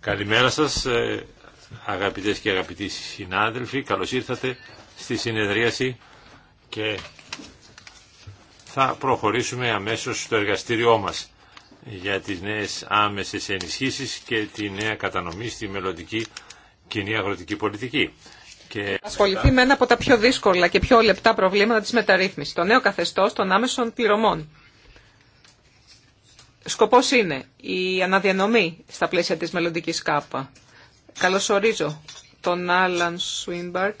Καλημέρα σας ε, αγαπητές και αγαπητοί συνάδελφοι, καλώς ήρθατε στη συνεδρίαση και θα προχωρήσουμε αμέσως στο εργαστήριό μας για τις νέες άμεσες ενισχύσεις και τη νέα κατανομή στη μελλοντική κοινή αγροτική πολιτική και... ασχοληθεί με ένα από τα πιο δύσκολα και πιο λεπτά προβλήματα της μεταρρύθμισης, το νέο καθεστώς των άμεσων πληρωμών. Σκοπός είναι η αναδιανομή στα πλαίσια της μελλοντική ΚΑΠΑ. Καλωσορίζω τον Άλαν Σουίνμπαρκ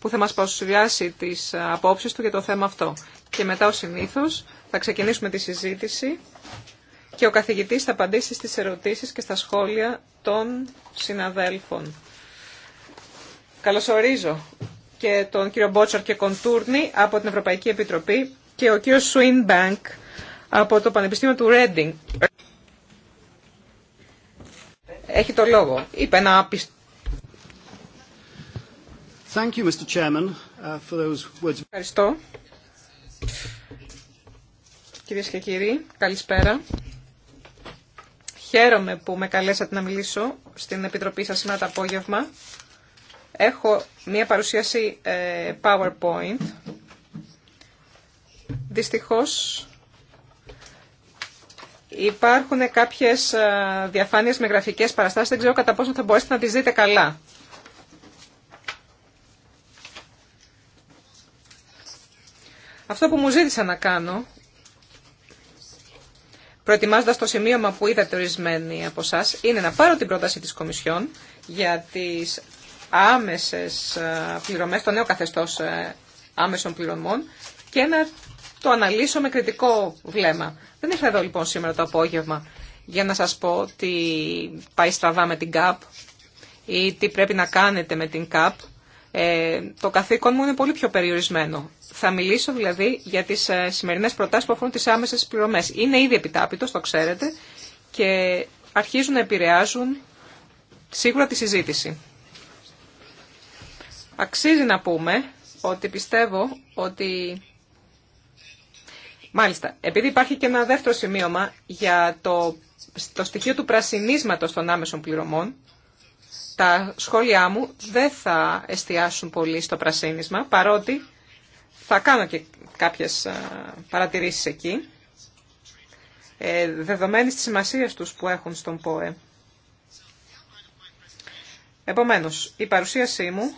που θα μας παρουσιάσει τις απόψεις του για το θέμα αυτό. Και μετά, ο συνήθως, θα ξεκινήσουμε τη συζήτηση και ο καθηγητής θα απαντήσει στις ερωτήσεις και στα σχόλια των συναδέλφων. Καλωσορίζω και τον κύριο Μπότσορ και Κοντούρνη από την Ευρωπαϊκή Επιτροπή και ο κύριο Σουίνμπανκ από το Πανεπιστήμιο του Ρέντινγκ. Έχει το λόγο. Είπε ένα uh, Ευχαριστώ. Κυρίες και κύριοι, καλησπέρα. Χαίρομαι που με καλέσατε να μιλήσω στην Επιτροπή σας σήμερα το απόγευμα Έχω μία παρουσίαση ε, PowerPoint. Δυστυχώς υπάρχουν κάποιες ε, διαφάνειες με γραφικές παραστάσεις. Δεν ξέρω κατά πόσο θα μπορέσετε να τις δείτε καλά. Αυτό που μου ζήτησα να κάνω, προετοιμάζοντας το σημείωμα που είδατε ορισμένοι από εσά, είναι να πάρω την πρόταση της Κομισιόν για τις άμεσες ε, πληρωμές, το νέο καθεστώς ε, άμεσων πληρωμών και να το αναλύσω με κριτικό βλέμμα. Δεν ήρθα εδώ λοιπόν σήμερα το απόγευμα για να σας πω τι πάει στραβά με την ΚΑΠ ή τι πρέπει να κάνετε με την ΚΑΠ. Ε, το καθήκον μου είναι πολύ πιο περιορισμένο. Θα μιλήσω δηλαδή για τις σημερινές προτάσεις που αφορούν τις άμεσες πληρωμές. Είναι ήδη επιτάπητος, το ξέρετε, και αρχίζουν να επηρεάζουν σίγουρα τη συζήτηση. Αξίζει να πούμε ότι πιστεύω ότι... Μάλιστα, επειδή υπάρχει και ένα δεύτερο σημείωμα για το, το στοιχείο του πρασινίσματος των άμεσων πληρωμών, τα σχόλιά μου δεν θα εστιάσουν πολύ στο πρασίνισμα, παρότι θα κάνω και κάποιες ε, παρατηρήσεις εκεί, ε, δεδομένης της σημασίας τους που έχουν στον ΠΟΕ. Επομένως, η παρουσίασή μου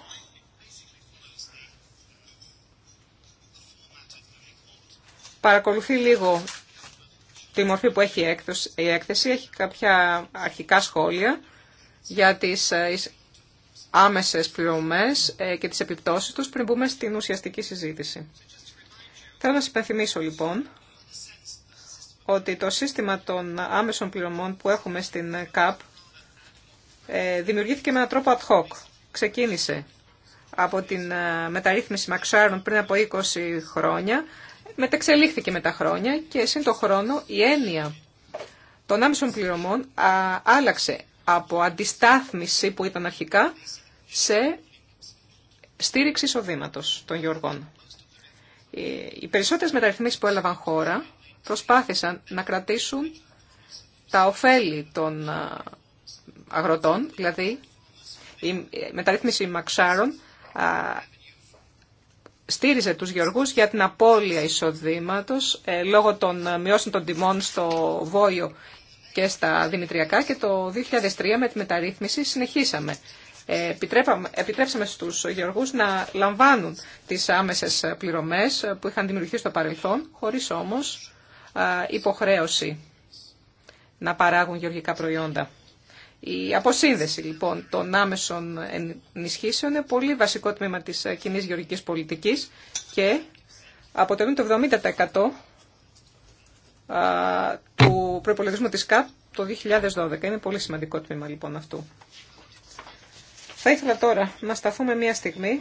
παρακολουθεί λίγο τη μορφή που έχει η έκθεση, έχει κάποια αρχικά σχόλια για τις ε, άμεσες πληρωμές ε, και τις επιπτώσεις τους πριν μπούμε στην ουσιαστική συζήτηση. Θέλω να σας υπενθυμίσω λοιπόν ότι το σύστημα των άμεσων πληρωμών που έχουμε στην ΚΑΠ ε, δημιουργήθηκε με έναν τρόπο ad hoc. Ξεκίνησε από την μεταρρύθμιση Μαξάρων πριν από 20 χρόνια μεταξελίχθηκε με τα χρόνια και σύν το χρόνο η έννοια των άμεσων πληρωμών άλλαξε από αντιστάθμιση που ήταν αρχικά σε στήριξη εισοδήματο των γεωργών. Ε, οι περισσότερες μεταρρυθμίσεις που έλαβαν χώρα προσπάθησαν να κρατήσουν τα ωφέλη των αγροτών, δηλαδή η μεταρρύθμιση Μαξάρων στήριζε τους γεωργούς για την απώλεια εισοδήματος ε, λόγω των ε, μειώσεων των τιμών στο Βόλιο και στα Δημητριακά και το 2003 με τη μεταρρύθμιση συνεχίσαμε. Ε, επιτρέψαμε στους γεωργούς να λαμβάνουν τις άμεσες πληρωμές που είχαν δημιουργηθεί στο παρελθόν, χωρίς όμως υποχρέωση να παράγουν γεωργικά προϊόντα. Η αποσύνδεση λοιπόν των άμεσων ενισχύσεων είναι πολύ βασικό τμήμα της κοινή γεωργικής πολιτικής και αποτελούν το 70% του προϋπολογισμού της ΚΑΠ το 2012. Είναι πολύ σημαντικό τμήμα λοιπόν αυτού. Θα ήθελα τώρα να σταθούμε μία στιγμή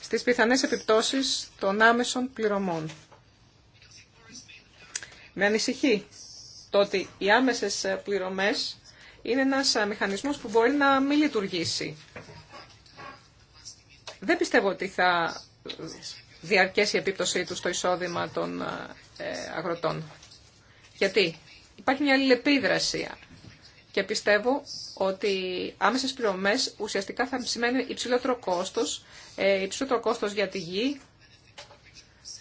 στις πιθανές επιπτώσεις των άμεσων πληρωμών. Με ανησυχεί το ότι οι άμεσες ε, πληρωμές είναι ένας ε, μηχανισμός που μπορεί να μην λειτουργήσει. Δεν πιστεύω ότι θα διαρκέσει η επίπτωσή του στο εισόδημα των ε, αγροτών. Γιατί υπάρχει μια αλληλεπίδραση και πιστεύω ότι άμεσες πληρωμές ουσιαστικά θα σημαίνει υψηλότερο κόστος, υψηλότερο κόστος για τη γη.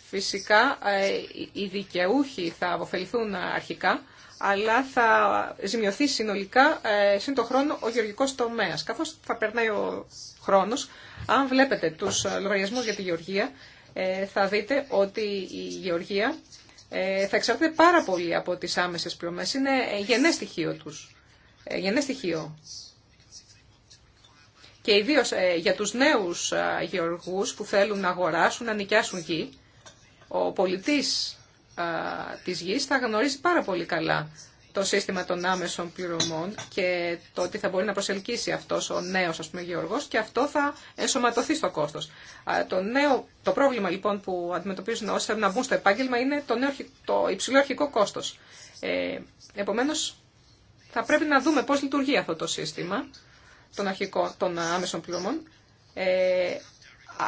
Φυσικά οι δικαιούχοι θα αποφεληθούν αρχικά, αλλά θα ζημιωθεί συνολικά ε, χρόνο ο γεωργικός τομέας. Καθώς θα περνάει ο χρόνος, αν βλέπετε τους ε, λογαριασμού για τη γεωργία, ε, θα δείτε ότι η γεωργία ε, θα εξαρτάται πάρα πολύ από τις άμεσες πληρωμές. Είναι γενές στοιχείο τους. στοιχείο. Και ιδίω για τους νέους γεωργούς που θέλουν να αγοράσουν, να νοικιάσουν γη, ο πολιτής της γης θα γνωρίζει πάρα πολύ καλά το σύστημα των άμεσων πληρωμών και το ότι θα μπορεί να προσελκύσει αυτός ο νέος ας πούμε, γεωργός και αυτό θα ενσωματωθεί στο κόστος. Το, νέο, το πρόβλημα λοιπόν που αντιμετωπίζουν όσοι θέλουν να μπουν στο επάγγελμα είναι το, νέο, το υψηλό αρχικό κόστος. Ε, επομένως θα πρέπει να δούμε πώς λειτουργεί αυτό το σύστημα των, αρχικών, των άμεσων πληρωμών. Ε,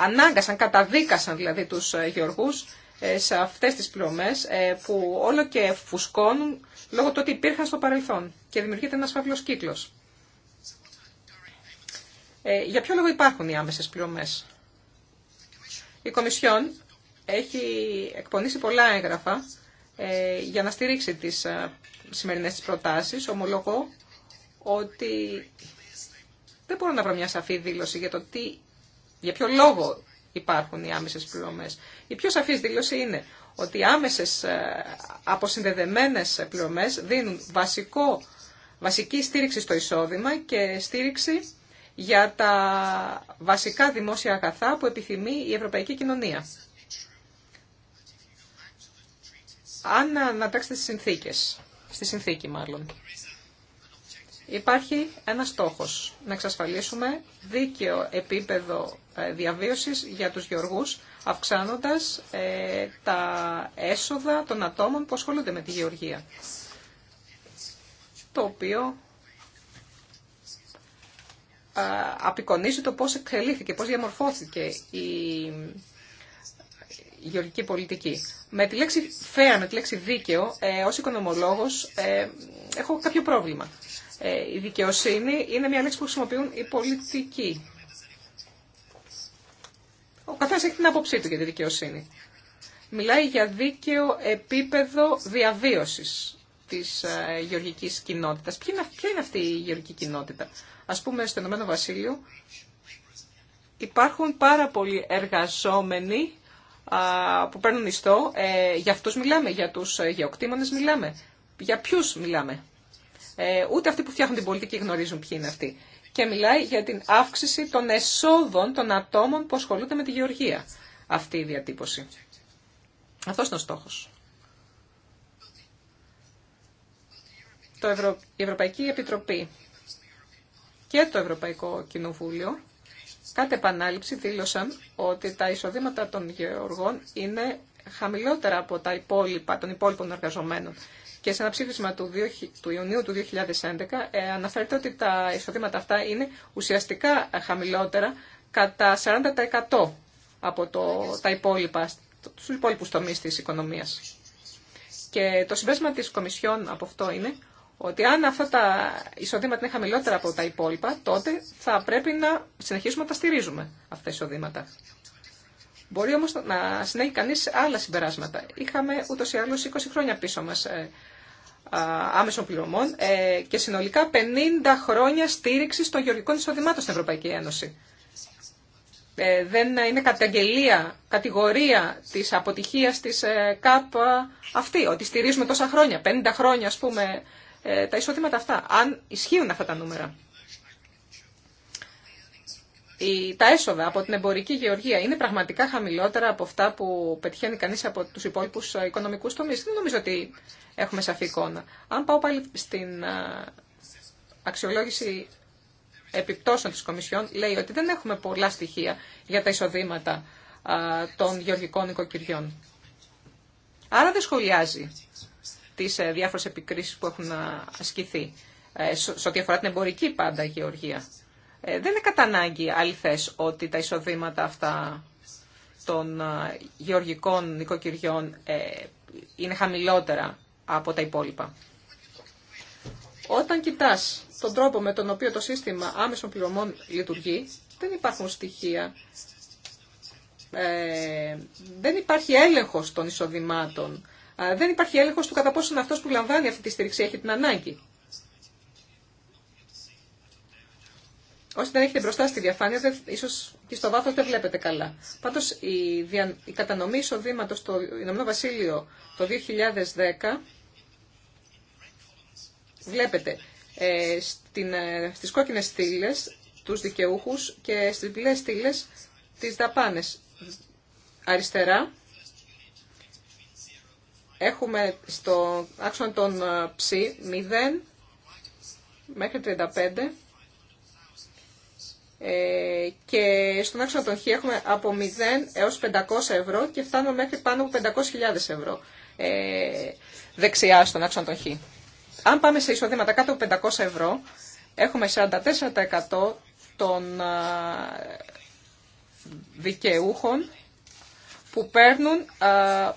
ανάγκασαν, καταδίκασαν δηλαδή τους γεωργούς ε, σε αυτές τις πληρωμές ε, που όλο και φουσκώνουν λόγω του ότι υπήρχαν στο παρελθόν και δημιουργείται ένας φαύλος κύκλος. Ε, για ποιο λόγο υπάρχουν οι άμεσες πληρωμές. Η Κομισιόν έχει εκπονήσει πολλά έγγραφα για να στηρίξει τις σημερινές της προτάσεις. Ομολογώ ότι δεν μπορώ να βρω μια σαφή δήλωση για το τι, για ποιο λόγο υπάρχουν οι άμεσες πληρωμές. Η πιο σαφής δήλωση είναι ότι οι άμεσες ε, αποσυνδεδεμένες πληρωμές δίνουν βασικό, βασική στήριξη στο εισόδημα και στήριξη για τα βασικά δημόσια αγαθά που επιθυμεί η ευρωπαϊκή κοινωνία. Αν ανατάξετε στις συνθήκες, στη συνθήκη μάλλον. Υπάρχει ένα στόχος, να εξασφαλίσουμε δίκαιο επίπεδο ε, διαβίωσης για τους γεωργούς, αυξάνοντας ε, τα έσοδα των ατόμων που ασχολούνται με τη γεωργία. Το οποίο απεικονίζει το πώς εξελίχθηκε, πώς διαμορφώθηκε η γεωργική πολιτική. Με τη λέξη φέα, με τη λέξη δίκαιο, ε, ως οικονομολόγος, ε, έχω κάποιο πρόβλημα. Ε, η δικαιοσύνη είναι μια λέξη που χρησιμοποιούν οι πολιτικοί. Ο καθένα έχει την άποψή του για τη δικαιοσύνη. Μιλάει για δίκαιο επίπεδο διαβίωσης της ε, γεωργικής κοινότητας. Ποια είναι, αυτή η γεωργική κοινότητα. Ας πούμε στο Ηνωμένο Βασίλειο υπάρχουν πάρα πολλοί εργαζόμενοι που παίρνουν ιστό. Ε, για αυτούς μιλάμε, για τους γεωκτήμονες μιλάμε. Για ποιους μιλάμε. Ε, ούτε αυτοί που φτιάχνουν την πολιτική γνωρίζουν ποιοι είναι αυτοί. Και μιλάει για την αύξηση των εσόδων των ατόμων που ασχολούνται με τη γεωργία. Αυτή η διατύπωση. Αυτός είναι ο στόχος. Η Ευρωπαϊκή Επιτροπή και το Ευρωπαϊκό Κοινοβούλιο κάτω επανάληψη δήλωσαν ότι τα εισοδήματα των γεωργών είναι χαμηλότερα από τα υπόλοιπα των υπόλοιπων εργαζομένων και σε ένα ψήφισμα του, του Ιουνίου του 2011 ε, αναφέρεται ότι τα εισοδήματα αυτά είναι ουσιαστικά χαμηλότερα κατά 40% από το, τα υπόλοιπα, τους υπόλοιπους τομείς της οικονομίας. Και το συμπέσμα της Κομισιόν από αυτό είναι ότι αν αυτά τα εισοδήματα είναι χαμηλότερα από τα υπόλοιπα, τότε θα πρέπει να συνεχίσουμε να τα στηρίζουμε αυτά τα εισοδήματα. Μπορεί όμως να συνέχει κανείς άλλα συμπεράσματα. Είχαμε ούτως ή άλλως 20 χρόνια πίσω μας ε, άμεσων πληρωμών ε, και συνολικά 50 χρόνια στήριξης των γεωργικών εισοδημάτων στην Ευρωπαϊκή Ένωση. Ε, δεν είναι καταγγελία, κατηγορία της αποτυχίας της ΚΑΠ αυτή, ότι στηρίζουμε τόσα χρόνια, 50 χρόνια ας πούμε, τα εισοδήματα αυτά, αν ισχύουν αυτά τα νούμερα τα έσοδα από την εμπορική γεωργία είναι πραγματικά χαμηλότερα από αυτά που πετυχαίνει κανείς από τους υπόλοιπου ε, οικονομικούς τομείς. Δεν νομίζω ότι έχουμε σαφή εικόνα. Αν πάω πάλι στην ε, αξιολόγηση επιπτώσεων της Κομισιόν, λέει ότι δεν έχουμε πολλά στοιχεία για τα εισοδήματα ε, των γεωργικών οικοκυριών. Άρα δεν σχολιάζει τι διάφορε επικρίσεις που έχουν ασκηθεί σε ό,τι αφορά την εμπορική πάντα γεωργία. Ε, δεν είναι κατά ανάγκη αληθές ότι τα εισοδήματα αυτά των ε, γεωργικών νοικοκυριών ε, είναι χαμηλότερα από τα υπόλοιπα. Όταν κοιτάς τον τρόπο με τον οποίο το σύστημα άμεσων πληρωμών λειτουργεί, δεν υπάρχουν στοιχεία. Ε, δεν υπάρχει έλεγχος των εισοδημάτων. δεν υπάρχει έλεγχος του κατά πόσο αυτός που λαμβάνει αυτή τη στήριξη έχει την ανάγκη. Όσοι δεν έχετε μπροστά στη διαφάνεια, ίσω ίσως και στο βάθος δεν βλέπετε καλά. Πάντως, η, η κατανομή εισοδήματο στο Ηνωμένο Βασίλειο το 2010, βλέπετε, ε, στην, ε, στις κόκκινες τους δικαιούχους και στις μπλε στήλε, τις δαπάνες. Αριστερά έχουμε στο άξονα των ε, ψη 0 μέχρι 35 ε, και στον άξονα των Χ έχουμε από 0 έως 500 ευρώ και φτάνουμε μέχρι πάνω από 500.000 ευρώ ε, δεξιά στον άξονα των Χ. Αν πάμε σε εισοδήματα κάτω από 500 ευρώ, έχουμε 44% των ε, δικαιούχων που, παίρνουν,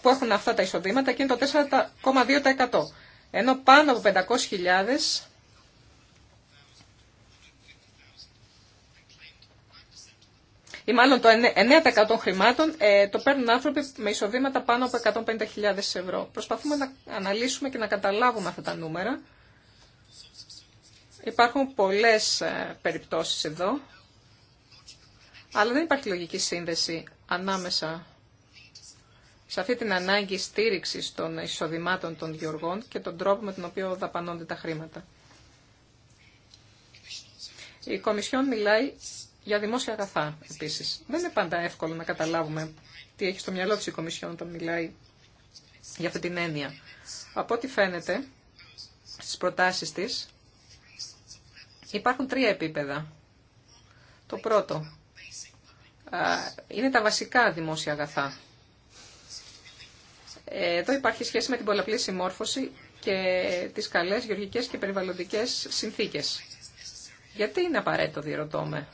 που έχουν αυτά τα εισοδήματα και είναι το 4,2%. Ενώ πάνω από 500.000 ή μάλλον το 9% των χρημάτων ε, το παίρνουν άνθρωποι με εισοδήματα πάνω από 150.000 ευρώ. Προσπαθούμε να αναλύσουμε και να καταλάβουμε αυτά τα νούμερα. Υπάρχουν πολλές ε, περιπτώσεις εδώ, αλλά δεν υπάρχει λογική σύνδεση ανάμεσα σε αυτή την ανάγκη στήριξης των εισοδημάτων των διοργών και τον τρόπο με τον οποίο δαπανώνται τα χρήματα. Η Κομισιόν μιλάει για δημόσια αγαθά επίση. Δεν είναι πάντα εύκολο να καταλάβουμε τι έχει στο μυαλό της η Κομισιόν όταν μιλάει για αυτή την έννοια. Από ό,τι φαίνεται στις προτάσεις της υπάρχουν τρία επίπεδα. Το πρώτο είναι τα βασικά δημόσια αγαθά. Εδώ υπάρχει σχέση με την πολλαπλή συμμόρφωση και τις καλές γεωργικές και περιβαλλοντικές συνθήκες. Γιατί είναι απαραίτητο, διερωτώ με,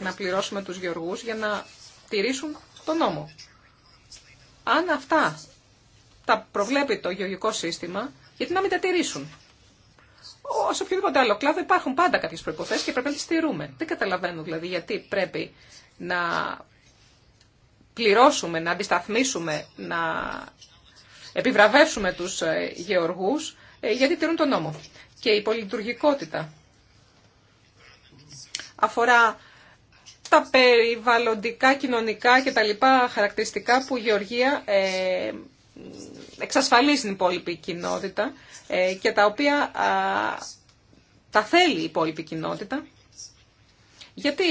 να πληρώσουμε τους γεωργούς για να τηρήσουν τον νόμο. Αν αυτά τα προβλέπει το γεωργικό σύστημα, γιατί να μην τα τηρήσουν. Σε οποιοδήποτε άλλο κλάδο υπάρχουν πάντα κάποιες προϋποθέσεις και πρέπει να τις τηρούμε. Δεν καταλαβαίνω δηλαδή γιατί πρέπει να πληρώσουμε, να αντισταθμίσουμε, να επιβραβεύσουμε τους ε, γεωργούς ε, γιατί τηρούν τον νόμο. Και η πολυλειτουργικότητα αφορά τα περιβαλλοντικά, κοινωνικά και τα λοιπά χαρακτηριστικά που η Γεωργία ε, εξασφαλίζει στην υπόλοιπη κοινότητα ε, και τα οποία α, τα θέλει η υπόλοιπη κοινότητα. Γιατί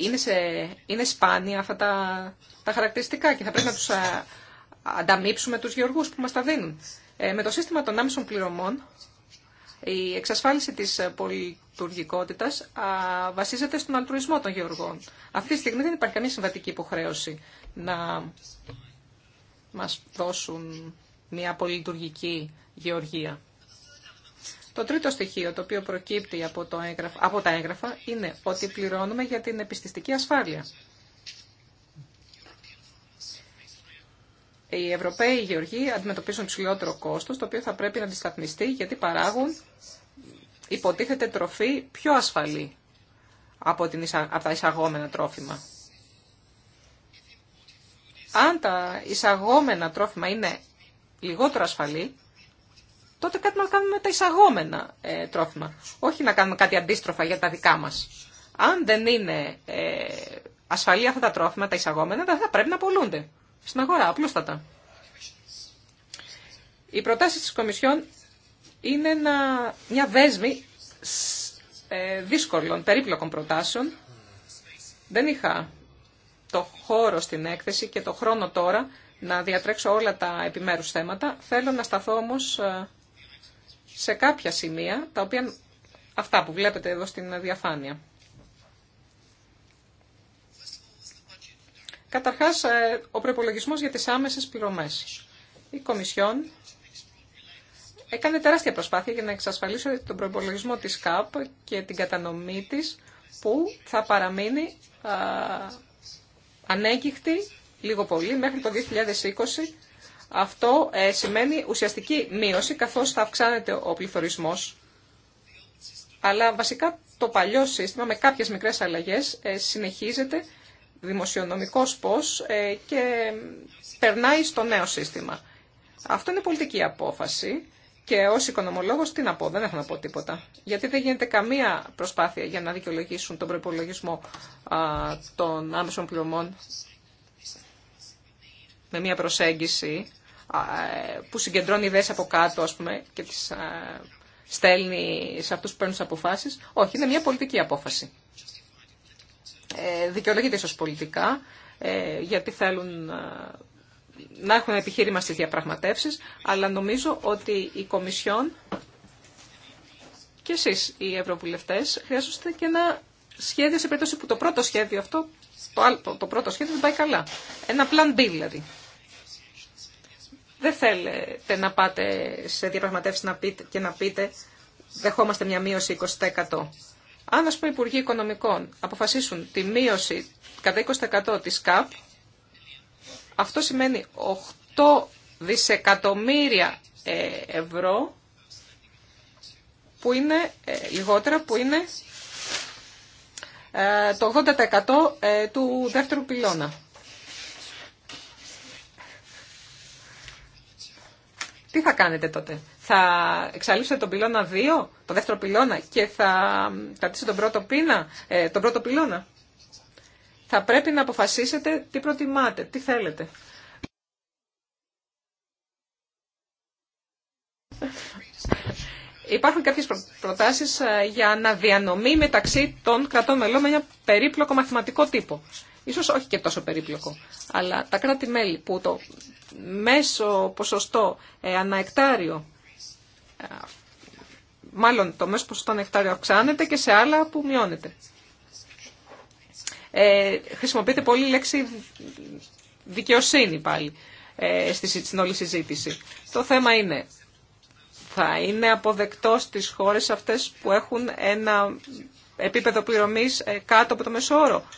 είναι, σε, είναι σπάνια αυτά τα, χαρακτηριστικά και θα πρέπει να τους ανταμείψουμε τους γεωργούς που μας τα δίνουν. Ε, με το σύστημα των άμεσων πληρωμών η εξασφάλιση της πολιτουργικότητας βασίζεται στον αλτρουισμό των γεωργών. Αυτή τη στιγμή δεν υπάρχει καμία συμβατική υποχρέωση να μας δώσουν μια πολυλειτουργική γεωργία. Το τρίτο στοιχείο το οποίο προκύπτει από, το από τα έγγραφα είναι ότι πληρώνουμε για την επιστηστική ασφάλεια. οι Ευρωπαίοι γεωργοί αντιμετωπίζουν ψηλότερο κόστο, το οποίο θα πρέπει να αντισταθμιστεί γιατί παράγουν, υποτίθεται, τροφή πιο ασφαλή από, την, από τα εισαγόμενα τρόφιμα. Αν τα εισαγόμενα τρόφιμα είναι λιγότερο ασφαλή, τότε κάτι να κάνουμε με τα εισαγόμενα ε, τρόφιμα. Όχι να κάνουμε κάτι αντίστροφα για τα δικά μας. Αν δεν είναι ε, ασφαλή αυτά τα τρόφιμα, τα εισαγόμενα, δεν θα πρέπει να πολλούνται στην αγορά, απλούστατα. Οι προτάσεις της Κομισιόν είναι ένα, μια δέσμη ε, δύσκολων, περίπλοκων προτάσεων. Δεν είχα το χώρο στην έκθεση και το χρόνο τώρα να διατρέξω όλα τα επιμέρους θέματα. Θέλω να σταθώ όμως ε, σε κάποια σημεία, τα οποία αυτά που βλέπετε εδώ στην διαφάνεια. Καταρχάς, ε, ο προπολογισμό για τις άμεσες πληρωμές. Η Κομισιόν έκανε τεράστια προσπάθεια για να εξασφαλίσει τον προπολογισμό της ΚΑΠ και την κατανομή της που θα παραμείνει ανέγκυχτη λίγο πολύ μέχρι το 2020. Αυτό ε, σημαίνει ουσιαστική μείωση καθώς θα αυξάνεται ο πληθωρισμός. Αλλά βασικά το παλιό σύστημα με κάποιες μικρές αλλαγές ε, συνεχίζεται δημοσιονομικός πώς ε, και περνάει στο νέο σύστημα. Αυτό είναι πολιτική απόφαση και ως οικονομολόγος τι να πω, δεν έχω να πω τίποτα. Γιατί δεν γίνεται καμία προσπάθεια για να δικαιολογήσουν τον προπολογισμό των άμεσων πληρωμών με μια προσέγγιση που συγκεντρώνει ιδέες από κάτω ας πούμε, και τις στέλνει σε αυτούς που παίρνουν τις αποφάσεις. Όχι, είναι μια πολιτική απόφαση. Ε, δικαιολογείται ίσως πολιτικά, ε, γιατί θέλουν ε, να έχουν επιχείρημα στις διαπραγματεύσεις, αλλά νομίζω ότι η Κομισιόν και εσείς οι Ευρωβουλευτές χρειάζεστε και ένα σχέδιο σε περίπτωση που το πρώτο σχέδιο αυτό, το, το πρώτο σχέδιο δεν πάει καλά. Ένα plan B δηλαδή. Δεν θέλετε να πάτε σε διαπραγματεύσεις και να πείτε δεχόμαστε μια μείωση 20%. Αν, ας πούμε, οι Υπουργοί Οικονομικών αποφασίσουν τη μείωση κατά 20% της ΚΑΠ, αυτό σημαίνει 8 δισεκατομμύρια ε, ευρώ που είναι ε, λιγότερα, που είναι ε, το 80% του δεύτερου πυλώνα. Τι θα κάνετε τότε θα εξαλείψετε τον πυλώνα 2, τον δεύτερο πυλώνα και θα κρατήσετε τον πρώτο, πίνα, ε, τον πρώτο πυλώνα. Θα πρέπει να αποφασίσετε τι προτιμάτε, τι θέλετε. Υπάρχουν κάποιες προτάσεις ε, για αναδιανομή μεταξύ των κρατών μελών με ένα περίπλοκο μαθηματικό τύπο. Ίσως όχι και τόσο περίπλοκο, αλλά τα κράτη-μέλη που το μέσο ποσοστό ε, αναεκτάριο μάλλον το μέσο ποσοστό νεκτάριο αυξάνεται και σε άλλα που μειώνεται. Ε, χρησιμοποιείται πολύ η λέξη δικαιοσύνη πάλι ε, στη, στην όλη συζήτηση. Το θέμα είναι, θα είναι αποδεκτό στις χώρες αυτές που έχουν ένα επίπεδο πληρωμής ε, κάτω από το μεσόωρο.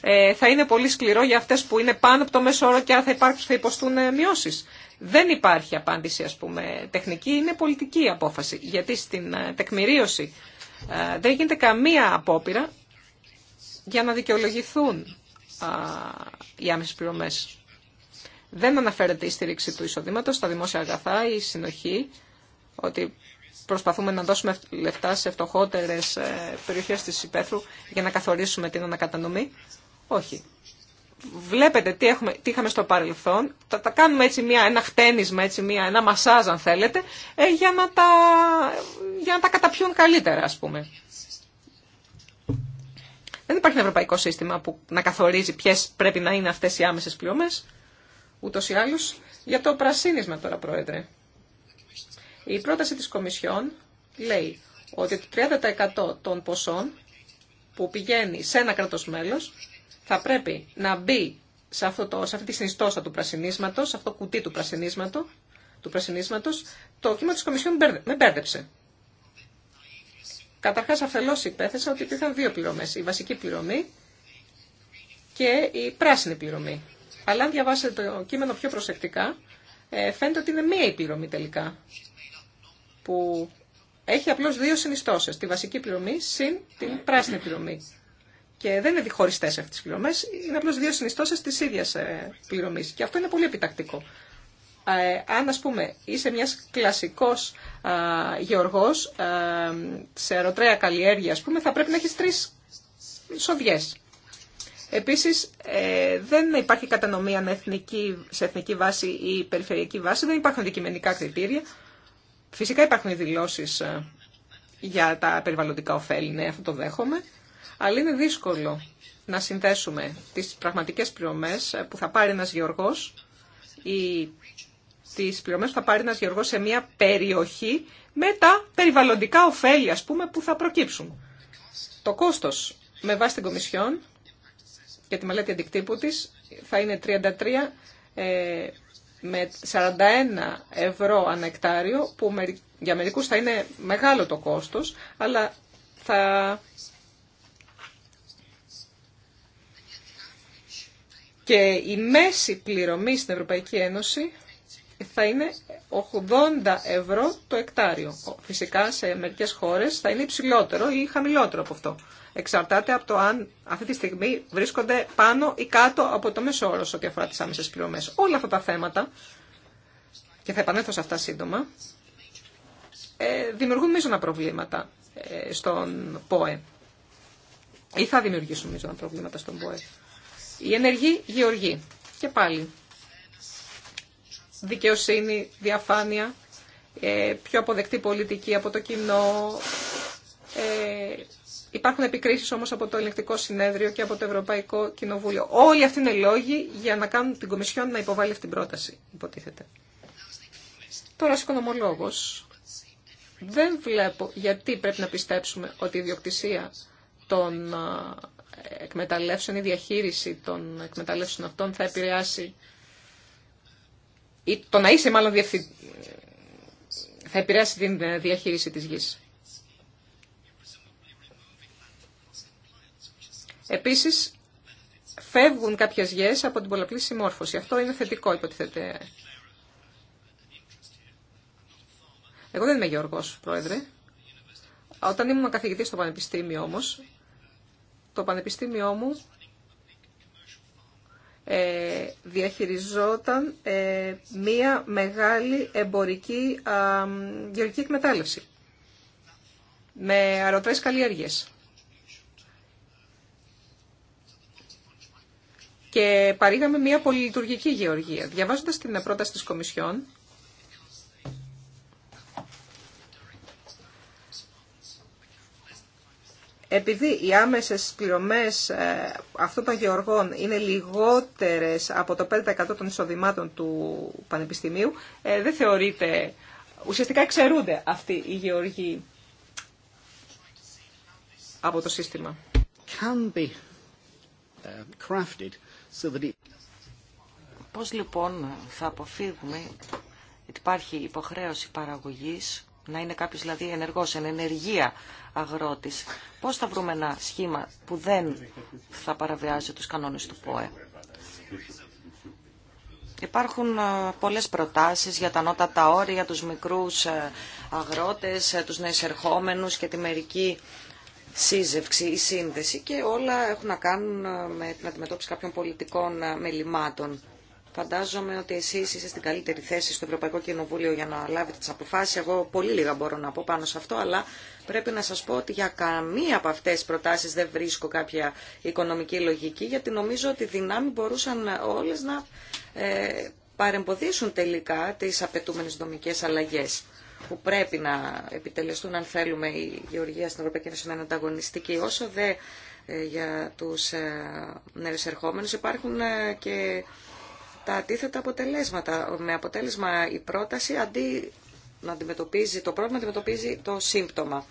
Ε, θα είναι πολύ σκληρό για αυτές που είναι πάνω από το μεσόωρο και αν θα, υπάρξουν, θα υποστούν ε, μειώσεις. Δεν υπάρχει απάντηση, ας πούμε, τεχνική, είναι πολιτική απόφαση. Γιατί στην ε, τεκμηρίωση ε, δεν γίνεται καμία απόπειρα για να δικαιολογηθούν οι άμεσες πληρωμές. Δεν αναφέρεται η στήριξη του εισοδήματος στα δημόσια αγαθά, η συνοχή, ότι προσπαθούμε να δώσουμε λεφτά σε φτωχότερες ε, περιοχές της υπαίθρου για να καθορίσουμε την ανακατανομή. Όχι βλέπετε τι, έχουμε, τι είχαμε στο παρελθόν, θα τα κάνουμε έτσι μια, ένα χτένισμα, έτσι μια, ένα μασάζ αν θέλετε, ε, για, να τα, για να τα καταπιούν καλύτερα ας πούμε. Δεν υπάρχει ένα ευρωπαϊκό σύστημα που να καθορίζει ποιε πρέπει να είναι αυτέ οι άμεσε πληρωμέ. Ούτω ή άλλω. Για το πρασίνισμα τώρα, Πρόεδρε. Η πρόταση τη Κομισιόν λέει ότι το 30% των ποσών που πηγαίνει σε ένα κράτο μέλο θα πρέπει να μπει σε, αυτό σε αυτή τη συνιστόσα του πρασινίσματο, σε αυτό το κουτί του, πρασινίσματο, του πρασινίσματος, το κείμενο τη Κομισιόν με μπέρδεψε. Καταρχά αφελώ υπέθεσα ότι υπήρχαν δύο πληρωμέ. η βασική πληρωμή και η πράσινη πληρωμή. Αλλά αν διαβάσετε το κείμενο πιο προσεκτικά, ε, φαίνεται ότι είναι μία η πληρωμή τελικά, που έχει απλώ δύο συνιστώσει. τη βασική πληρωμή συν την πράσινη πληρωμή. Και δεν είναι διχωριστέ αυτέ τι πληρωμέ, είναι απλώ δύο συνιστώσει τη ίδια ε, πληρωμή. Και αυτό είναι πολύ επιτακτικό. Ε, αν, α πούμε, είσαι μια κλασικό γεωργό σε αεροτρέα καλλιέργεια, α πούμε, θα πρέπει να έχει τρει σοδιέ. Επίση, ε, δεν υπάρχει κατανομία εθνική, σε εθνική βάση ή περιφερειακή βάση, δεν υπάρχουν αντικειμενικά κριτήρια. Φυσικά υπάρχουν οι δηλώσει για τα περιβαλλοντικά ωφέλη, ναι, αυτό το δέχομαι. Αλλά είναι δύσκολο να συνδέσουμε τις πραγματικές πληρωμές που θα πάρει ένας γεωργός ή τις πληρωμές που θα πάρει ένας γεωργός σε μια περιοχή με τα περιβαλλοντικά ωφέλη, ας πούμε, που θα προκύψουν. Το κόστος με βάση την Κομισιόν και τη μελέτη αντικτύπου της θα είναι 33 ε, με 41 ευρώ ανεκτάριο που για μερικούς θα είναι μεγάλο το κόστος, αλλά θα Και η μέση πληρωμή στην Ευρωπαϊκή Ένωση θα είναι 80 ευρώ το εκτάριο. Φυσικά σε μερικές χώρες θα είναι υψηλότερο ή χαμηλότερο από αυτό. Εξαρτάται από το αν αυτή τη στιγμή βρίσκονται πάνω ή κάτω από το μέσο όρο ό,τι αφορά τις άμεσες πληρωμές. Όλα αυτά τα θέματα, και θα επανέλθω σε αυτά σύντομα, ε, δημιουργούν μείζωνα προβλήματα ε, στον ΠΟΕ. Ή θα δημιουργήσουν μείζωνα προβλήματα στον ΠΟΕ. Η ενεργή γεωργή. Και πάλι. Δικαιοσύνη, διαφάνεια, ε, πιο αποδεκτή πολιτική από το κοινό. Ε, υπάρχουν επικρίσεις όμως από το Ελεκτικό Συνέδριο και από το Ευρωπαϊκό Κοινοβούλιο. Όλοι αυτοί είναι λόγοι για να κάνουν την Κομισιόν να υποβάλει αυτή την πρόταση, υποτίθεται. Τώρα ως οικονομολόγος δεν βλέπω γιατί πρέπει να πιστέψουμε ότι η ιδιοκτησία των εκμεταλλεύσεων, η διαχείριση των εκμεταλλεύσεων αυτών θα επηρεάσει ή το να είσαι μάλλον θα επηρεάσει την διαχείριση της γης. Επίσης, φεύγουν κάποιες γης από την πολλαπλή συμμόρφωση. Αυτό είναι θετικό, υποτιθέται. Εγώ δεν είμαι γεωργός, πρόεδρε. Όταν ήμουν καθηγητής στο Πανεπιστήμιο όμως, το πανεπιστήμιό μου ε, διαχειριζόταν ε, μία μεγάλη εμπορική α, γεωργική εκμετάλλευση με αεροτρές καλλιέργειες. Και παρήγαμε μία πολυλειτουργική γεωργία. Διαβάζοντας την πρόταση της Κομισιόν, Επειδή οι άμεσες πληρωμές ε, αυτών των γεωργών είναι λιγότερες από το 5% των εισοδημάτων του Πανεπιστημίου, ε, δεν θεωρείται, ουσιαστικά εξαιρούνται αυτοί οι γεωργοί από το σύστημα. Can be ε, so that it... Πώς λοιπόν θα αποφύγουμε ότι υπάρχει υποχρέωση παραγωγής να είναι κάποιος δηλαδή ενεργός, εν ενεργεία αγρότης. Πώς θα βρούμε ένα σχήμα που δεν θα παραβιάζει τους κανόνες του ΠΟΕ. Υπάρχουν ε, πολλές προτάσεις για τα νότατα όρια, για τους μικρούς ε, αγρότες, ε, τους νέους και τη μερική σύζευξη ή σύνδεση και όλα έχουν να κάνουν με την αντιμετώπιση κάποιων πολιτικών μελημάτων. Φαντάζομαι ότι εσεί είστε στην καλύτερη θέση στο Ευρωπαϊκό Κοινοβούλιο για να λάβετε τι αποφάσει. Εγώ πολύ λίγα μπορώ να πω πάνω σε αυτό, αλλά πρέπει να σα πω ότι για καμία από αυτέ τι προτάσει δεν βρίσκω κάποια οικονομική λογική, γιατί νομίζω ότι οι δυνάμει μπορούσαν όλε να ε, παρεμποδίσουν τελικά τι απαιτούμενε δομικέ αλλαγέ που πρέπει να επιτελεστούν αν θέλουμε η γεωργία στην Ευρωπαϊκή Ένωση να είναι ανταγωνιστική. Όσο δε ε, για τους ε, ερχόμενους υπάρχουν ε, και τα αντίθετα αποτελέσματα. Με αποτέλεσμα η πρόταση αντί να αντιμετωπίζει το πρόβλημα, αντιμετωπίζει το σύμπτωμα.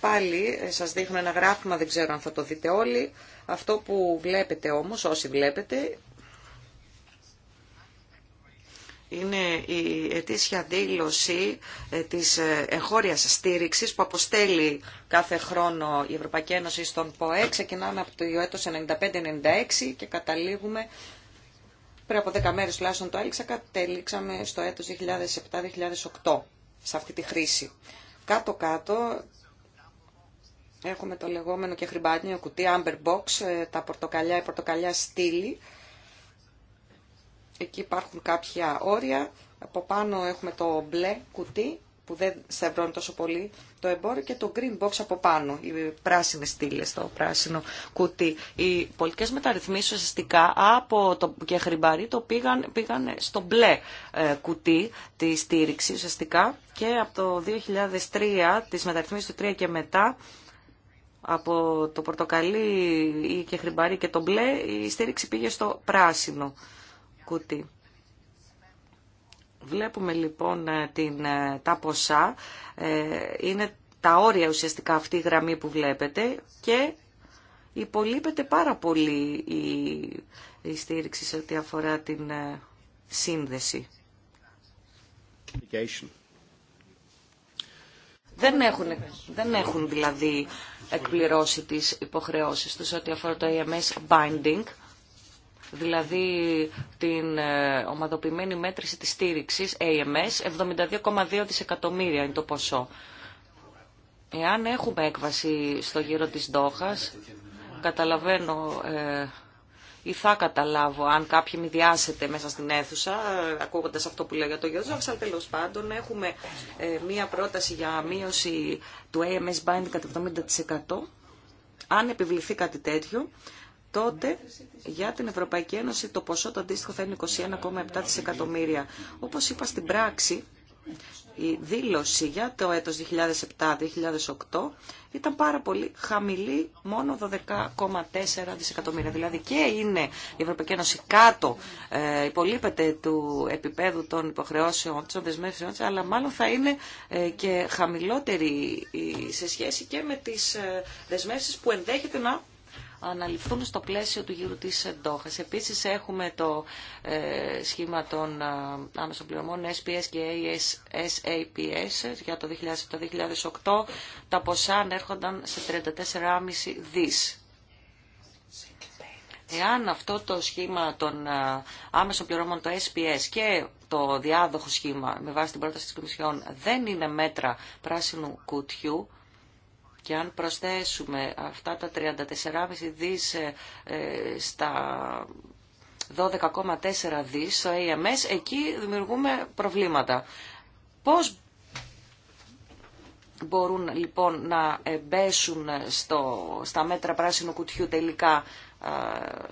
Πάλι ε, σας δείχνω ένα γράφημα, δεν ξέρω αν θα το δείτε όλοι. Αυτό που βλέπετε όμως, όσοι βλέπετε, είναι η ετήσια δήλωση ε, της ε, εγχώριας στήριξης που αποστέλει κάθε χρόνο η Ευρωπαϊκή Ένωση στον ΠΟΕ. Ξεκινάμε από το έτος 95-96 και καταλήγουμε πριν από 10 μέρες τουλάχιστον το έλεξα, κατέληξαμε στο έτος 2007-2008 σε αυτή τη χρήση. Κάτω-κάτω έχουμε το λεγόμενο και χρυμπάνιο κουτί Amber Box, ε, τα πορτοκαλιά, η πορτοκαλιά στήλη. Εκεί υπάρχουν κάποια όρια. Από πάνω έχουμε το μπλε κουτί που δεν σταυρώνει τόσο πολύ το εμπόριο και το green box από πάνω, οι πράσινε στήλε, το πράσινο κουτί. Οι πολιτικέ μεταρρυθμίσει ουσιαστικά από το κεχριμπαρί το πήγαν, πήγαν στο μπλε ε, κουτί τη στήριξη ουσιαστικά και από το 2003, τις μεταρρυθμίσεις του 3 και μετά, από το πορτοκαλί ή και χρυμπαρί και το μπλε, η στήριξη πήγε στο πράσινο κουτί. Βλέπουμε λοιπόν ε, την, ε, τα ποσά, ε, είναι τα όρια ουσιαστικά αυτή η γραμμή που βλέπετε και υπολείπεται πάρα πολύ η, η στήριξη σε ό,τι αφορά την σύνδεση. Δεν έχουν, δεν έχουν δηλαδή εκπληρώσει τις υποχρεώσεις τους ό,τι αφορά το EMS binding δηλαδή την ε, ομαδοποιημένη μέτρηση της στήριξης, AMS, 72,2 δισεκατομμύρια είναι το ποσό. Εάν έχουμε έκβαση στο γύρο της Ντόχας, καταλαβαίνω ε, ή θα καταλάβω αν κάποιοι μη διάσετε μέσα στην αίθουσα, ε, ακούγοντας αυτό που λέω για το γιο. αλλά τέλος πάντων έχουμε μία πρόταση για μείωση του AMS Binding κατά 70%. Αν επιβληθεί κάτι τέτοιο, τότε για την Ευρωπαϊκή Ένωση το ποσό το αντίστοιχο θα είναι 21,7 δισεκατομμύρια. Όπως είπα στην πράξη, η δήλωση για το έτος 2007-2008 ήταν πάρα πολύ χαμηλή, μόνο 12,4 δισεκατομμύρια. Δηλαδή και είναι η Ευρωπαϊκή Ένωση κάτω, ε, υπολείπεται του επίπεδου των υποχρεώσεων, των δεσμεύσεων, αλλά μάλλον θα είναι ε, και χαμηλότερη σε σχέση και με τις ε, δεσμεύσεις που ενδέχεται να αναλυφθούν στο πλαίσιο του γύρου της Ντόχας. Επίσης έχουμε το ε, σχήμα των ε, άμεσων πληρωμών SPS και SAPS για το 2007-2008. Τα ποσά ανέρχονταν σε 34,5 δις. Εάν αυτό το σχήμα των ε, άμεσων πληρώμων, το SPS και το διάδοχο σχήμα με βάση την πρόταση της Κομισιόν δεν είναι μέτρα πράσινου κουτιού, και αν προσθέσουμε αυτά τα 34,5 δις ε, ε, στα 12,4 δις στο AMS, εκεί δημιουργούμε προβλήματα. Πώς μπορούν λοιπόν να μπέσουν στο, στα μέτρα πράσινου κουτιού τελικά ε,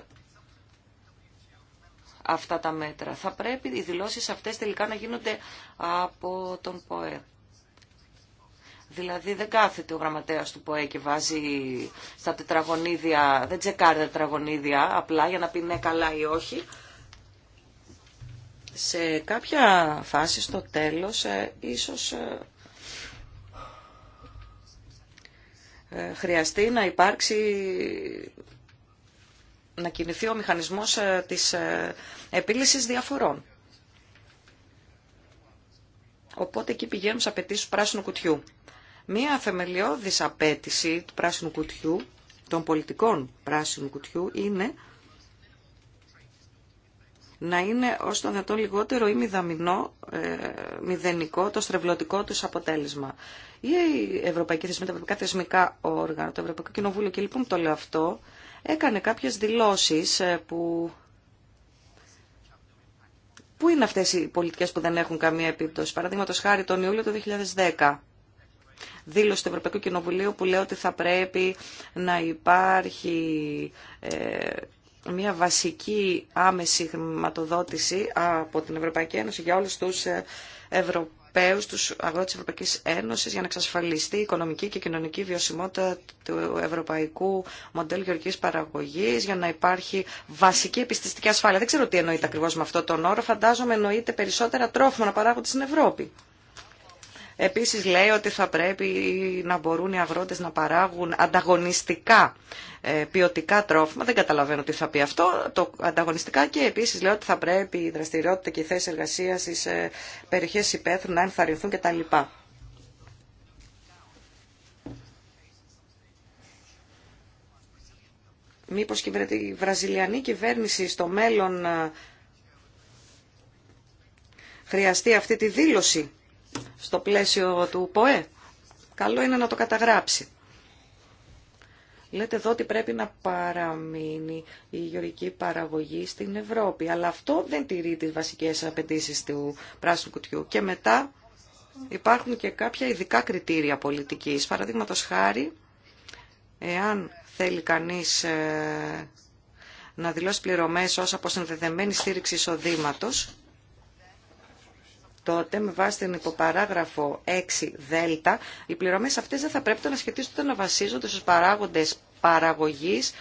αυτά τα μέτρα. Θα πρέπει οι δηλώσεις αυτές τελικά να γίνονται από τον ΠΟΕ. Δηλαδή δεν κάθεται ο γραμματέας του ΠΟΕ και βάζει στα τετραγωνίδια, δεν τσεκάρει τα τετραγωνίδια απλά για να πει ναι καλά ή όχι. Σε κάποια φάση στο τέλος ε, ίσως ε, ε, χρειαστεί να υπάρξει να κινηθεί ο μηχανισμός ε, της επίλυσης διαφορών. Οπότε εκεί πηγαίνουμε σε απαιτήσει πράσινου κουτιού. Μία θεμελιώδη απέτηση του πράσινου κουτιού, των πολιτικών πράσινου κουτιού, είναι να είναι ως το δυνατόν λιγότερο ή μηδαμινό, ε, μηδενικό το στρεβλωτικό τους αποτέλεσμα. Ή η Ευρωπαϊκή Θεσμή, Θεσμικά Όργανα, το Ευρωπαϊκό Κοινοβούλιο και λοιπόν το λέω αυτό, έκανε κάποιες δηλώσεις ε, που... Πού είναι αυτές οι πολιτικές που δεν έχουν καμία επίπτωση. Παραδείγματος χάρη τον Ιούλιο του 2010 δήλωση του Ευρωπαϊκού Κοινοβουλίου που λέει ότι θα πρέπει να υπάρχει ε, μια βασική άμεση χρηματοδότηση από την Ευρωπαϊκή Ένωση για όλους τους ε, Ευρωπαίους, τους αγρότες της Ευρωπαϊκής Ένωσης για να εξασφαλιστεί η οικονομική και κοινωνική βιωσιμότητα του ευρωπαϊκού μοντέλου γεωργικής παραγωγής για να υπάρχει βασική επιστηστική ασφάλεια. Δεν ξέρω τι εννοείται ακριβώς με αυτό τον όρο, φαντάζομαι εννοείται περισσότερα τρόφιμα να παράγονται στην Ευρώπη. Επίσης λέει ότι θα πρέπει να μπορούν οι αγρότες να παράγουν ανταγωνιστικά ε, ποιοτικά τρόφιμα. Δεν καταλαβαίνω τι θα πει αυτό. Το ανταγωνιστικά και επίσης λέει ότι θα πρέπει η δραστηριότητα και οι θέσει εργασία στις ε, περιοχές υπαίθρου να ενθαρρυνθούν κτλ. Μήπως η βραζιλιανή κυβέρνηση στο μέλλον ε, χρειαστεί αυτή τη δήλωση στο πλαίσιο του ΠΟΕ. Καλό είναι να το καταγράψει. Λέτε εδώ ότι πρέπει να παραμείνει η γεωργική παραγωγή στην Ευρώπη. Αλλά αυτό δεν τηρεί τις βασικές απαιτήσεις του πράσινου κουτιού. Και μετά υπάρχουν και κάποια ειδικά κριτήρια πολιτικής. Παραδείγματο χάρη, εάν θέλει κανείς ε, να δηλώσει πληρωμές ως αποσυνδεδεμένη στήριξη εισοδήματο, τότε με βάση την υποπαράγραφο 6 Δέλτα, οι πληρωμές αυτές δεν θα πρέπει να σχετίζονται να βασίζονται στους παράγοντες παραγωγής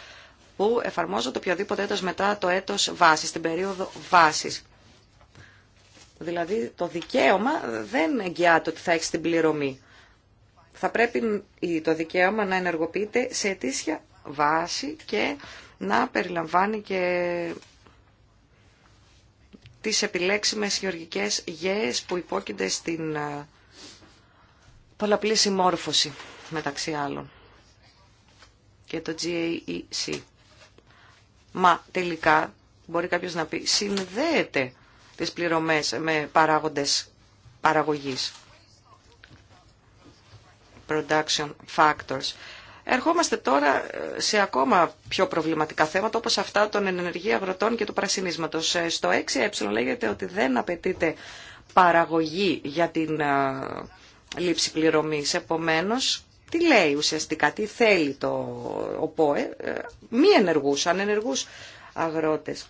που εφαρμόζονται οποιοδήποτε έτος μετά το έτος βάσης, την περίοδο βάσης. Δηλαδή το δικαίωμα δεν εγγυάται ότι θα έχει την πληρωμή. Θα πρέπει το δικαίωμα να ενεργοποιείται σε αιτήσια βάση και να περιλαμβάνει και τις επιλέξιμες γεωργικές γέες που υπόκεινται στην ε, πολλαπλή συμμόρφωση μεταξύ άλλων και το GAEC. Μα τελικά μπορεί κάποιος να πει συνδέεται τις πληρωμές με παράγοντες παραγωγής. Production factors. Ερχόμαστε τώρα ε, σε ακόμα πιο προβληματικά θέματα όπως αυτά των ενεργεία αγροτών και του πρασινίσματος. Ε, στο 6ε λέγεται ότι δεν απαιτείται παραγωγή για την ε, λήψη πληρωμής. Επομένως, τι λέει ουσιαστικά, τι θέλει το ΟΠΟΕ, μη ενεργούς, ανενεργούς αγρότες.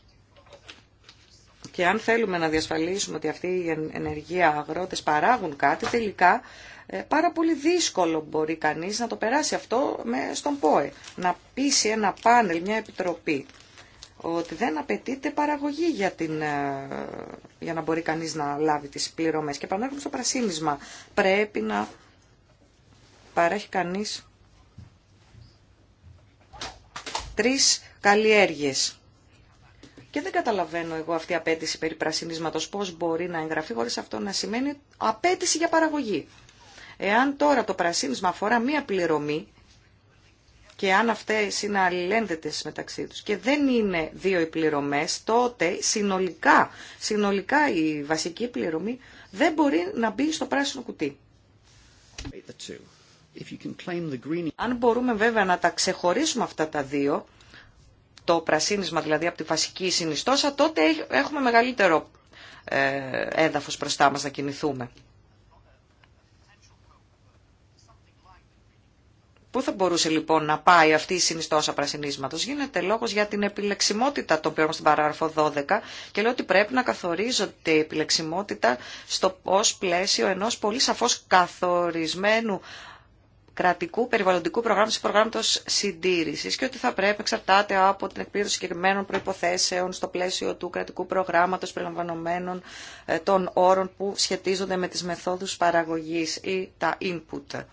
Και αν θέλουμε να διασφαλίσουμε ότι αυτοί οι ενεργεία αγρότες παράγουν κάτι, τελικά ε, πάρα πολύ δύσκολο μπορεί κανείς να το περάσει αυτό με στον ΠΟΕ. Να πείσει ένα πάνελ, μια επιτροπή, ότι δεν απαιτείται παραγωγή για, την, ε, για να μπορεί κανείς να λάβει τις πληρωμές. Και επανέρχομαι στο πρασίνισμα. Πρέπει να παρέχει κανείς τρεις καλλιέργειες. Και δεν καταλαβαίνω εγώ αυτή η απέτηση περί πρασινίσματος πώς μπορεί να εγγραφεί χωρίς αυτό να σημαίνει απέτηση για παραγωγή. Εάν τώρα το πρασίνισμα αφορά μία πληρωμή και αν αυτές είναι αλληλένδετες μεταξύ τους και δεν είναι δύο οι πληρωμές, τότε συνολικά, συνολικά η βασική πληρωμή δεν μπορεί να μπει στο πράσινο κουτί. Αν μπορούμε βέβαια να τα ξεχωρίσουμε αυτά τα δύο, το πρασίνισμα δηλαδή από τη βασική συνιστόσα, τότε έχουμε μεγαλύτερο ε, έδαφος μπροστά μας να κινηθούμε. Πού θα μπορούσε λοιπόν να πάει αυτή η συνιστόσα πρασινίσματος. Γίνεται λόγος για την επιλεξιμότητα των πλέον στην παράγραφο 12 και λέω ότι πρέπει να καθορίζονται η επιλεξιμότητα στο ως πλαίσιο ενός πολύ σαφώς καθορισμένου κρατικού περιβαλλοντικού προγράμματος προγράμματος συντήρησης και ότι θα πρέπει εξαρτάται από την εκπλήρωση συγκεκριμένων προϋποθέσεων στο πλαίσιο του κρατικού προγράμματος περιλαμβανομένων ε, των όρων που σχετίζονται με τις μεθόδους παραγωγής ή τα input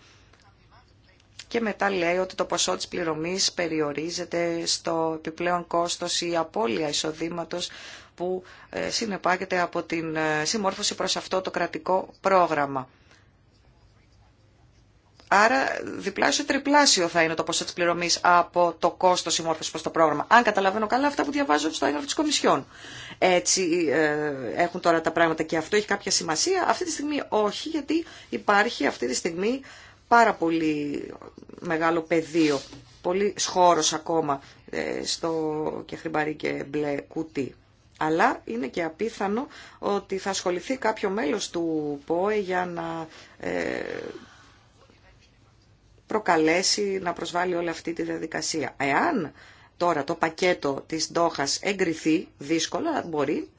και μετά λέει ότι το ποσό της πληρωμής περιορίζεται στο επιπλέον κόστος ή απώλεια εισοδήματος που ε, συνεπάγεται από την ε, συμμόρφωση προς αυτό το κρατικό πρόγραμμα. Άρα διπλάσιο τριπλάσιο θα είναι το ποσό της πληρωμής από το κόστος συμμόρφωσης προς το πρόγραμμα. Αν καταλαβαίνω καλά αυτά που διαβάζω στο έγγραφο της Κομισιόν. Έτσι ε, έχουν τώρα τα πράγματα και αυτό έχει κάποια σημασία. Αυτή τη στιγμή όχι γιατί υπάρχει αυτή τη στιγμή πάρα πολύ μεγάλο πεδίο, πολύ σχόρος ακόμα ε, στο και χρυμπαρί και μπλε κουτί. Αλλά είναι και απίθανο ότι θα ασχοληθεί κάποιο μέλος του ΠΟΕ για να ε, προκαλέσει να προσβάλλει όλη αυτή τη διαδικασία. Εάν τώρα το πακέτο της Ντόχας εγκριθεί δύσκολα, μπορεί.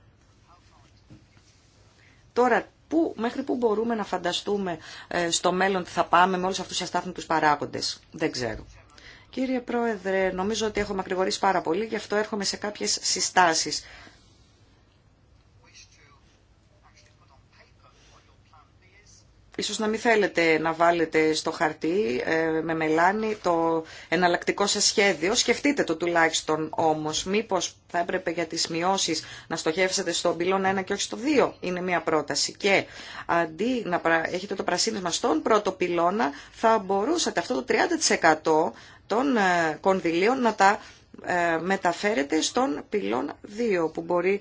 Τώρα Πού, μέχρι πού μπορούμε να φανταστούμε ε, στο μέλλον τι θα πάμε με όλους αυτούς τους αστάθμιτους παράγοντες. Δεν ξέρω. Κύριε Πρόεδρε, νομίζω ότι έχω μακρηγορήσει πάρα πολύ, γι' αυτό έρχομαι σε κάποιες συστάσεις. Ίσως να μην θέλετε να βάλετε στο χαρτί ε, με μελάνι το εναλλακτικό σας σχέδιο. Σκεφτείτε το τουλάχιστον όμως. Μήπως θα έπρεπε για τις μειώσεις να στοχεύσετε στον πυλώνα 1 και όχι στο 2. Είναι μια πρόταση. Και αντί να έχετε το πρασίνισμα στον πρώτο πυλώνα θα μπορούσατε αυτό το 30% των ε, κονδυλίων να τα ε, μεταφέρετε στον πυλόν 2 που μπορεί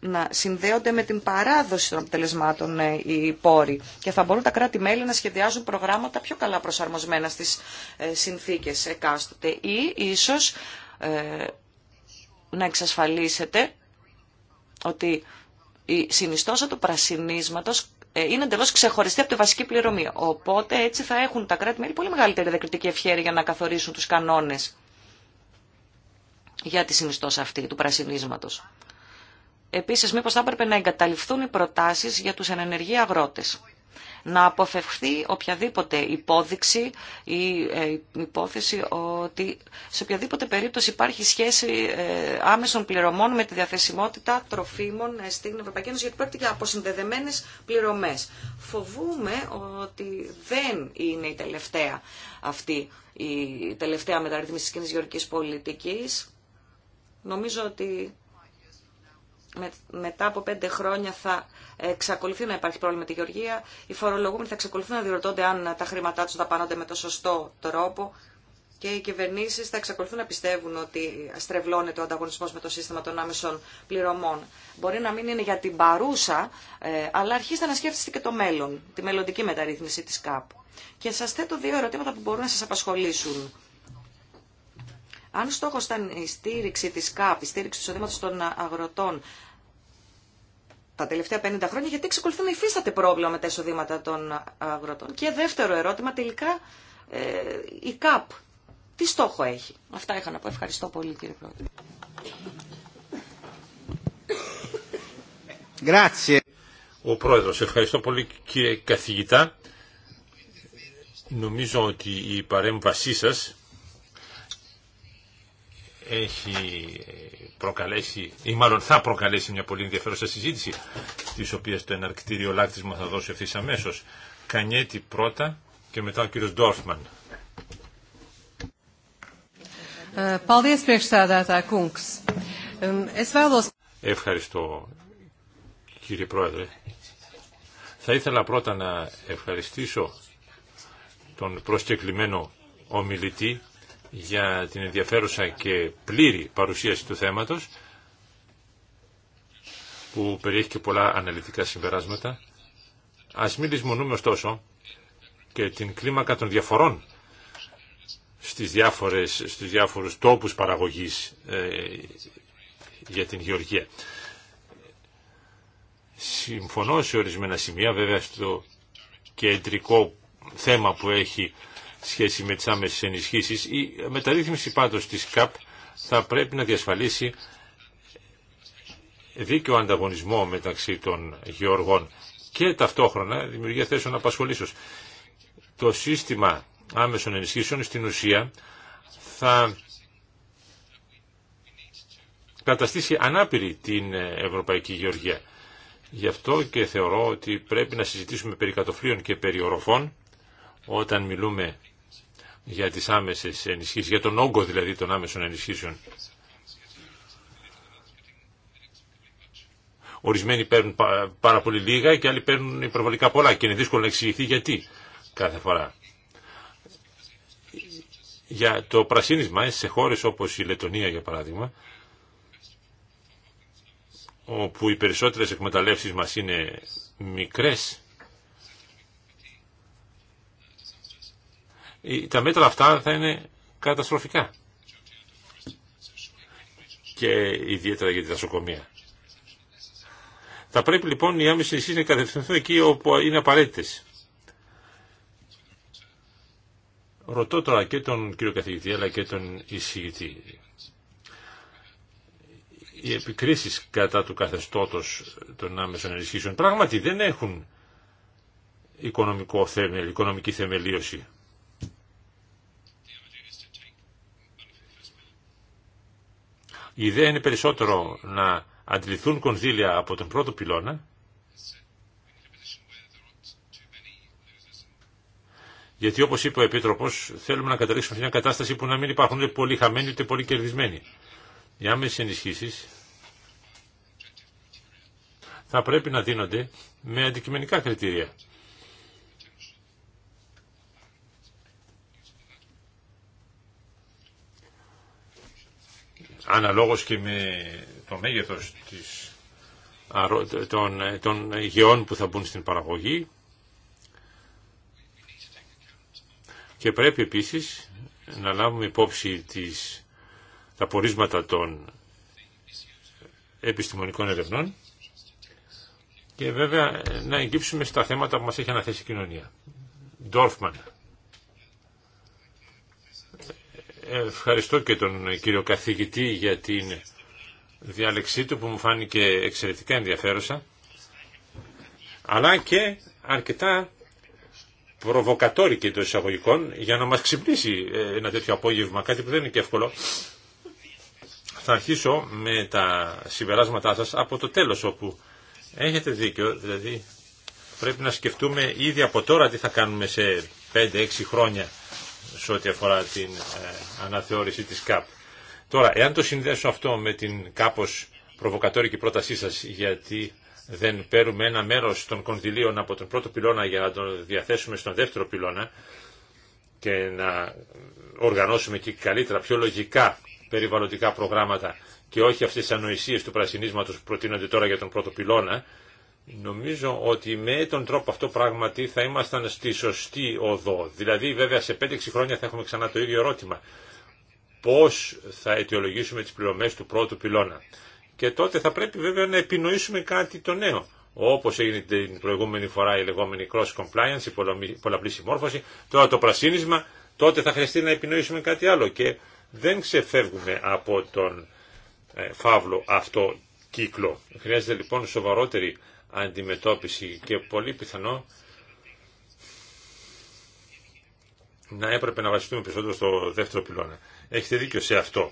να συνδέονται με την παράδοση των αποτελεσμάτων ε, οι πόροι και θα μπορούν τα κράτη-μέλη να σχεδιάζουν προγράμματα πιο καλά προσαρμοσμένα στις ε, συνθήκες εκάστοτε ή ίσως ε, να εξασφαλίσετε ότι η συνιστόσα του πρασινίσματος είναι εντελώ ξεχωριστή από τη βασική πληρωμή. Οπότε έτσι θα έχουν τα κράτη-μέλη πολύ μεγαλύτερη δεκριτική ευχαίρεια για να καθορίσουν τους κανόνες για τη συνιστόσα αυτή του πρασινίσματος. Επίσης, μήπως θα έπρεπε να εγκαταληφθούν οι προτάσεις για τους ενενεργοί αγρότε. Να αποφευχθεί οποιαδήποτε υπόδειξη ή ε, υπόθεση ότι σε οποιαδήποτε περίπτωση υπάρχει σχέση ε, άμεσων πληρωμών με τη διαθεσιμότητα τροφίμων ε, στην Ευρωπαϊκή Ένωση, γιατί πρόκειται για αποσυνδεδεμένε πληρωμές. Φοβούμε ότι δεν είναι η τελευταία αυτή, η τελευταία μεταρρύθμιση τη κοινή γεωργική πολιτική. Νομίζω ότι μετά από πέντε χρόνια θα εξακολουθεί να υπάρχει πρόβλημα με τη Γεωργία. Οι φορολογούμενοι θα εξακολουθούν να διερωτώνται αν τα χρήματά του δαπανώνται με το σωστό τρόπο και οι κυβερνήσει θα εξακολουθούν να πιστεύουν ότι στρεβλώνεται ο ανταγωνισμό με το σύστημα των άμεσων πληρωμών. Μπορεί να μην είναι για την παρούσα, ε, αλλά αρχίστε να σκέφτεστε και το μέλλον, τη μελλοντική μεταρρύθμιση τη ΚΑΠ. Και σα θέτω δύο ερωτήματα που μπορούν να σα απασχολήσουν. Αν στόχο ήταν η στήριξη τη ΚΑΠ, η στήριξη του εισοδήματο των αγροτών, τα τελευταία 50 χρόνια, γιατί εξακολουθεί να υφίσταται πρόβλημα με τα εισοδήματα των αγροτών. Και δεύτερο ερώτημα, τελικά ε, η ΚΑΠ, τι στόχο έχει. Αυτά είχα να πω. Ευχαριστώ πολύ κύριε Πρόεδρε. Ο Πρόεδρος, ευχαριστώ πολύ κύριε καθηγητά. Νομίζω ότι η παρέμβασή σας έχει ε, προκαλέσει ή μάλλον θα προκαλέσει μια πολύ ενδιαφέρουσα συζήτηση της οποίας το εναρκτήριο λάκτισμα θα δώσει ευθύ αμέσως. Κανιέτη πρώτα και μετά ο κύριος Ντόρφμαν. Ε, ε, Ευχαριστώ κύριε Πρόεδρε. Θα ήθελα πρώτα να ευχαριστήσω τον προσκεκλημένο ομιλητή για την ενδιαφέρουσα και πλήρη παρουσίαση του θέματος που περιέχει και πολλά αναλυτικά συμπεράσματα. Ας μην λησμονούμε ωστόσο και την κλίμακα των διαφορών στις διάφορες, στους διάφορους τόπους παραγωγής ε, για την γεωργία. Συμφωνώ σε ορισμένα σημεία βέβαια στο κεντρικό θέμα που έχει σχέση με τις άμεσες ενισχύσεις. Η μεταρρύθμιση πάντως της ΚΑΠ θα πρέπει να διασφαλίσει δίκαιο ανταγωνισμό μεταξύ των γεωργών και ταυτόχρονα δημιουργία θέσεων απασχολήσεως. Το σύστημα άμεσων ενισχύσεων στην ουσία θα καταστήσει ανάπηρη την Ευρωπαϊκή Γεωργία. Γι' αυτό και θεωρώ ότι πρέπει να συζητήσουμε περί κατοφλίων και περί οροφών όταν μιλούμε για τις άμεσες ενισχύσεις, για τον όγκο δηλαδή των άμεσων ενισχύσεων. Ορισμένοι παίρνουν πάρα πολύ λίγα και άλλοι παίρνουν υπερβολικά πολλά και είναι δύσκολο να εξηγηθεί γιατί κάθε φορά. Για το πρασίνισμα σε χώρες όπως η Λετωνία για παράδειγμα, όπου οι περισσότερες εκμεταλλεύσεις μας είναι μικρές, Ε, τα μέτρα αυτά θα είναι καταστροφικά. Και ιδιαίτερα για τη δασοκομεία. Θα πρέπει λοιπόν οι άμεσες νησίες να κατευθυνθούν εκεί όπου είναι απαραίτητε. Ρωτώ τώρα και τον κύριο καθηγητή αλλά και τον εισηγητή. Οι επικρίσεις κατά του καθεστώτος των άμεσων ενισχύσεων πράγματι δεν έχουν οικονομικό θεμελ, οικονομική θεμελίωση. Η ιδέα είναι περισσότερο να αντιληφθούν κονδύλια από τον πρώτο πυλώνα γιατί όπως είπε ο Επίτροπος θέλουμε να καταλήξουμε σε μια κατάσταση που να μην υπάρχουν ούτε πολύ χαμένοι ούτε πολύ κερδισμένοι. Οι άμεσες ενισχύσεις θα πρέπει να δίνονται με αντικειμενικά κριτήρια. αναλόγως και με το μέγεθος της, των, των γεών που θα μπουν στην παραγωγή και πρέπει επίσης να λάβουμε υπόψη τις, τα πορίσματα των επιστημονικών ερευνών και βέβαια να εγκύψουμε στα θέματα που μας έχει αναθέσει η κοινωνία. Ευχαριστώ και τον κύριο καθηγητή για την διάλεξή του που μου φάνηκε εξαιρετικά ενδιαφέρουσα αλλά και αρκετά προβοκατόρικη των εισαγωγικών για να μας ξυπνήσει ε, ένα τέτοιο απόγευμα, κάτι που δεν είναι και εύκολο. Θα αρχίσω με τα συμπεράσματά σας από το τέλος όπου έχετε δίκιο, δηλαδή πρέπει να σκεφτούμε ήδη από τώρα τι θα κάνουμε σε 5-6 χρόνια σε ό,τι αφορά την ε, αναθεώρηση της ΚΑΠ. Τώρα, εάν το συνδέσω αυτό με την κάπως προβοκατόρικη πρότασή σας, γιατί δεν παίρνουμε ένα μέρος των κονδυλίων από τον πρώτο πυλώνα για να τον διαθέσουμε στον δεύτερο πυλώνα και να οργανώσουμε και καλύτερα, πιο λογικά περιβαλλοντικά προγράμματα και όχι αυτές τις ανοησίες του πρασινίσματος που προτείνονται τώρα για τον πρώτο πυλώνα, Νομίζω ότι με τον τρόπο αυτό πράγματι θα ήμασταν στη σωστή οδό. Δηλαδή βέβαια σε 5-6 χρόνια θα έχουμε ξανά το ίδιο ερώτημα. Πώς θα αιτιολογήσουμε τις πληρωμές του πρώτου πυλώνα. Και τότε θα πρέπει βέβαια να επινοήσουμε κάτι το νέο. Όπως έγινε την προηγούμενη φορά η λεγόμενη cross compliance, η πολλαπλή συμμόρφωση, τώρα το πρασίνισμα, τότε θα χρειαστεί να επινοήσουμε κάτι άλλο. Και δεν ξεφεύγουμε από τον ε, φαύλο αυτό κύκλο. Χρειάζεται λοιπόν σοβαρότερη αντιμετώπιση και πολύ πιθανό να έπρεπε να βασιστούμε περισσότερο στο δεύτερο πυλώνα. Έχετε δίκιο σε αυτό.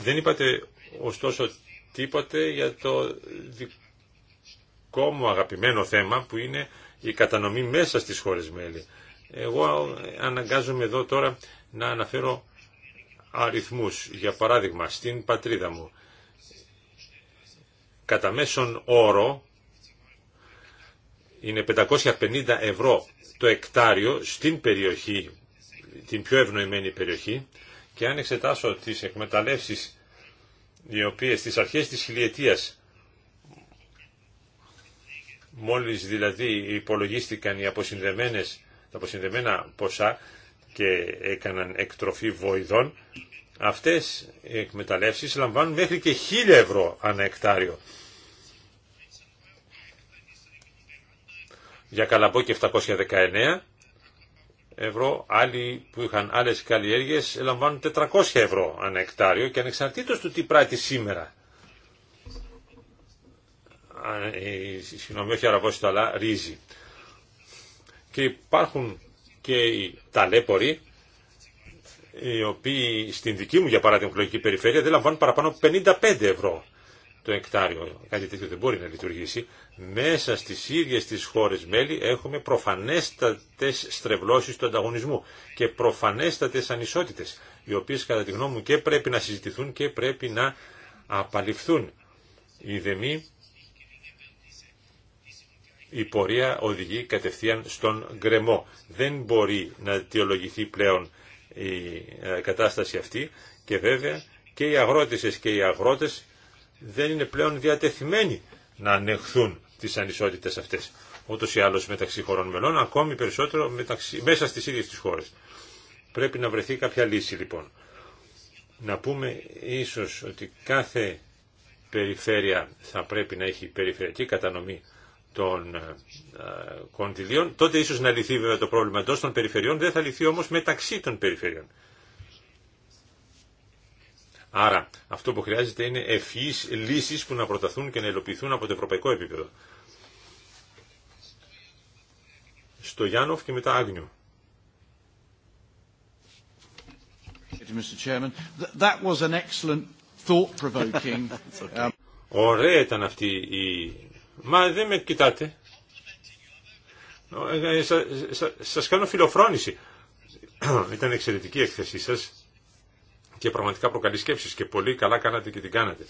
Δεν είπατε ωστόσο τίποτε για το δικό μου αγαπημένο θέμα που είναι η κατανομή μέσα στις χώρες μέλη. Εγώ αναγκάζομαι εδώ τώρα να αναφέρω αριθμούς. Για παράδειγμα, στην πατρίδα μου, κατά μέσον όρο είναι 550 ευρώ το εκτάριο στην περιοχή, την πιο ευνοημένη περιοχή και αν εξετάσω τις εκμεταλλεύσεις οι οποίες στις αρχές της χιλιετίας μόλις δηλαδή υπολογίστηκαν οι αποσυνδεμένες, τα αποσυνδεμένα ποσά και έκαναν εκτροφή βοηδών, αυτές οι εκμεταλλεύσεις λαμβάνουν μέχρι και 1000 ευρώ ανά εκτάριο. για καλαμπόκι 719 ευρώ, άλλοι που είχαν άλλες καλλιέργειες λαμβάνουν 400 ευρώ ανά και ανεξαρτήτως του τι πράττει σήμερα. Ε, συγγνώμη, όχι αραβός αλλά ρύζι. Και υπάρχουν και οι ταλέποροι, οι οποίοι στην δική μου για παράδειγμα εκλογική περιφέρεια δεν λαμβάνουν παραπάνω 55 ευρώ το εκτάριο. Κάτι τέτοιο δεν μπορεί να λειτουργήσει. Μέσα στι ίδιε τι χώρες μέλη έχουμε προφανέστατε στρεβλώσεις του ανταγωνισμού και προφανέστατε ανισότητες, οι οποίες κατά τη γνώμη μου και πρέπει να συζητηθούν και πρέπει να απαλληφθούν. Η δεμή, η πορεία οδηγεί κατευθείαν στον γκρεμό. Δεν μπορεί να αιτιολογηθεί πλέον η ε, κατάσταση αυτή και βέβαια και οι αγρότησες και οι αγρότες δεν είναι πλέον διατεθειμένοι να ανεχθούν τις ανισότητες αυτές. Ότως ή άλλως μεταξύ χωρών μελών, ακόμη περισσότερο μεταξύ, μέσα στις ίδιες τις χώρες. Πρέπει να βρεθεί κάποια λύση λοιπόν. Να πούμε ίσως ότι κάθε περιφέρεια θα πρέπει να έχει περιφερειακή κατανομή των ε, κοντιλίων. Τότε ίσως να λυθεί βέβαια το πρόβλημα εντός των περιφερειών, δεν θα λυθεί όμως μεταξύ των περιφερειών. Άρα αυτό που χρειάζεται είναι ευφυείς λύσεις που να προταθούν και να υλοποιηθούν από το ευρωπαϊκό επίπεδο. Στο Γιάννοφ και μετά Άγνιο. Um, Ωραία ήταν αυτή η... Μα δεν με κοιτάτε. Ε, ε, σας κάνω φιλοφρόνηση. Ήταν εξαιρετική έκθεσή σας και πραγματικά προκαλεί σκέψεις και πολύ καλά κάνατε και την κάνατε.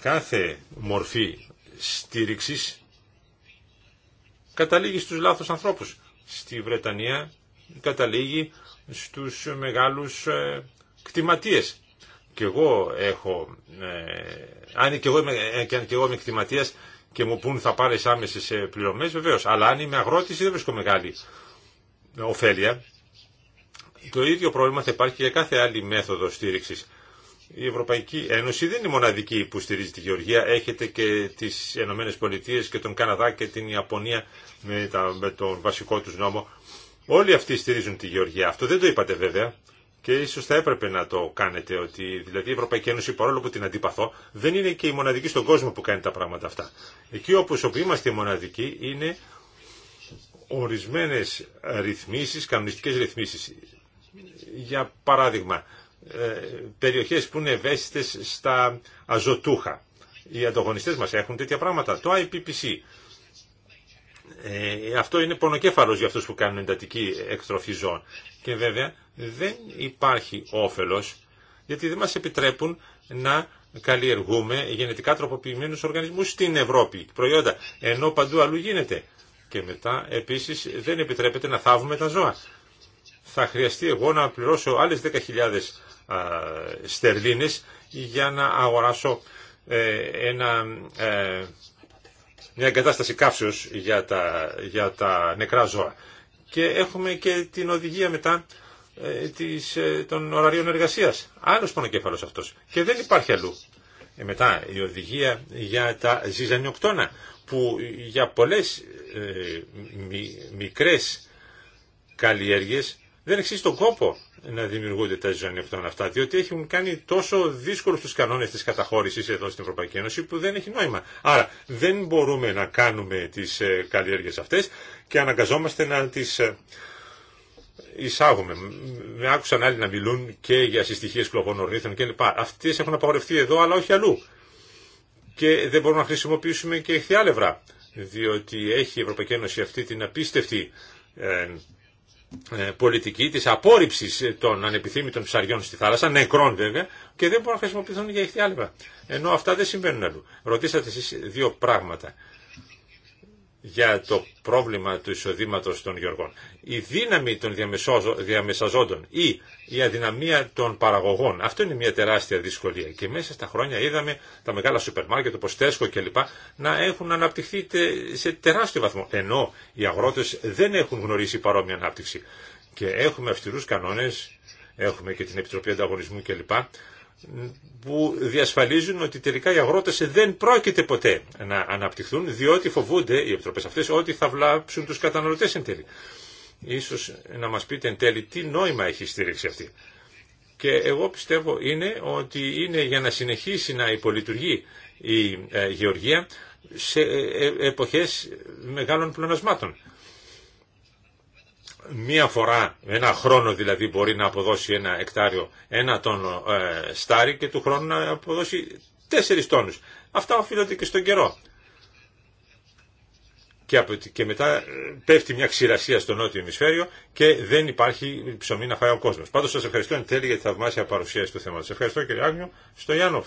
Κάθε μορφή στήριξης καταλήγει στους λάθος ανθρώπους. Στη Βρετανία καταλήγει στους μεγάλους ε, κτηματίες. Και εγώ έχω, ε, αν και εγώ είμαι, ε, και εγώ είμαι κτηματίας και μου πούν θα πάρεις άμεσε ε, πληρωμές, βεβαίως. Αλλά αν είμαι αγρότης δεν βρίσκω μεγάλη ωφέλεια. Το ίδιο πρόβλημα θα υπάρχει για κάθε άλλη μέθοδο στήριξη. Η Ευρωπαϊκή Ένωση δεν είναι η μοναδική που στηρίζει τη Γεωργία. Έχετε και τι Ηνωμένε Πολιτείε και τον Καναδά και την Ιαπωνία με, τα, με τον βασικό του νόμο. Όλοι αυτοί στηρίζουν τη Γεωργία. Αυτό δεν το είπατε βέβαια. Και ίσω θα έπρεπε να το κάνετε ότι δηλαδή η Ευρωπαϊκή Ένωση παρόλο που την αντιπαθώ δεν είναι και η μοναδική στον κόσμο που κάνει τα πράγματα αυτά. Εκεί όπω όπου είμαστε μοναδικοί είναι ορισμένε ρυθμίσει, κανονιστικέ ρυθμίσει. Για παράδειγμα, ε, περιοχές που είναι ευαίσθητες στα αζωτούχα. Οι ανταγωνιστές μας έχουν τέτοια πράγματα. Το IPPC. Ε, αυτό είναι πονοκέφαλος για αυτούς που κάνουν εντατική εκτροφή ζώων. Και βέβαια δεν υπάρχει όφελος γιατί δεν μας επιτρέπουν να καλλιεργούμε γενετικά τροποποιημένους οργανισμούς στην Ευρώπη, προϊόντα, ενώ παντού αλλού γίνεται. Και μετά επίσης δεν επιτρέπεται να θάβουμε τα ζώα θα χρειαστεί εγώ να πληρώσω άλλες 10.000 στερλίνες για να αγοράσω ε, ένα, ε, μια εγκατάσταση καύσεως για τα, για τα νεκρά ζώα. Και έχουμε και την οδηγία μετά ε, της, των ωραρίων εργασίας. Άλλος πονοκέφαλος αυτός. Και δεν υπάρχει αλλού. Ε, μετά η οδηγία για τα ζυζανιοκτώνα που για πολλές ε, μικρές καλλιέργειες δεν εξή τον κόπο να δημιουργούνται τα ζωνευτών αυτά, διότι έχουν κάνει τόσο δύσκολου του κανόνε τη καταχώρηση εδώ στην Ευρωπαϊκή Ένωση που δεν έχει νόημα. Άρα δεν μπορούμε να κάνουμε τις ε, καλλιέργειε αυτέ και αναγκαζόμαστε να τις ε, εισάγουμε. Με άκουσαν άλλοι να μιλούν και για συστοιχίε κλοβών ορνήθων κλπ. Αυτέ έχουν απαγορευτεί εδώ αλλά όχι αλλού. Και δεν μπορούμε να χρησιμοποιήσουμε και χθιάλευρα, διότι έχει η Ευρωπαϊκή Ένωση αυτή την απίστευτη ε, ε, πολιτική της απόρριψης των ανεπιθύμητων ψαριών στη θάλασσα, νεκρών βέβαια, και δεν μπορούν να χρησιμοποιηθούν για ηχθιάλευα. Ενώ αυτά δεν συμβαίνουν αλλού. Ρωτήσατε εσείς δύο πράγματα για το πρόβλημα του εισοδήματος των γεωργών. Η δύναμη των διαμεσαζόντων ή η αδυναμία των παραγωγών. Αυτό είναι μια τεράστια δυσκολία. Και μέσα στα χρόνια είδαμε τα μεγάλα σούπερ μάρκετ όπως Τέσκο κλπ. να έχουν αναπτυχθεί σε τεράστιο βαθμό. Ενώ οι αγρότες δεν έχουν γνωρίσει παρόμοια ανάπτυξη. Και έχουμε αυστηρούς κανόνες, έχουμε και την Επιτροπή Ανταγωνισμού κλπ που διασφαλίζουν ότι τελικά οι αγρότες δεν πρόκειται ποτέ να αναπτυχθούν διότι φοβούνται οι επιτροπές αυτές ότι θα βλάψουν τους καταναλωτές εν τέλει. Ίσως να μας πείτε εν τέλει τι νόημα έχει η στήριξη αυτή. Και εγώ πιστεύω είναι ότι είναι για να συνεχίσει να υπολειτουργεί η ε, γεωργία σε ε, ε, εποχές μεγάλων πλονασμάτων μία φορά, ένα χρόνο δηλαδή μπορεί να αποδώσει ένα εκτάριο, ένα τόνο ε, στάρι και του χρόνου να αποδώσει τέσσερις τόνους. Αυτά οφείλονται και στον καιρό. Και, και μετά ε, πέφτει μια ξηρασία στο νότιο ημισφαίριο και δεν υπάρχει ψωμί να φάει ο κόσμος. Πάντως σα ευχαριστώ εν τέλει για τη θαυμάσια παρουσίαση του θέματος. Ευχαριστώ κύριε Άγνιο. Στο Γιάννοφ.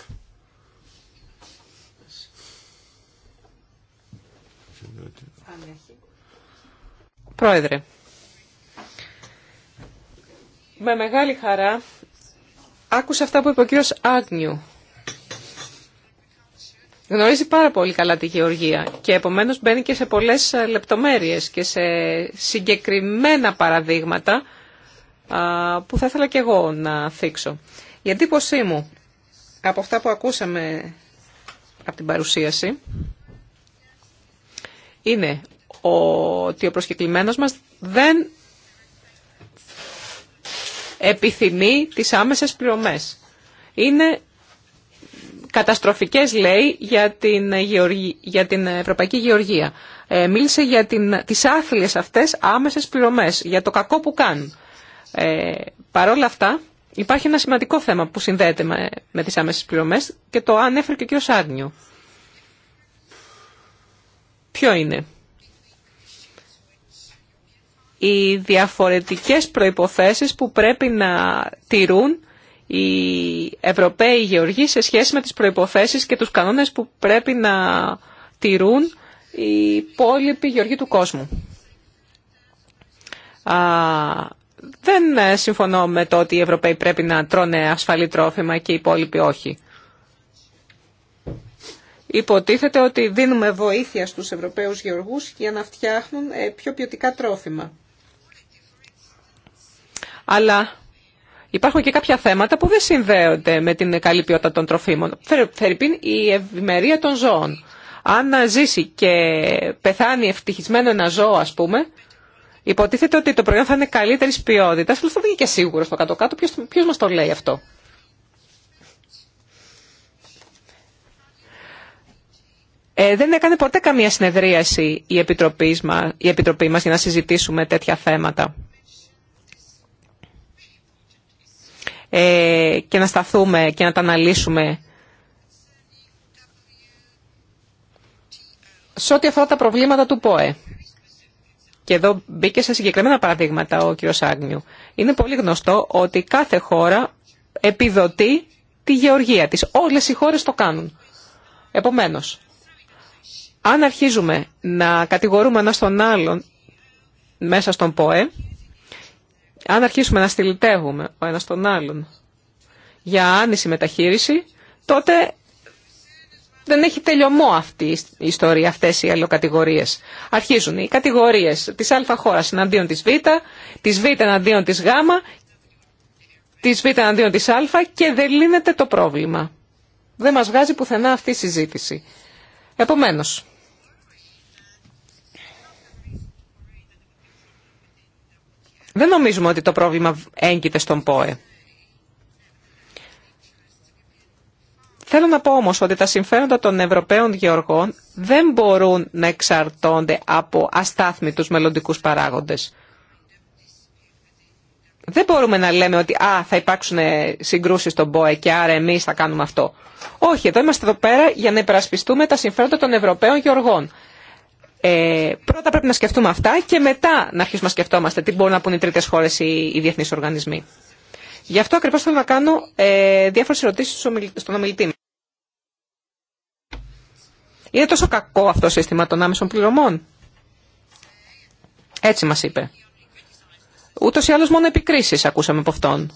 Πρόεδρε με μεγάλη χαρά άκουσα αυτά που είπε ο κύριος Άγνιου. Γνωρίζει πάρα πολύ καλά τη γεωργία και επομένως μπαίνει και σε πολλές ε, λεπτομέρειες και σε συγκεκριμένα παραδείγματα που θα ήθελα και εγώ να θίξω. Η εντύπωσή μου από αυτά που ακούσαμε από την παρουσίαση είναι ότι ο προσκεκλημένος μας δεν επιθυμεί τις άμεσες πληρωμές. Είναι καταστροφικές, λέει, για την, για την Ευρωπαϊκή Γεωργία. Ε, μίλησε για την, τις άθλιες αυτές άμεσες πληρωμές, για το κακό που κάνουν. Ε, Παρ' αυτά, υπάρχει ένα σημαντικό θέμα που συνδέεται με, με τις άμεσες πληρωμές και το ανέφερε και ο κ. Σάρνιο. Ποιο είναι οι διαφορετικές προϋποθέσεις που πρέπει να τηρούν οι Ευρωπαίοι γεωργοί σε σχέση με τις προϋποθέσεις και τους κανόνες που πρέπει να τηρούν οι υπόλοιποι γεωργοί του κόσμου. δεν συμφωνώ με το ότι οι Ευρωπαίοι πρέπει να τρώνε ασφαλή τρόφιμα και οι υπόλοιποι όχι. Υποτίθεται ότι δίνουμε βοήθεια στους Ευρωπαίους γεωργούς για να φτιάχνουν ε, πιο ποιοτικά τρόφιμα αλλά υπάρχουν και κάποια θέματα που δεν συνδέονται με την καλή ποιότητα των τροφίμων. Φερρυπίν η ευημερία των ζώων. Αν ζήσει και πεθάνει ευτυχισμένο ένα ζώο, ας πούμε, υποτίθεται ότι το προϊόν θα είναι καλύτερης ποιότητας, αλλά αυτό δεν είναι και σίγουρο στο κάτω-κάτω. Ποιο μα μας το λέει αυτό. Ε, δεν έκανε ποτέ καμία συνεδρίαση η η Επιτροπή μας για να συζητήσουμε τέτοια θέματα. Ε, και να σταθούμε και να τα αναλύσουμε. Σε ό,τι αφορά τα προβλήματα του ΠΟΕ, και εδώ μπήκε σε συγκεκριμένα παραδείγματα ο κύριος Σάγνιου. είναι πολύ γνωστό ότι κάθε χώρα επιδοτεί τη γεωργία της. Όλες οι χώρες το κάνουν. Επομένως, αν αρχίζουμε να κατηγορούμε ένα τον άλλον μέσα στον ΠΟΕ, αν αρχίσουμε να στυλιτεύουμε ο ένας τον άλλον για άνηση μεταχείριση, τότε δεν έχει τελειωμό αυτή η ιστορία, αυτές οι αλλοκατηγορίες. Αρχίζουν οι κατηγορίες της α χώρας εναντίον της β, της β εναντίον της γ, της β εναντίον της α και δεν λύνεται το πρόβλημα. Δεν μας βγάζει πουθενά αυτή η συζήτηση. Επομένως, Δεν νομίζουμε ότι το πρόβλημα έγκυται στον ΠΟΕ. Θέλω να πω όμως ότι τα συμφέροντα των Ευρωπαίων γεωργών δεν μπορούν να εξαρτώνται από αστάθμητους μελλοντικού παράγοντες. Δεν μπορούμε να λέμε ότι α, θα υπάρξουν συγκρούσεις στον ΠΟΕ και άρα εμείς θα κάνουμε αυτό. Όχι, εδώ είμαστε εδώ πέρα για να υπερασπιστούμε τα συμφέροντα των Ευρωπαίων γεωργών. Ε, πρώτα πρέπει να σκεφτούμε αυτά και μετά να αρχίσουμε να σκεφτόμαστε τι μπορούν να πούν οι τρίτες χώρες οι, οι διεθνεί οργανισμοί. Γι' αυτό ακριβώ θέλω να κάνω ε, διάφορες ερωτήσεις στον ομιλητή μου. Είναι τόσο κακό αυτό το σύστημα των άμεσων πληρωμών. Έτσι μας είπε. Ούτως ή άλλως μόνο επικρίσεις ακούσαμε από αυτόν.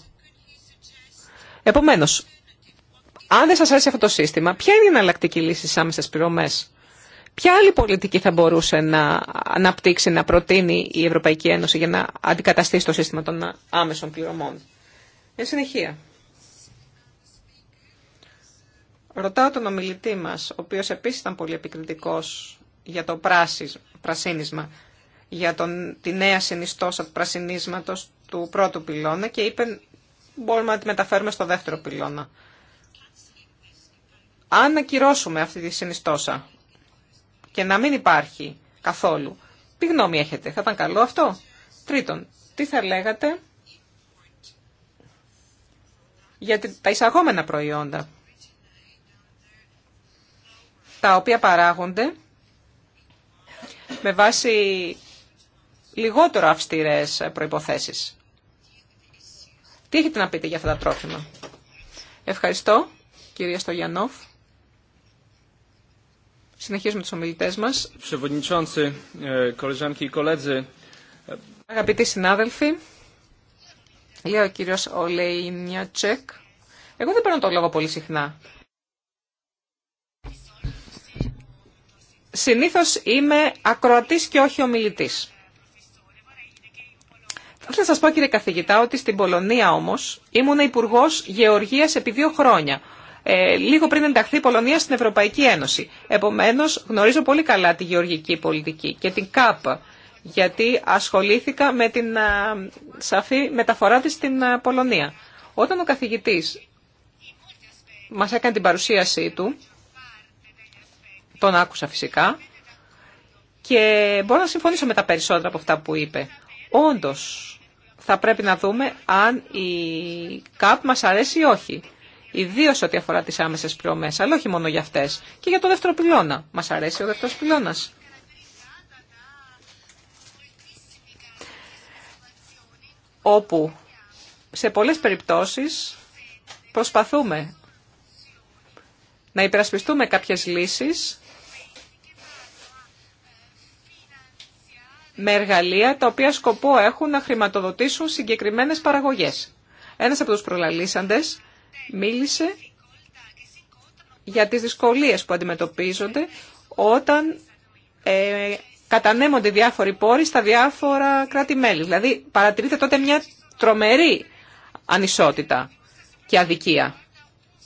Επομένως, αν δεν σας αρέσει αυτό το σύστημα, ποια είναι η εναλλακτική λύση στις άμεσες πληρωμές. Ποια άλλη πολιτική θα μπορούσε να αναπτύξει, να προτείνει η Ευρωπαϊκή Ένωση για να αντικαταστήσει το σύστημα των άμεσων πληρωμών. Εν συνεχεία. Ρωτάω τον ομιλητή μας, ο οποίος επίσης ήταν πολύ επικριτικός για το πρασίνισμα, για τον, τη νέα συνιστόσα του πρασινίσματος του πρώτου πυλώνα και είπε μπορούμε να τη μεταφέρουμε στο δεύτερο πυλώνα. Αν ακυρώσουμε αυτή τη συνιστόσα, και να μην υπάρχει καθόλου. Τι γνώμη έχετε, θα ήταν καλό αυτό. Τρίτον, τι θα λέγατε για τα εισαγόμενα προϊόντα, τα οποία παράγονται με βάση λιγότερο αυστηρές προϋποθέσεις. Τι έχετε να πείτε για αυτά τα τρόφιμα. Ευχαριστώ, κυρία Στογιανόφ. Συνεχίζουμε τους ομιλητές μας. Ε, Αγαπητοί συνάδελφοι, λέει ο κύριος Ολέινια Τσεκ. Εγώ δεν παίρνω το λόγο πολύ συχνά. Συνήθως είμαι ακροατής και όχι ομιλητής. Θα ήθελα να σας πω κύριε καθηγητά ότι στην Πολωνία όμως ήμουν υπουργό Γεωργίας επί δύο χρόνια ε, λίγο πριν ενταχθεί η Πολωνία στην Ευρωπαϊκή Ένωση. Επομένως, γνωρίζω πολύ καλά τη γεωργική πολιτική και την ΚΑΠ, γιατί ασχολήθηκα με την σαφή μεταφορά της στην Πολωνία. Όταν ο καθηγητής μας έκανε την παρουσίασή του, τον άκουσα φυσικά, και μπορώ να συμφωνήσω με τα περισσότερα από αυτά που είπε. Όντως, θα πρέπει να δούμε αν η ΚΑΠ μας αρέσει ή όχι. Ιδίω ό,τι αφορά τι άμεσε πληρωμέ, αλλά όχι μόνο για αυτέ. Και για το δεύτερο πυλώνα. Μα αρέσει ο δεύτερο πυλώνα. όπου σε πολλές περιπτώσεις προσπαθούμε να υπερασπιστούμε κάποιες λύσεις με εργαλεία τα οποία σκοπό έχουν να χρηματοδοτήσουν συγκεκριμένες παραγωγές. Ένας από τους προλαλήσαντες μίλησε για τις δυσκολίες που αντιμετωπίζονται όταν ε, κατανέμονται διάφοροι πόροι στα διάφορα κράτη-μέλη. Δηλαδή παρατηρείται τότε μια τρομερή ανισότητα και αδικία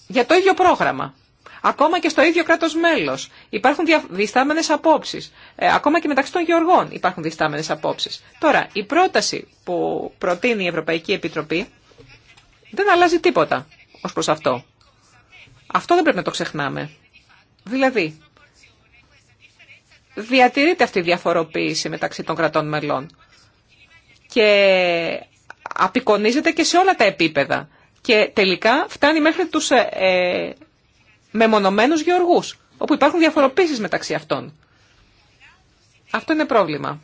για το ίδιο πρόγραμμα. Ακόμα και στο ίδιο κράτος μέλος υπάρχουν διστάμενες απόψεις. Ε, ακόμα και μεταξύ των γεωργών υπάρχουν διστάμενες απόψεις. Τώρα, η πρόταση που προτείνει η Ευρωπαϊκή Επιτροπή δεν αλλάζει τίποτα ως προς αυτό. Αυτό δεν πρέπει να το ξεχνάμε. Δηλαδή, διατηρείται αυτή η διαφοροποίηση μεταξύ των κρατών μελών και απεικονίζεται και σε όλα τα επίπεδα και τελικά φτάνει μέχρι τους ε, ε μεμονωμένους γεωργούς, όπου υπάρχουν διαφοροποίησεις μεταξύ αυτών. Αυτό είναι πρόβλημα.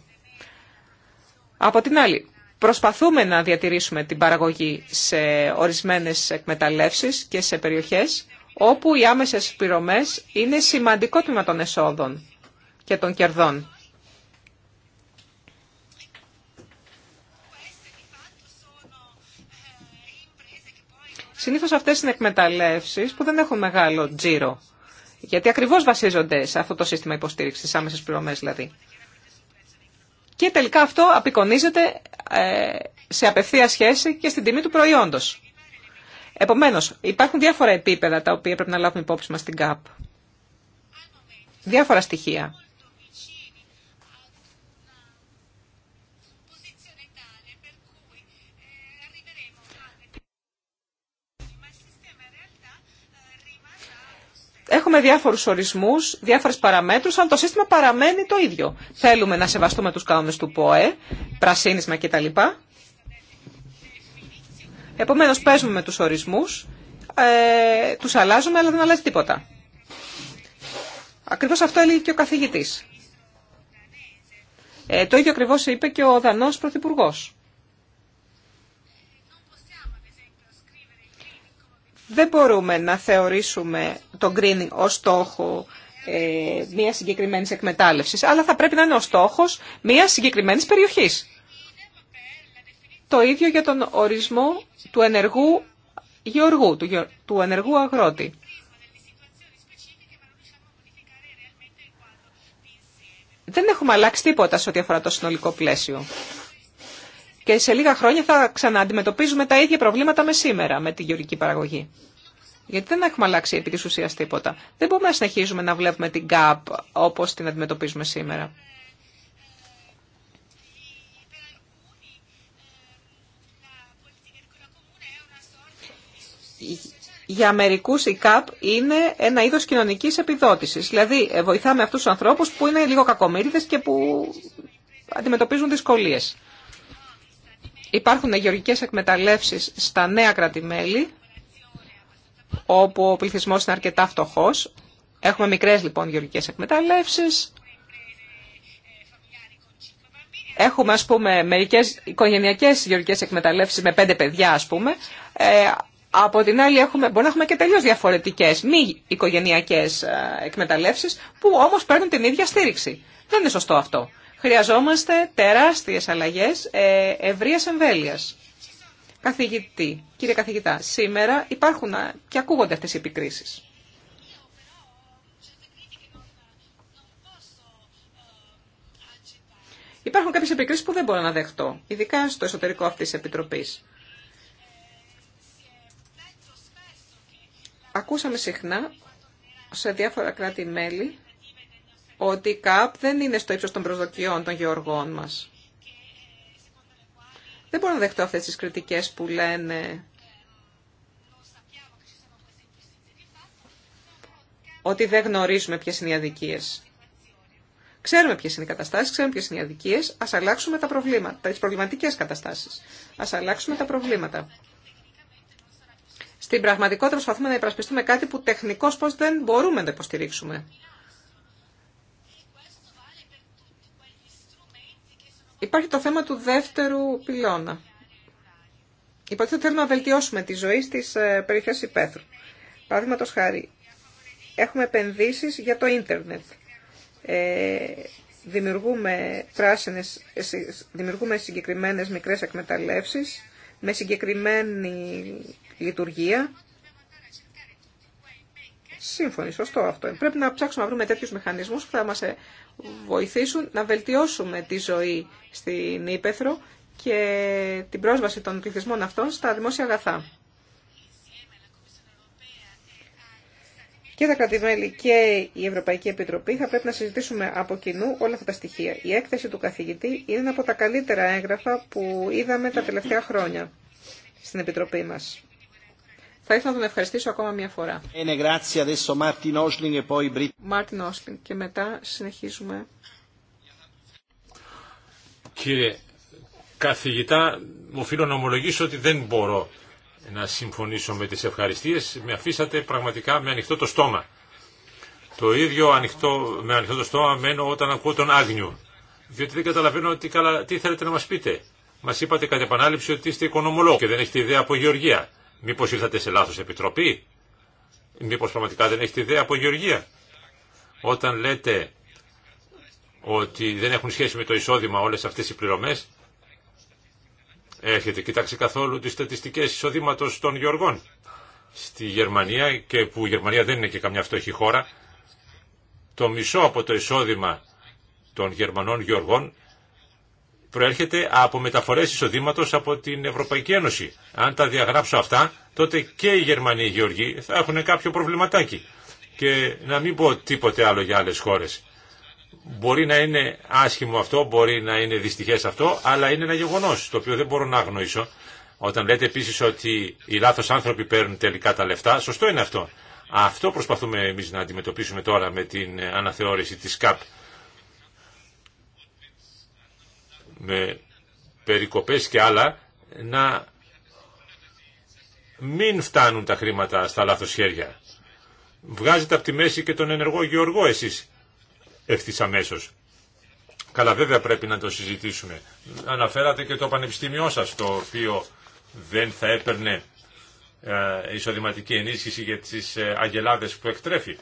Από την άλλη, Προσπαθούμε να διατηρήσουμε την παραγωγή σε ορισμένες εκμεταλλεύσεις και σε περιοχές όπου οι άμεσες πληρωμές είναι σημαντικό τμήμα των εσόδων και των κερδών. Συνήθως αυτές είναι εκμεταλλεύσεις που δεν έχουν μεγάλο τζίρο, γιατί ακριβώς βασίζονται σε αυτό το σύστημα υποστήριξης, άμεσες πληρωμές δηλαδή. Και τελικά αυτό απεικονίζεται ε, σε απευθεία σχέση και στην τιμή του προϊόντος. Επομένως, υπάρχουν διάφορα επίπεδα τα οποία πρέπει να λάβουμε υπόψη μας στην ΚΑΠ. Διάφορα στοιχεία. Έχουμε διάφορους ορισμούς, διάφορες παραμέτρους, αλλά το σύστημα παραμένει το ίδιο. Θέλουμε να σεβαστούμε τους κανόνες του ΠΟΕ, πρασίνισμα κτλ. Επομένως παίζουμε με τους ορισμούς, ε, τους αλλάζουμε αλλά δεν αλλάζει τίποτα. Ακριβώς αυτό έλεγε και ο καθηγητής. Ε, το ίδιο ακριβώς είπε και ο Δανός Πρωθυπουργός. Δεν μπορούμε να θεωρήσουμε το greening ως στόχο ε, μια συγκεκριμένη εκμετάλλευση, αλλά θα πρέπει να είναι ο στόχο μια συγκεκριμένη περιοχή. Το ίδιο για τον ορισμό του ενεργού γεωργού, του, του ενεργού αγρότη. Δεν έχουμε αλλάξει τίποτα σε ό,τι αφορά το συνολικό πλαίσιο και σε λίγα χρόνια θα ξανααντιμετωπίζουμε τα ίδια προβλήματα με σήμερα με τη γεωργική παραγωγή. Γιατί δεν έχουμε αλλάξει επί τη ουσία τίποτα. Δεν μπορούμε να συνεχίζουμε να βλέπουμε την ΚΑΠ όπω την αντιμετωπίζουμε σήμερα. Για μερικούς η ΚΑΠ είναι ένα είδος κοινωνικής επιδότησης. Δηλαδή ε, βοηθάμε αυτούς τους ανθρώπους που είναι λίγο κακομύριδες και που αντιμετωπίζουν δυσκολίες. Υπάρχουν γεωργικές εκμεταλλεύσεις στα νέα κρατημέλη, όπου ο πληθυσμός είναι αρκετά φτωχός. Έχουμε μικρές λοιπόν γεωργικές εκμεταλλεύσεις. Έχουμε ας πούμε μερικές οικογενειακές γεωργικές εκμεταλλεύσεις με πέντε παιδιά ας πούμε. Ε, από την άλλη έχουμε, μπορεί να έχουμε και τελείως διαφορετικές μη οικογενειακές ε, εκμεταλλεύσεις που όμως παίρνουν την ίδια στήριξη. Δεν είναι σωστό αυτό χρειαζόμαστε τεράστιες αλλαγές ε, ευρείας εμβέλειας. Καθηγητή, κύριε καθηγητά, σήμερα υπάρχουν και ακούγονται αυτές οι επικρίσεις. Υπάρχουν κάποιες επικρίσεις που δεν μπορώ να δεχτώ, ειδικά στο εσωτερικό αυτής της Επιτροπής. Ακούσαμε συχνά σε διάφορα κράτη-μέλη ότι η ΚΑΠ δεν είναι στο ύψος των προσδοκιών των γεωργών μας. Δεν μπορώ να δεχτώ αυτές τις κριτικές που λένε ότι δεν γνωρίζουμε ποιες είναι οι αδικίες. Ξέρουμε ποιε είναι οι καταστάσει, ξέρουμε ποιε είναι οι αδικίες. Ας αλλάξουμε τα προβλήματα, τι προβληματικέ καταστάσει. Α αλλάξουμε τα προβλήματα. Στην πραγματικότητα προσπαθούμε να υπερασπιστούμε κάτι που τεχνικώς πώ δεν μπορούμε να υποστηρίξουμε. Υπάρχει το θέμα του δεύτερου πυλώνα. Υποτίθεται ότι θέλουμε να βελτιώσουμε τη ζωή στις ε, περιοχές υπαίθρου. Παραδείγματο χάρη, έχουμε επενδύσεις για το ίντερνετ. Ε, δημιουργούμε, πράσινες, δημιουργούμε συγκεκριμένες μικρές εκμεταλλεύσεις με συγκεκριμένη λειτουργία Σύμφωνοι, σωστό αυτό. Πρέπει να ψάξουμε να βρούμε τέτοιου μηχανισμού που θα μα ε, βοηθήσουν να βελτιώσουμε τη ζωή στην Ήπεθρο και την πρόσβαση των πληθυσμών αυτών στα δημόσια αγαθά. Και τα κρατημέλη και η Ευρωπαϊκή Επιτροπή θα πρέπει να συζητήσουμε από κοινού όλα αυτά τα στοιχεία. Η έκθεση του καθηγητή είναι από τα καλύτερα έγγραφα που είδαμε τα τελευταία χρόνια στην Επιτροπή μας. Θα ήθελα να τον ευχαριστήσω ακόμα μια φορά. Μάρτιν Όσλινγκ e και μετά συνεχίζουμε. Κύριε καθηγητά, μου οφείλω να ομολογήσω ότι δεν μπορώ να συμφωνήσω με τις ευχαριστίες. Με αφήσατε πραγματικά με ανοιχτό το στόμα. Το ίδιο ανοιχτό, με ανοιχτό το στόμα μένω όταν ακούω τον Άγνιου. Διότι δεν καταλαβαίνω τι, καλά, τι θέλετε να μας πείτε. Μας είπατε κατά επανάληψη ότι είστε οικονομολόγο και δεν έχετε ιδέα από γεωργία. Μήπως ήρθατε σε λάθος επιτροπή. Μήπως πραγματικά δεν έχετε ιδέα από γεωργία. Όταν λέτε ότι δεν έχουν σχέση με το εισόδημα όλες αυτές οι πληρωμέ, έχετε κοιτάξει καθόλου τις στατιστικές εισόδηματο των γεωργών. Στη Γερμανία, και που η Γερμανία δεν είναι και καμιά φτωχή χώρα, το μισό από το εισόδημα των Γερμανών γεωργών προέρχεται από μεταφορές εισοδήματο από την Ευρωπαϊκή Ένωση. Αν τα διαγράψω αυτά, τότε και οι Γερμανοί οι Γεωργοί θα έχουν κάποιο προβληματάκι. Και να μην πω τίποτε άλλο για άλλες χώρες. Μπορεί να είναι άσχημο αυτό, μπορεί να είναι δυστυχέ αυτό, αλλά είναι ένα γεγονό, το οποίο δεν μπορώ να αγνοήσω. Όταν λέτε επίση ότι οι λάθο άνθρωποι παίρνουν τελικά τα λεφτά, σωστό είναι αυτό. Αυτό προσπαθούμε εμεί να αντιμετωπίσουμε τώρα με την αναθεώρηση τη ΚΑΠ με περικοπές και άλλα να μην φτάνουν τα χρήματα στα λάθος χέρια. Βγάζετε από τη μέση και τον ενεργό Γεωργό εσείς ευθύς αμέσως. Καλά βέβαια πρέπει να το συζητήσουμε. Αναφέρατε και το πανεπιστήμιό σας το οποίο δεν θα έπαιρνε ε, εισοδηματική ενίσχυση για τις ε, αγελάδες που εκτρέφει.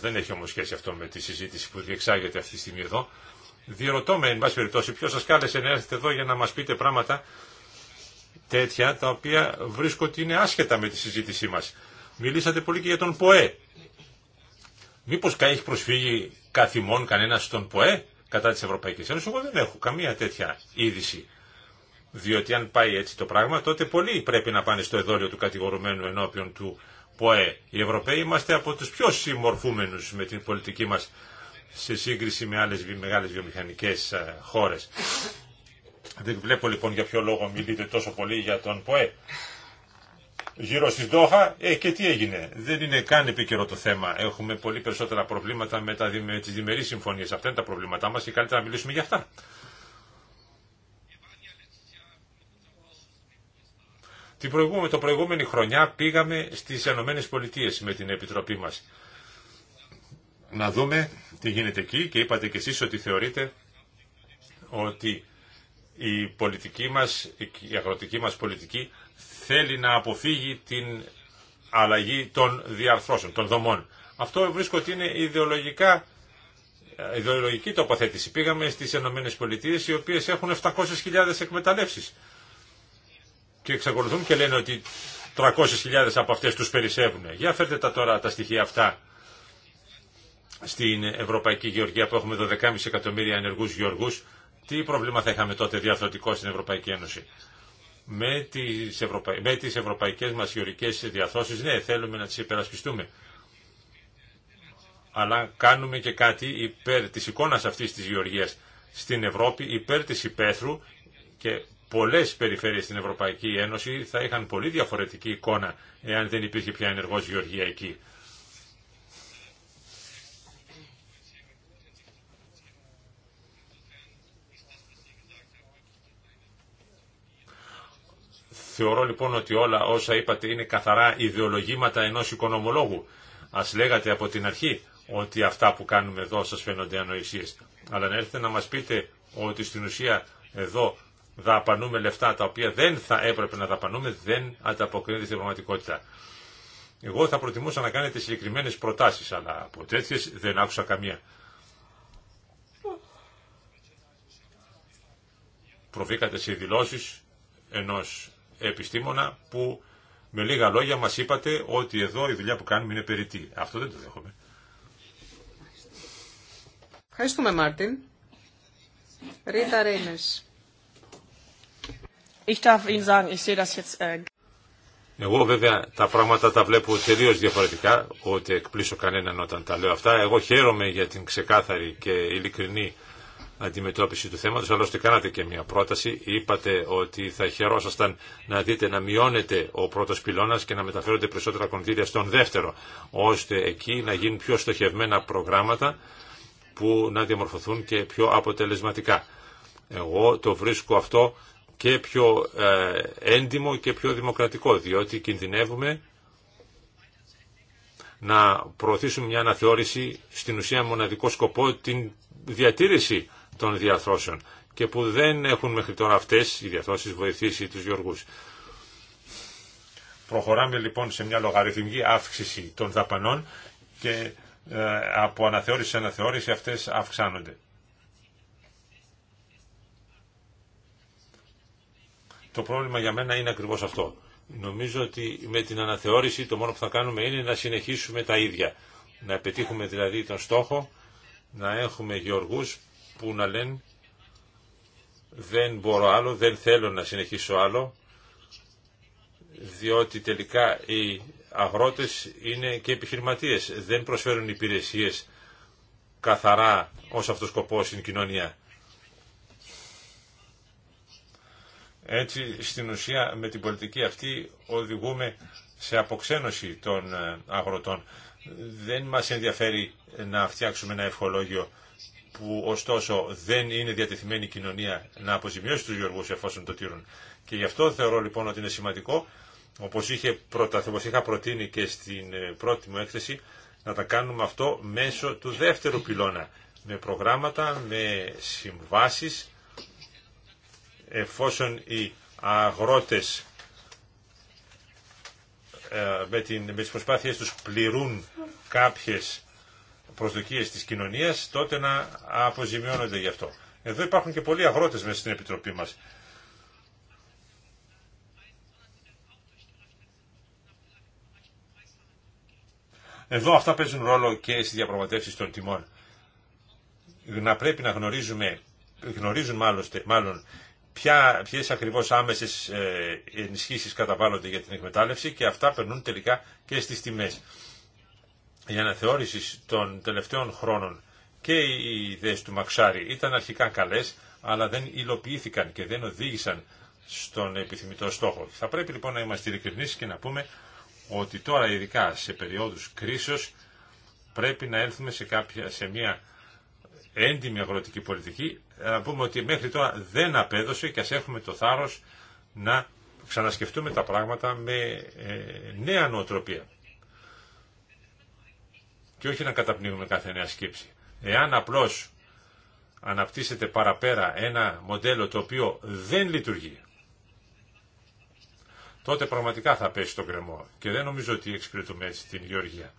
Δεν έχει όμως σχέση αυτό με τη συζήτηση που διεξάγεται αυτή τη στιγμή εδώ. Διερωτώ με, εν πάση περιπτώσει, ποιο σας κάλεσε να έρθετε εδώ για να μας πείτε πράγματα τέτοια, τα οποία βρίσκω ότι είναι άσχετα με τη συζήτησή μας. Μιλήσατε πολύ και για τον ΠΟΕ. Μήπως έχει προσφύγει καθημών κανένα στον ΠΟΕ κατά της Ευρωπαϊκής Ένωσης. Εγώ δεν έχω καμία τέτοια είδηση. Διότι αν πάει έτσι το πράγμα, τότε πολλοί πρέπει να πάνε στο εδόλιο του κατηγορουμένου ενώπιον του ΠΟΕ. Οι Ευρωπαίοι είμαστε από τους πιο συμμορφούμενους με την πολιτική μας σε σύγκριση με άλλες μεγάλες βιομηχανικές ε, χώρες. Δεν βλέπω λοιπόν για ποιο λόγο μιλείτε τόσο πολύ για τον ΠΟΕ. Γύρω στη Δόχα, ε, και τι έγινε. Δεν είναι καν επίκαιρο το θέμα. Έχουμε πολύ περισσότερα προβλήματα με, τα, με τις διμερείς συμφωνίες. Αυτά είναι τα προβλήματά μας και καλύτερα να μιλήσουμε για αυτά. Την προηγούμενη, το προηγούμενη χρονιά πήγαμε στις ΗΠΑ με την Επιτροπή μας να δούμε τι γίνεται εκεί και είπατε κι εσείς ότι θεωρείτε ότι η πολιτική μας, η αγροτική μας πολιτική θέλει να αποφύγει την αλλαγή των διαρθρώσεων, των δομών. Αυτό βρίσκω ότι είναι ιδεολογικά, ιδεολογική τοποθέτηση. Πήγαμε στις ΗΠΑ οι οποίες έχουν 700.000 εκμεταλλεύσεις και εξακολουθούν και λένε ότι 300.000 από αυτές τους περισσεύουν. Για φέρτε τα τώρα τα στοιχεία αυτά στην Ευρωπαϊκή Γεωργία που έχουμε 12,5 εκατομμύρια ενεργούς γεωργούς, τι πρόβλημα θα είχαμε τότε διαρθρωτικό στην Ευρωπαϊκή Ένωση. Με τις, ευρωπαϊκέ με τις ευρωπαϊκές μας γεωργικές διαθώσεις, ναι, θέλουμε να τις υπερασπιστούμε. Αλλά κάνουμε και κάτι υπέρ της εικόνας αυτής της γεωργίας στην Ευρώπη, υπέρ της υπαίθρου και πολλές περιφέρειες στην Ευρωπαϊκή Ένωση θα είχαν πολύ διαφορετική εικόνα εάν δεν υπήρχε πια ενεργός γεωργία εκεί. Θεωρώ λοιπόν ότι όλα όσα είπατε είναι καθαρά ιδεολογήματα ενός οικονομολόγου. Ας λέγατε από την αρχή ότι αυτά που κάνουμε εδώ σας φαίνονται ανοησίες. Αλλά να έρθετε να μας πείτε ότι στην ουσία εδώ δαπανούμε λεφτά τα οποία δεν θα έπρεπε να δαπανούμε, δεν ανταποκρίνεται στην πραγματικότητα. Εγώ θα προτιμούσα να κάνετε συγκεκριμένες προτάσεις, αλλά από τέτοιες δεν άκουσα καμία. Προβήκατε σε δηλώσεις ενός επιστήμονα που με λίγα λόγια μας είπατε ότι εδώ η δουλειά που κάνουμε είναι περιττή. Αυτό δεν το δέχομαι. Ευχαριστούμε Μάρτιν. Ρίτα äh, Εγώ βέβαια τα πράγματα τα βλέπω τελείως διαφορετικά, ότι εκπλήσω κανέναν όταν τα λέω αυτά. Εγώ χαίρομαι για την ξεκάθαρη και ειλικρινή αντιμετώπιση του θέματος. Άλλωστε κάνατε και μια πρόταση. Είπατε ότι θα χαιρόσασταν να δείτε να μειώνεται ο πρώτος πυλώνας και να μεταφέρονται περισσότερα κονδύλια στον δεύτερο, ώστε εκεί να γίνουν πιο στοχευμένα προγράμματα που να διαμορφωθούν και πιο αποτελεσματικά. Εγώ το βρίσκω αυτό και πιο ε, έντιμο και πιο δημοκρατικό, διότι κινδυνεύουμε να προωθήσουμε μια αναθεώρηση, στην ουσία μοναδικό σκοπό, την διατήρηση των διαθρώσεων και που δεν έχουν μέχρι τώρα αυτές οι διαθρώσεις βοηθήσει τους γεωργούς. Προχωράμε λοιπόν σε μια λογαριθμική αύξηση των δαπανών και ε, από αναθεώρηση σε αναθεώρηση αυτές αυξάνονται. Το πρόβλημα για μένα είναι ακριβώς αυτό. Νομίζω ότι με την αναθεώρηση το μόνο που θα κάνουμε είναι να συνεχίσουμε τα ίδια. Να πετύχουμε δηλαδή τον στόχο να έχουμε γεωργούς που να λένε δεν μπορώ άλλο, δεν θέλω να συνεχίσω άλλο, διότι τελικά οι αγρότες είναι και επιχειρηματίες, δεν προσφέρουν υπηρεσίες καθαρά ως αυτός σκοπό στην κοινωνία. Έτσι, στην ουσία, με την πολιτική αυτή οδηγούμε σε αποξένωση των ε, αγροτών. Δεν μας ενδιαφέρει να φτιάξουμε ένα ευχολόγιο που ωστόσο δεν είναι διατεθειμένη η κοινωνία να αποζημιώσει τους γεωργούς εφόσον το τήρουν. Και γι' αυτό θεωρώ λοιπόν ότι είναι σημαντικό, όπως, είχε όπως είχα προτείνει και στην ε, πρώτη μου έκθεση, να τα κάνουμε αυτό μέσω του δεύτερου πυλώνα, με προγράμματα, με συμβάσεις, εφόσον οι αγρότες ε, με, τι με τις τους πληρούν κάποιες προσδοκίες της κοινωνίας, τότε να αποζημιώνονται γι' αυτό. Εδώ υπάρχουν και πολλοί αγρότες μέσα στην Επιτροπή μας. Εδώ αυτά παίζουν ρόλο και στι διαπραγματεύσει των τιμών. Να πρέπει να γνωρίζουμε, γνωρίζουν μάλωστε, μάλλον ποια, ποιες ακριβώς άμεσες ε, ενισχύσεις καταβάλλονται για την εκμετάλλευση και αυτά περνούν τελικά και στις τιμές η αναθεώρηση των τελευταίων χρόνων και οι ιδέε του Μαξάρη ήταν αρχικά καλές, αλλά δεν υλοποιήθηκαν και δεν οδήγησαν στον επιθυμητό στόχο. Θα πρέπει λοιπόν να είμαστε ειλικρινεί και να πούμε ότι τώρα ειδικά σε περιόδους κρίσεω, πρέπει να έλθουμε σε, κάποια, σε μια έντιμη αγροτική πολιτική, ε, να πούμε ότι μέχρι τώρα δεν απέδωσε και α έχουμε το θάρρο να ξανασκεφτούμε τα πράγματα με ε, νέα νοοτροπία και όχι να καταπνίγουμε κάθε νέα σκέψη. Εάν απλώς αναπτύσσεται παραπέρα ένα μοντέλο το οποίο δεν λειτουργεί, τότε πραγματικά θα πέσει το κρεμό και δεν νομίζω ότι εξυπηρετούμε έτσι την Γεωργία.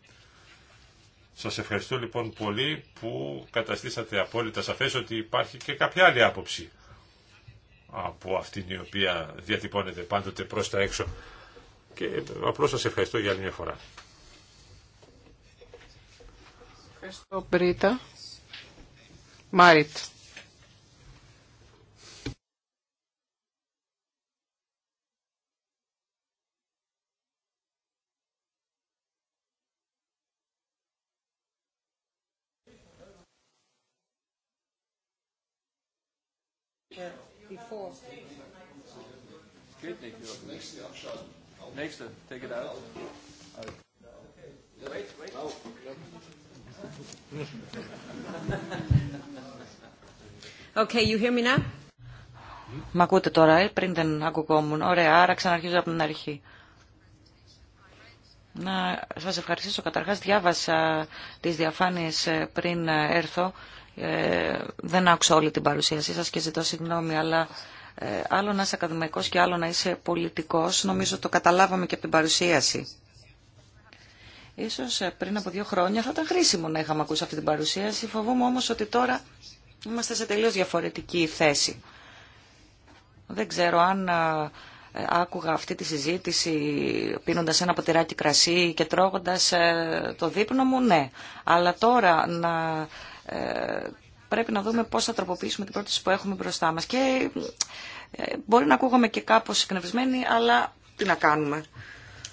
Σας ευχαριστώ λοιπόν πολύ που καταστήσατε απόλυτα σαφές ότι υπάρχει και κάποια άλλη άποψη από αυτήν η οποία διατυπώνεται πάντοτε προς τα έξω. Και απλώς σας ευχαριστώ για άλλη μια φορά. Ευχαριστώ, Μπρίτα. Μάριτ. before. Geht take it out. Wait, wait. Okay, you hear me now? Μ' ακούτε τώρα, ε? πριν δεν ακουγόμουν. Ωραία, άρα ξαναρχίζω από την αρχή. Να σας ευχαριστήσω. Καταρχάς διάβασα τις διαφάνειες ε, πριν ε, έρθω. Ε, δεν άκουσα όλη την παρουσίασή σας και ζητώ συγγνώμη, αλλά άλλο να είσαι ακαδημαϊκός και άλλο να είσαι πολιτικός. Νομίζω το καταλάβαμε και από την παρουσίαση. Ίσως ε, πριν από δύο χρόνια θα ήταν χρήσιμο να είχαμε ακούσει αυτή την παρουσίαση. Φοβούμαι όμως ότι τώρα είμαστε σε τελείως διαφορετική θέση. Δεν ξέρω αν ε, ε, άκουγα αυτή τη συζήτηση πίνοντας ένα ποτηράκι κρασί και τρώγοντας το δείπνο μου, ναι. Αλλά τώρα να, πρέπει να δούμε πώς θα τροποποιήσουμε την πρόταση που έχουμε μπροστά μας. Και μπορεί να ακούγομαι και κάπως εκνευσμένη, αλλά τι να κάνουμε.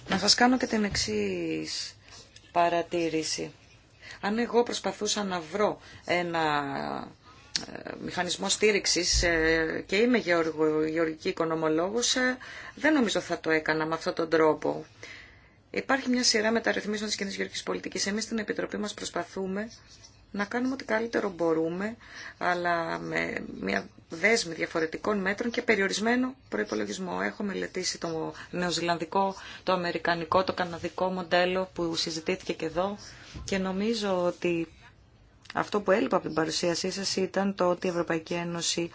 Να σας κάνω και την εξής παρατήρηση. Αν εγώ προσπαθούσα να βρω ένα ε, μηχανισμό στήριξης ε, και είμαι γεωργική οικονομολόγος, ε, δεν νομίζω θα το έκανα με αυτόν τον τρόπο. Υπάρχει μια σειρά μεταρρυθμίσεων της κοινής γεωργικής πολιτικής. Εμείς στην Επιτροπή μας προσπαθούμε να κάνουμε ό,τι καλύτερο μπορούμε, αλλά με μια δέσμη διαφορετικών μέτρων και περιορισμένο προϋπολογισμό. Έχω μελετήσει το νεοζηλανδικό, το αμερικανικό, το καναδικό μοντέλο που συζητήθηκε και εδώ και νομίζω ότι αυτό που έλειπα από την παρουσίασή σας ήταν το ότι η Ευρωπαϊκή Ένωση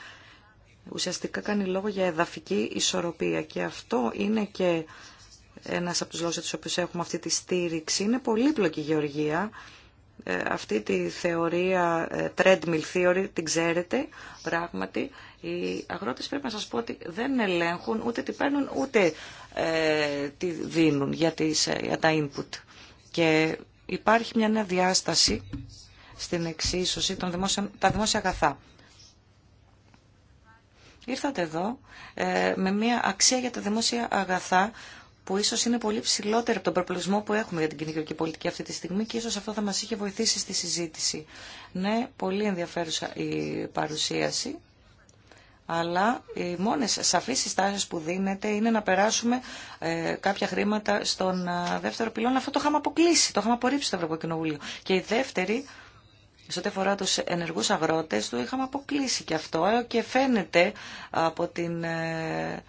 ουσιαστικά κάνει λόγο για εδαφική ισορροπία και αυτό είναι και ένας από τους λόγους για τους οποίους έχουμε αυτή τη στήριξη. Είναι πολύπλοκη γεωργία ε, αυτή τη θεωρία ε, treadmill theory την ξέρετε πράγματι. Οι αγρότες πρέπει να σας πω ότι δεν ελέγχουν ούτε τι παίρνουν ούτε ε, τι δίνουν για, τις, ε, για τα input. Και υπάρχει μια νέα διάσταση στην εξίσωση των δημόσιων, τα δημόσια αγαθά. Ήρθατε εδώ με μια αξία για τα δημόσια αγαθά που ίσω είναι πολύ ψηλότερο από τον προπλησμό που έχουμε για την κοινωνική πολιτική αυτή τη στιγμή και ίσω αυτό θα μα είχε βοηθήσει στη συζήτηση. Ναι, πολύ ενδιαφέρουσα η παρουσίαση. Αλλά οι μόνε σαφεί συστάσει που δίνεται είναι να περάσουμε ε, κάποια χρήματα στον ε, δεύτερο πυλώνα. Αυτό το είχαμε αποκλείσει, το είχαμε απορρίψει στο Ευρωπαϊκό Κοινοβούλιο. Και η δεύτερη, σε ό,τι αφορά του ενεργού αγρότε, το είχαμε αποκλείσει και αυτό. Ε, και φαίνεται από την. Ε,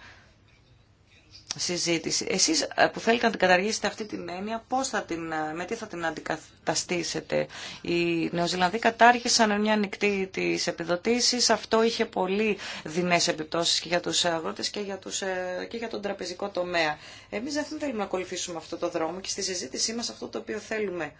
συζήτηση. Εσείς ε, που θέλετε να την καταργήσετε αυτή την έννοια, πώς την, ε, με τι θα την αντικαταστήσετε. Οι Νεοζηλανδοί κατάργησαν μια ανοιχτή της επιδοτήσεις. Αυτό είχε πολύ δεινές επιπτώσεις και για τους αγρότες και για, τους, ε, και για τον τραπεζικό τομέα. Εμείς δεν θέλουμε να ακολουθήσουμε αυτό το δρόμο και στη συζήτησή μας αυτό το οποίο θέλουμε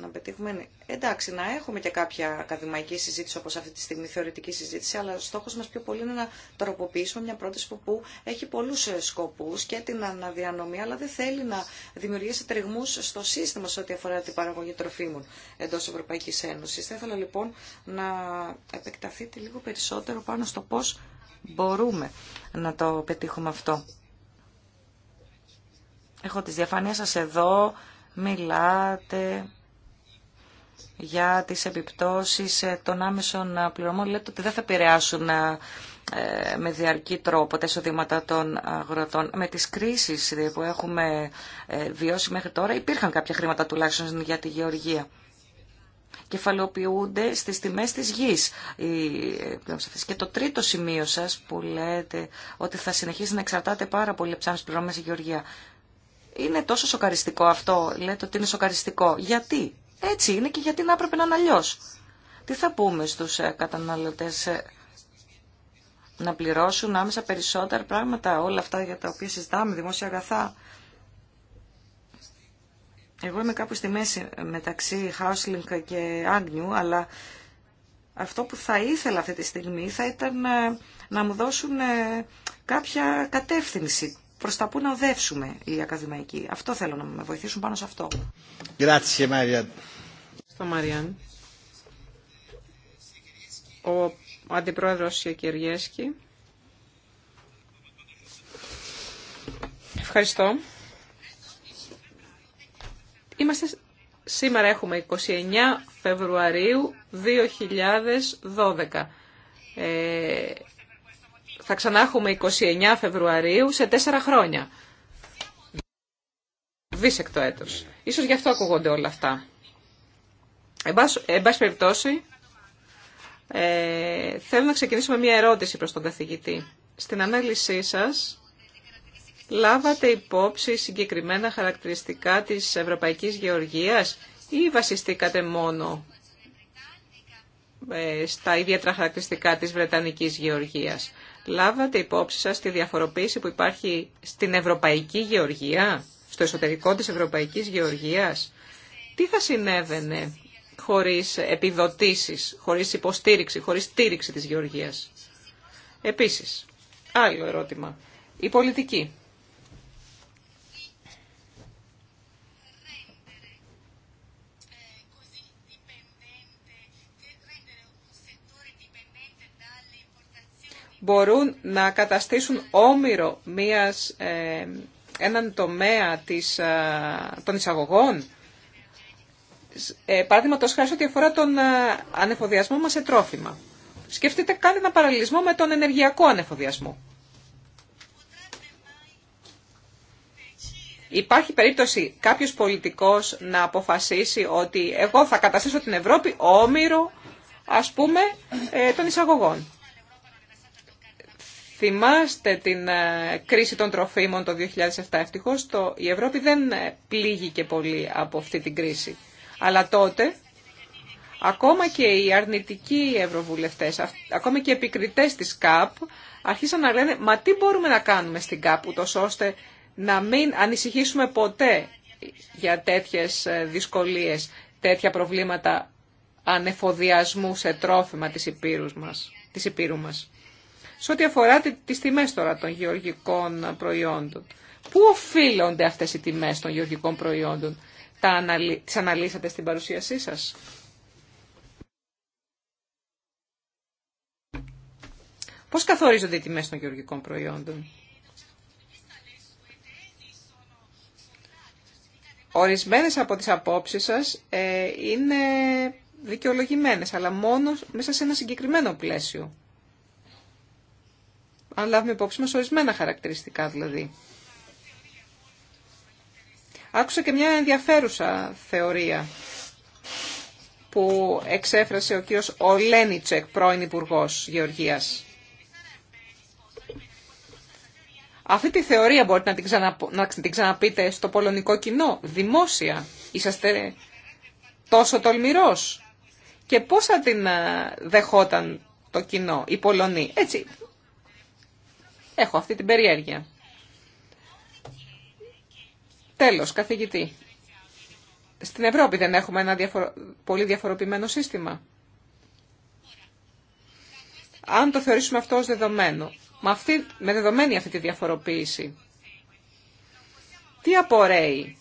να πετύχουμε. Εντάξει, να έχουμε και κάποια ακαδημαϊκή συζήτηση όπω αυτή τη στιγμή, θεωρητική συζήτηση, αλλά ο στόχος μας πιο πολύ είναι να τροποποιήσουμε μια πρόταση που έχει πολλού ε, σκοπού και την αναδιανομή, αλλά δεν θέλει να δημιουργήσει τριγμού στο σύστημα σε ό,τι αφορά την παραγωγή τροφίμων εντό Ευρωπαϊκή Ένωση. Θα ήθελα λοιπόν να επεκταθείτε λίγο περισσότερο πάνω στο πώ μπορούμε να το πετύχουμε αυτό. Έχω τις διαφάνειες σας εδώ, μιλάτε για τις επιπτώσεις ε, των άμεσων ε, πληρωμών λέτε ότι δεν θα επηρεάσουν ε, με διαρκή τρόπο τα εισοδήματα των αγροτών. Με τις κρίσεις που έχουμε βιώσει μέχρι τώρα υπήρχαν κάποια χρήματα τουλάχιστον για τη γεωργία. Κεφαλαιοποιούνται στις τιμές της γης. Και το τρίτο σημείο σας που λέτε ότι θα συνεχίσει να εξαρτάται πάρα πολύ από τις πληρώμες η γεωργία. Είναι τόσο σοκαριστικό αυτό, λέτε ότι είναι σοκαριστικό. Γιατί έτσι είναι και γιατί να έπρεπε να είναι αλλιώ. Τι θα πούμε στους ε, καταναλωτές ε, να πληρώσουν άμεσα περισσότερα πράγματα, όλα αυτά για τα οποία συζητάμε, δημόσια αγαθά. Εγώ είμαι κάπου στη μέση ε, μεταξύ χάουσλινγκ και άγνιου, αλλά αυτό που θα ήθελα αυτή τη στιγμή θα ήταν να μου δώσουν κάποια κατεύθυνση προς τα που να οδεύσουμε οι ακαδημαϊκοί. Αυτό θέλω να με βοηθήσουν πάνω σε αυτό. Ευχαριστώ, Μαριάν. Ο Αντιπρόεδρος Σιακυριέσκη. Ευχαριστώ. Είμαστε σήμερα έχουμε 29 Φεβρουαρίου 2012. Ε, θα ξανά έχουμε 29 Φεβρουαρίου σε τέσσερα χρόνια. Δίσεκτο έτος. Ίσως γι' αυτό ακούγονται όλα αυτά. Εν πάση περιπτώσει, ε, θέλω να ξεκινήσουμε μια ερώτηση προς τον καθηγητή. Στην ανάλυση σας, λάβατε υπόψη συγκεκριμένα χαρακτηριστικά της Ευρωπαϊκής Γεωργίας ή βασιστήκατε μόνο ε, στα ιδιαίτερα χαρακτηριστικά της Βρετανικής Γεωργίας λάβατε υπόψη σας τη διαφοροποίηση που υπάρχει στην ευρωπαϊκή γεωργία, στο εσωτερικό της ευρωπαϊκής γεωργίας. Τι θα συνέβαινε χωρίς επιδοτήσεις, χωρίς υποστήριξη, χωρίς στήριξη της γεωργίας. Επίσης, άλλο ερώτημα. Η πολιτική. μπορούν να καταστήσουν όμοιρο μιας, ε, έναν τομέα της, ε, των εισαγωγών. Ε, Παραδείγματο χάρη ό,τι αφορά τον ε, ανεφοδιασμό μας σε τρόφιμα. Σκεφτείτε κάτι ένα παραλληλισμό με τον ενεργειακό ανεφοδιασμό. Υπάρχει περίπτωση κάποιος πολιτικός να αποφασίσει ότι εγώ θα καταστήσω την Ευρώπη όμοιρο, ας πούμε, των εισαγωγών. Θυμάστε την ε, κρίση των τροφίμων το 2007. Ευτυχώς η Ευρώπη δεν ε, πλήγηκε πολύ από αυτή την κρίση. Αλλά τότε, ακόμα και οι αρνητικοί ευρωβουλευτές, ακόμα και οι επικριτές της ΚΑΠ, αρχίσαν να λένε «Μα τι μπορούμε να κάνουμε στην ΚΑΠ, ούτως ώστε να μην ανησυχήσουμε ποτέ για τέτοιες ε, δυσκολίες, τέτοια προβλήματα ανεφοδιασμού σε τρόφιμα της Υπήρου μας». Της Υπήρου μας της μας σε ό,τι αφορά τις τιμές τώρα των γεωργικών προϊόντων, πού οφείλονται αυτές οι τιμές των γεωργικών προϊόντων, τα τις αναλύσατε στην παρουσίασή σας. Πώς καθορίζονται οι τιμές των γεωργικών προϊόντων. Ορισμένες από τις απόψεις σας ε, είναι δικαιολογημένες, αλλά μόνο μέσα σε ένα συγκεκριμένο πλαίσιο αν λάβουμε υπόψη μας ορισμένα χαρακτηριστικά δηλαδή. Άκουσα και μια ενδιαφέρουσα θεωρία που εξέφρασε ο κύριος Ολένιτσεκ, πρώην υπουργό Γεωργίας. Αυτή τη θεωρία μπορείτε να την, να την ξαναπείτε στο πολωνικό κοινό, δημόσια. Είσαστε τόσο τολμηρός. Και πώς θα την ε, δεχόταν το κοινό, η Πολωνοί. Έτσι, Έχω αυτή την περιέργεια. Τέλος, καθηγητή. Στην Ευρώπη δεν έχουμε ένα πολύ διαφοροποιημένο σύστημα. Αν το θεωρήσουμε αυτό ως δεδομένο, με, αυτή... με δεδομένη αυτή τη διαφοροποίηση, τι απορρέει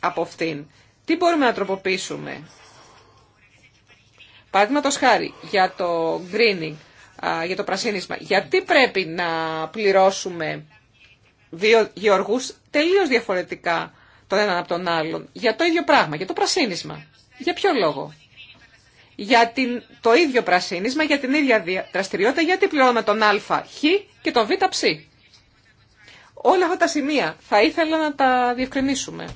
από αυτήν, τι μπορούμε να τροποποιήσουμε. Παραδείγματο χάρη για το greening, για το πρασίνισμα. Γιατί πρέπει να πληρώσουμε δύο γεωργούς τελείως διαφορετικά τον έναν από τον άλλον για το ίδιο πράγμα, για το πρασίνισμα. Για ποιο λόγο. Για την, το ίδιο πρασίνισμα, για την ίδια δραστηριότητα, γιατί πληρώνουμε τον α χ και τον β ψ. Όλα αυτά τα σημεία θα ήθελα να τα διευκρινίσουμε.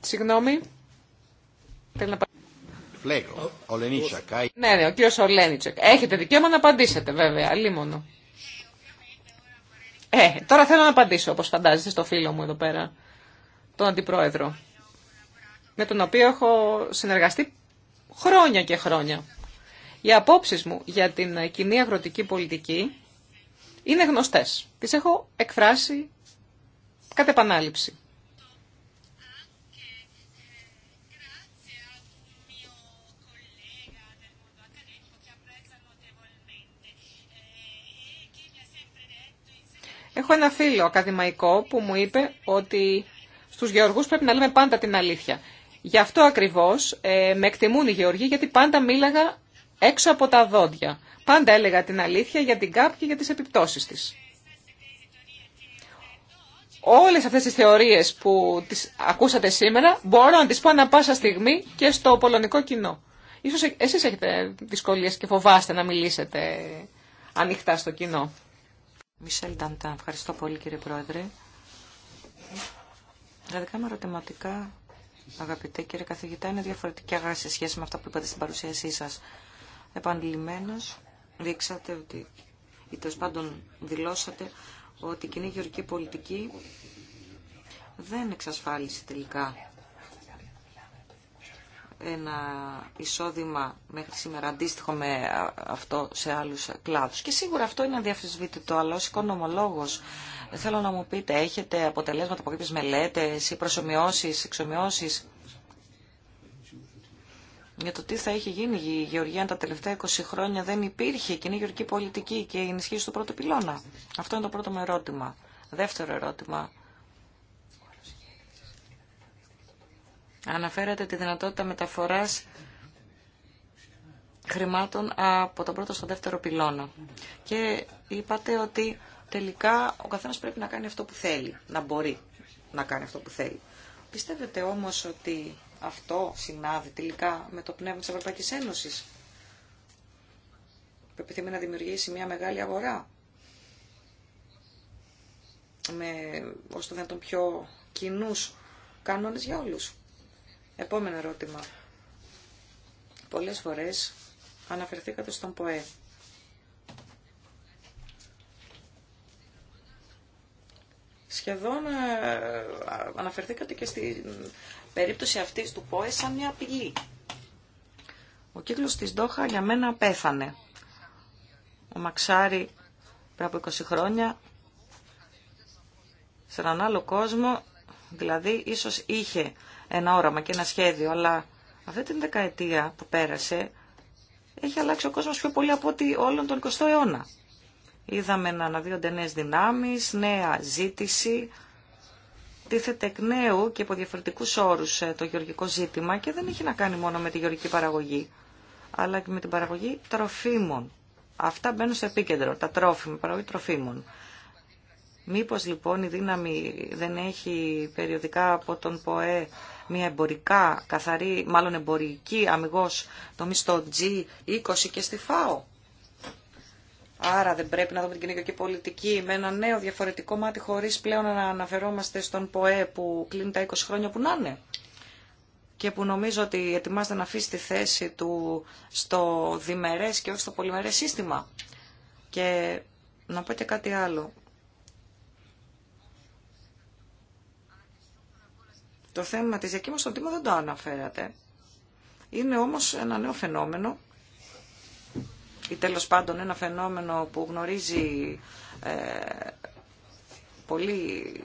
Συγγνώμη. Ναι, ναι, ο κύριο Ολένιτσεκ. Έχετε δικαίωμα να απαντήσετε, βέβαια, Λίμωνο. Ε, τώρα θέλω να απαντήσω, όπω φαντάζεστε, στο φίλο μου εδώ πέρα, τον αντιπρόεδρο, με τον οποίο έχω συνεργαστεί χρόνια και χρόνια. Οι απόψει μου για την κοινή αγροτική πολιτική είναι γνωστές. Τις έχω εκφράσει κατ' επανάληψη. Έχω ένα φίλο ακαδημαϊκό που μου είπε ότι στους γεωργούς πρέπει να λέμε πάντα την αλήθεια. Γι' αυτό ακριβώς ε, με εκτιμούν οι γεωργοί γιατί πάντα μίλαγα έξω από τα δόντια. Πάντα έλεγα την αλήθεια για την ΚΑΠ και για τις επιπτώσεις της. Όλες αυτές τις θεωρίες που τις ακούσατε σήμερα μπορώ να τις πω ανα πάσα στιγμή και στο πολωνικό κοινό. Ίσως εσείς έχετε δυσκολίες και φοβάστε να μιλήσετε ανοιχτά στο κοινό. Μισελ Νταντάν, ευχαριστώ πολύ κύριε Πρόεδρε. Τα δικά ερωτηματικά, αγαπητέ κύριε καθηγητά, είναι διαφορετικά σε σχέση με αυτά που είπατε στην παρουσίασή σας. Επανειλημμένω, δείξατε ότι, ή τέλο πάντων δηλώσατε, ότι η κοινή γεωργική πολιτική δεν εξασφάλισε τελικά ένα εισόδημα μέχρι σήμερα αντίστοιχο με αυτό σε άλλους κλάδους. Και σίγουρα αυτό είναι αδιαφεσβητητό, αλλά ως οικονομολόγος ε, θέλω να μου πείτε, έχετε αποτελέσματα από κάποιες μελέτες ή προσωμιώσεις, εξομοιώσεις για το τι θα έχει γίνει η Γεωργία αν τα τελευταία 20 χρόνια δεν υπήρχε κοινή γεωργική πολιτική και η ενισχύση του πρώτου πυλώνα. Αυτό είναι το πρώτο μου ερώτημα. Δεύτερο ερώτημα. Αναφέρατε τη δυνατότητα μεταφοράς χρημάτων από τον πρώτο στο δεύτερο πυλώνα. Και είπατε ότι τελικά ο καθένας πρέπει να κάνει αυτό που θέλει, να μπορεί να κάνει αυτό που θέλει. Πιστεύετε όμως ότι αυτό συνάδει τελικά με το πνεύμα της Ευρωπαϊκής Ένωσης που επιθυμεί να δημιουργήσει μια μεγάλη αγορά με όσο το δυνατόν πιο κοινούς κανόνες για όλους. Επόμενο ερώτημα. Πολλές φορές αναφερθήκατε στον ΠΟΕ. Σχεδόν ε, ε, αναφερθήκατε και στην περίπτωση αυτή του ΠΟΕ σαν μια απειλή. Ο κύκλος της Ντόχα για μένα πέθανε. Ο Μαξάρη πριν από 20 χρόνια σε έναν άλλο κόσμο, δηλαδή ίσως είχε ένα όραμα και ένα σχέδιο, αλλά αυτή την δεκαετία που πέρασε έχει αλλάξει ο κόσμος πιο πολύ από ό,τι όλον τον 20ο αιώνα. Είδαμε να αναδύονται νέες δυνάμεις, νέα ζήτηση, τίθεται εκ νέου και από διαφορετικού όρους ε, το γεωργικό ζήτημα και δεν έχει να κάνει μόνο με τη γεωργική παραγωγή, αλλά και με την παραγωγή τροφίμων. Αυτά μπαίνουν στο επίκεντρο, τα τρόφιμα, παραγωγή τροφίμων. Μήπως λοιπόν η δύναμη δεν έχει περιοδικά από τον ΠΟΕ μια εμπορικά, καθαρή, μάλλον εμπορική αμυγός τομή στο G20 και στη ΦΑΟ. Άρα δεν πρέπει να δούμε την κοινωνική πολιτική με ένα νέο διαφορετικό μάτι χωρίς πλέον να αναφερόμαστε στον ΠΟΕ που κλείνει τα 20 χρόνια που να είναι και που νομίζω ότι ετοιμάζεται να αφήσει τη θέση του στο διμερές και όχι στο πολυμερές σύστημα. Και να πω και κάτι άλλο. Το θέμα της διακύμωσης στον τίμο δεν το αναφέρατε. Είναι όμως ένα νέο φαινόμενο ή τέλος πάντων ένα φαινόμενο που γνωρίζει ε, πολύ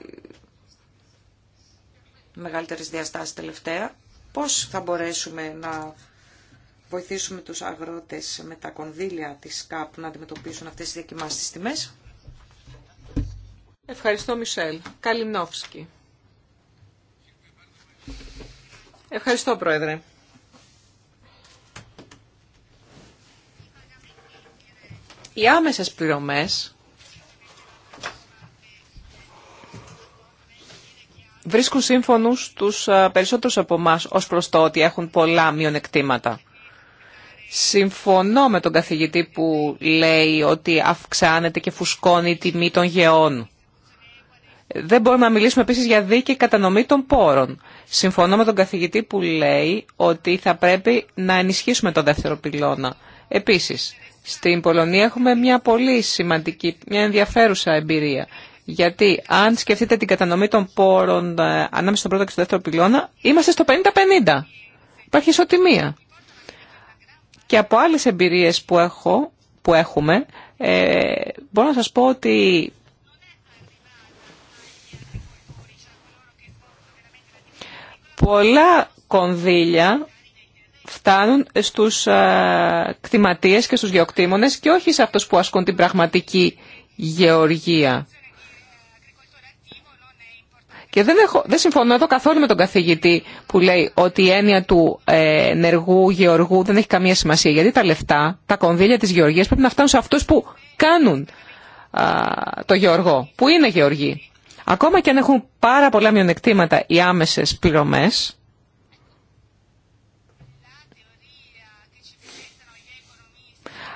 μεγαλύτερες διαστάσεις τελευταία. Πώς θα μπορέσουμε να βοηθήσουμε τους αγρότες με τα κονδύλια της ΚΑΠ να αντιμετωπίσουν αυτές τις διακοιμάσεις τιμές. Ευχαριστώ Μισελ. Καλυμνόφσκι. Ευχαριστώ, Πρόεδρε. Οι άμεσες πληρωμές βρίσκουν σύμφωνους τους περισσότερους από εμά ως προς το ότι έχουν πολλά μειονεκτήματα. Συμφωνώ με τον καθηγητή που λέει ότι αυξάνεται και φουσκώνει η τιμή των γεών. Δεν μπορούμε να μιλήσουμε επίσης για δίκαιη κατανομή των πόρων. Συμφωνώ με τον καθηγητή που λέει ότι θα πρέπει να ενισχύσουμε το δεύτερο πυλώνα. Επίσης, στην Πολωνία έχουμε μια πολύ σημαντική, μια ενδιαφέρουσα εμπειρία. Γιατί αν σκεφτείτε την κατανομή των πόρων ε, ανάμεσα στον πρώτο και στον δεύτερο πυλώνα, είμαστε στο 50-50. Υπάρχει ισοτιμία. Και από άλλες εμπειρίες που, έχω, που έχουμε, ε, μπορώ να σας πω ότι πολλά κονδύλια φτάνουν στους ε, κτηματίες και στους γεωκτήμονες και όχι σε αυτούς που ασκούν την πραγματική γεωργία. Και δεν, έχω, δεν συμφωνώ εδώ καθόλου με τον καθηγητή που λέει ότι η έννοια του ε, ενεργού γεωργού δεν έχει καμία σημασία. Γιατί τα λεφτά, τα κονδύλια της γεωργίας πρέπει να φτάνουν σε αυτούς που κάνουν το γεωργό, που είναι γεωργοί. Ακόμα και αν έχουν πάρα πολλά μειονεκτήματα οι άμεσες πληρωμές,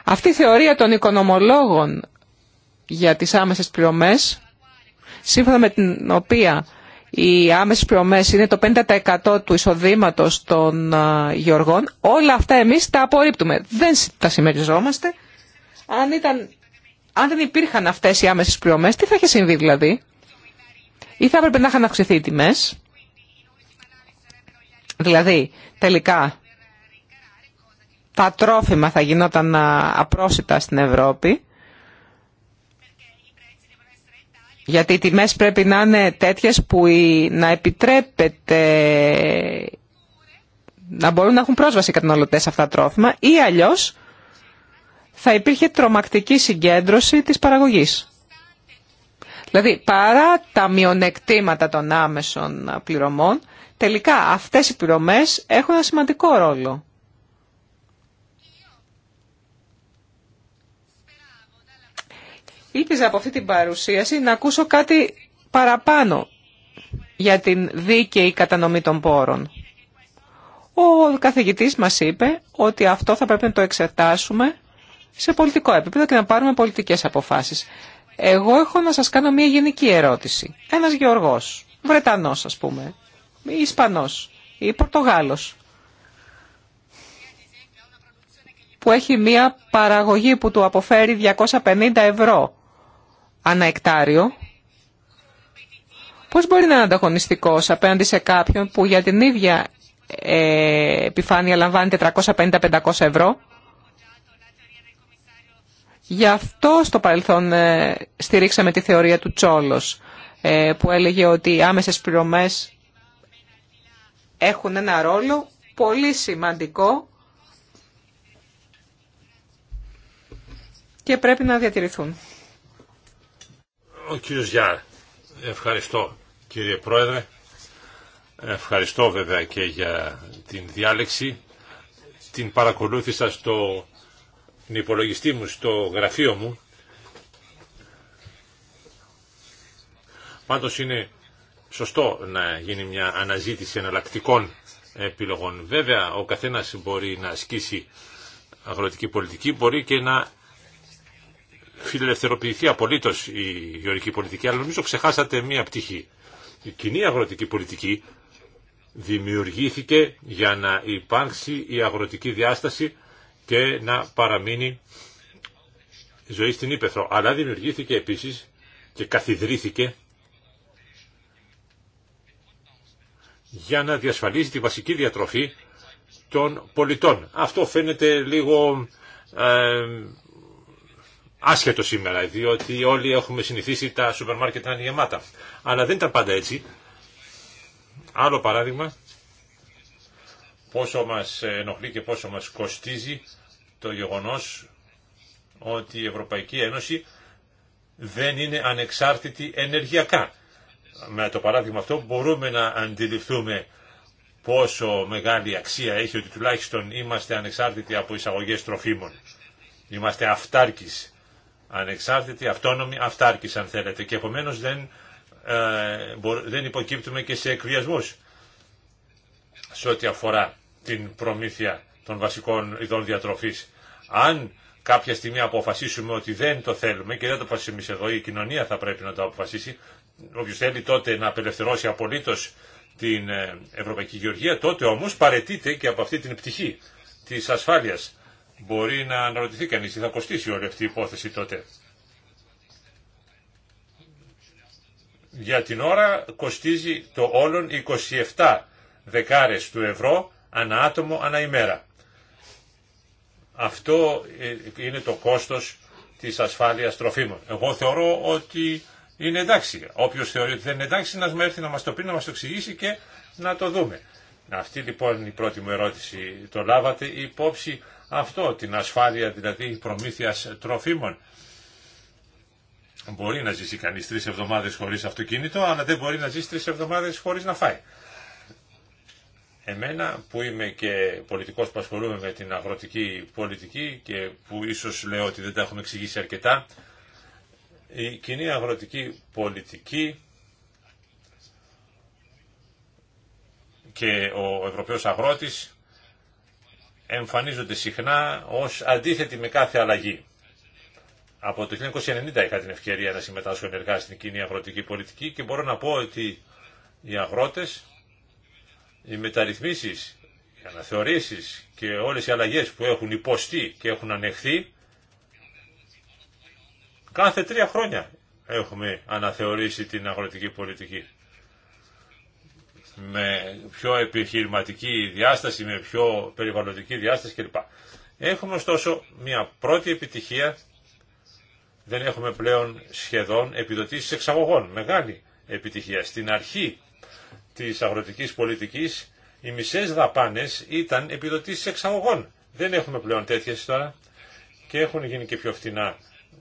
αυτή η θεωρία των οικονομολόγων για τις άμεσες πληρωμές, σύμφωνα με την οποία οι άμεσες πληρωμές είναι το 50% του εισοδήματος των γεωργών, όλα αυτά εμείς τα απορρίπτουμε. Δεν τα συμμεριζόμαστε. Αν, ήταν, αν δεν υπήρχαν αυτές οι άμεσες πληρωμές, τι θα είχε συμβεί δηλαδή ή θα έπρεπε να είχαν αυξηθεί οι τιμές, δηλαδή τελικά τα τρόφιμα θα γινόταν απρόσιτα στην Ευρώπη, γιατί οι τιμές πρέπει να είναι τέτοιες που να επιτρέπεται να μπορούν να έχουν πρόσβαση οι καταναλωτές σε αυτά τα τρόφιμα ή αλλιώς θα υπήρχε τρομακτική συγκέντρωση της παραγωγής. Δηλαδή, παρά τα μειονεκτήματα των άμεσων πληρωμών, τελικά αυτές οι πληρωμές έχουν ένα σημαντικό ρόλο. Ήπιζα από αυτή την παρουσίαση να ακούσω κάτι παραπάνω για την δίκαιη κατανομή των πόρων. Ο καθηγητής μας είπε ότι αυτό θα πρέπει να το εξετάσουμε σε πολιτικό επίπεδο και να πάρουμε πολιτικές αποφάσεις. Εγώ έχω να σας κάνω μια γενική ερώτηση. Ένας Γεωργός, Βρετανός ας πούμε, ή Ισπανός, ή Πορτογάλος, που έχει μια παραγωγή που του αποφέρει 250 ευρώ ανά εκτάριο, πώς μπορεί να είναι ανταγωνιστικός απέναντι σε κάποιον που για την ίδια ε, επιφάνεια λαμβάνει 450-500 ευρώ. Γι' αυτό στο παρελθόν ε, στηρίξαμε τη θεωρία του Τσόλος ε, που έλεγε ότι οι άμεσες πληρωμές έχουν ένα ρόλο πολύ σημαντικό και πρέπει να διατηρηθούν. Ο κύριος Γιάρ, ευχαριστώ κύριε Πρόεδρε. Ευχαριστώ βέβαια και για την διάλεξη. Την παρακολούθησα στο υπολογιστή μου στο γραφείο μου. Πάντως είναι σωστό να γίνει μια αναζήτηση εναλλακτικών επιλογών. Βέβαια ο καθένας μπορεί να ασκήσει αγροτική πολιτική, μπορεί και να φιλελευθερωποιηθεί απολύτως η γεωρική πολιτική, αλλά νομίζω ξεχάσατε μια πτυχή. Η κοινή αγροτική πολιτική δημιουργήθηκε για να υπάρξει η αγροτική διάσταση και να παραμείνει ζωή στην Ήπεθρο. Αλλά δημιουργήθηκε επίσης και καθιδρύθηκε για να διασφαλίσει τη βασική διατροφή των πολιτών. Αυτό φαίνεται λίγο ε, άσχετο σήμερα, διότι όλοι έχουμε συνηθίσει τα σούπερ μάρκετ να είναι γεμάτα. Αλλά δεν ήταν πάντα έτσι. Άλλο παράδειγμα, πόσο μας ενοχλεί και πόσο μας κοστίζει το γεγονός ότι η Ευρωπαϊκή Ένωση δεν είναι ανεξάρτητη ενεργειακά. Με το παράδειγμα αυτό μπορούμε να αντιληφθούμε πόσο μεγάλη αξία έχει ότι τουλάχιστον είμαστε ανεξάρτητοι από εισαγωγές τροφίμων. Είμαστε αυτάρκης, ανεξάρτητοι, αυτόνομοι, αυτάρκης αν θέλετε και επομένως δεν, ε, δεν υποκύπτουμε και σε εκβιασμούς σε ό,τι αφορά την προμήθεια των βασικών ειδών διατροφής. Αν κάποια στιγμή αποφασίσουμε ότι δεν το θέλουμε και δεν το αποφασίσουμε εμεί εδώ, η κοινωνία θα πρέπει να το αποφασίσει, όποιο θέλει τότε να απελευθερώσει απολύτω την ε, Ευρωπαϊκή Γεωργία, τότε όμως παρετείται και από αυτή την πτυχή της ασφάλειας. Μπορεί να αναρωτηθεί κανείς τι θα κοστίσει όλη αυτή η υπόθεση τότε. Για την ώρα κοστίζει το όλον 27 δεκάρες του ευρώ ανά άτομο, ανά ημέρα. Αυτό είναι το κόστος της ασφάλειας τροφίμων. Εγώ θεωρώ ότι είναι εντάξει. Όποιος θεωρεί ότι δεν είναι εντάξει, να έρθει να μας το πει, να μας το εξηγήσει και να το δούμε. Αυτή λοιπόν η πρώτη μου ερώτηση. Το λάβατε υπόψη αυτό, την ασφάλεια δηλαδή προμήθειας τροφίμων. Μπορεί να ζήσει κανεί τρει εβδομάδε χωρί αυτοκίνητο, αλλά δεν μπορεί να ζήσει τρει εβδομάδε χωρί να φάει. Εμένα που είμαι και πολιτικός που ασχολούμαι με την αγροτική πολιτική και που ίσως λέω ότι δεν τα έχουμε εξηγήσει αρκετά, η κοινή αγροτική πολιτική και ο Ευρωπαίος αγρότης εμφανίζονται συχνά ως αντίθετη με κάθε αλλαγή. Από το 1990 είχα την ευκαιρία να συμμετάσχω ενεργά στην κοινή αγροτική πολιτική και μπορώ να πω ότι οι αγρότες οι μεταρρυθμίσεις, οι αναθεωρήσεις και όλες οι αλλαγές που έχουν υποστεί και έχουν ανεχθεί, κάθε τρία χρόνια έχουμε αναθεωρήσει την αγροτική πολιτική. Με πιο επιχειρηματική διάσταση, με πιο περιβαλλοντική διάσταση κλπ. Έχουμε ωστόσο μια πρώτη επιτυχία, δεν έχουμε πλέον σχεδόν επιδοτήσεις εξαγωγών, μεγάλη επιτυχία. Στην αρχή της αγροτικής πολιτικής οι μισές δαπάνες ήταν επιδοτήσεις εξαγωγών. Δεν έχουμε πλέον τέτοιες τώρα και έχουν γίνει και πιο φθηνά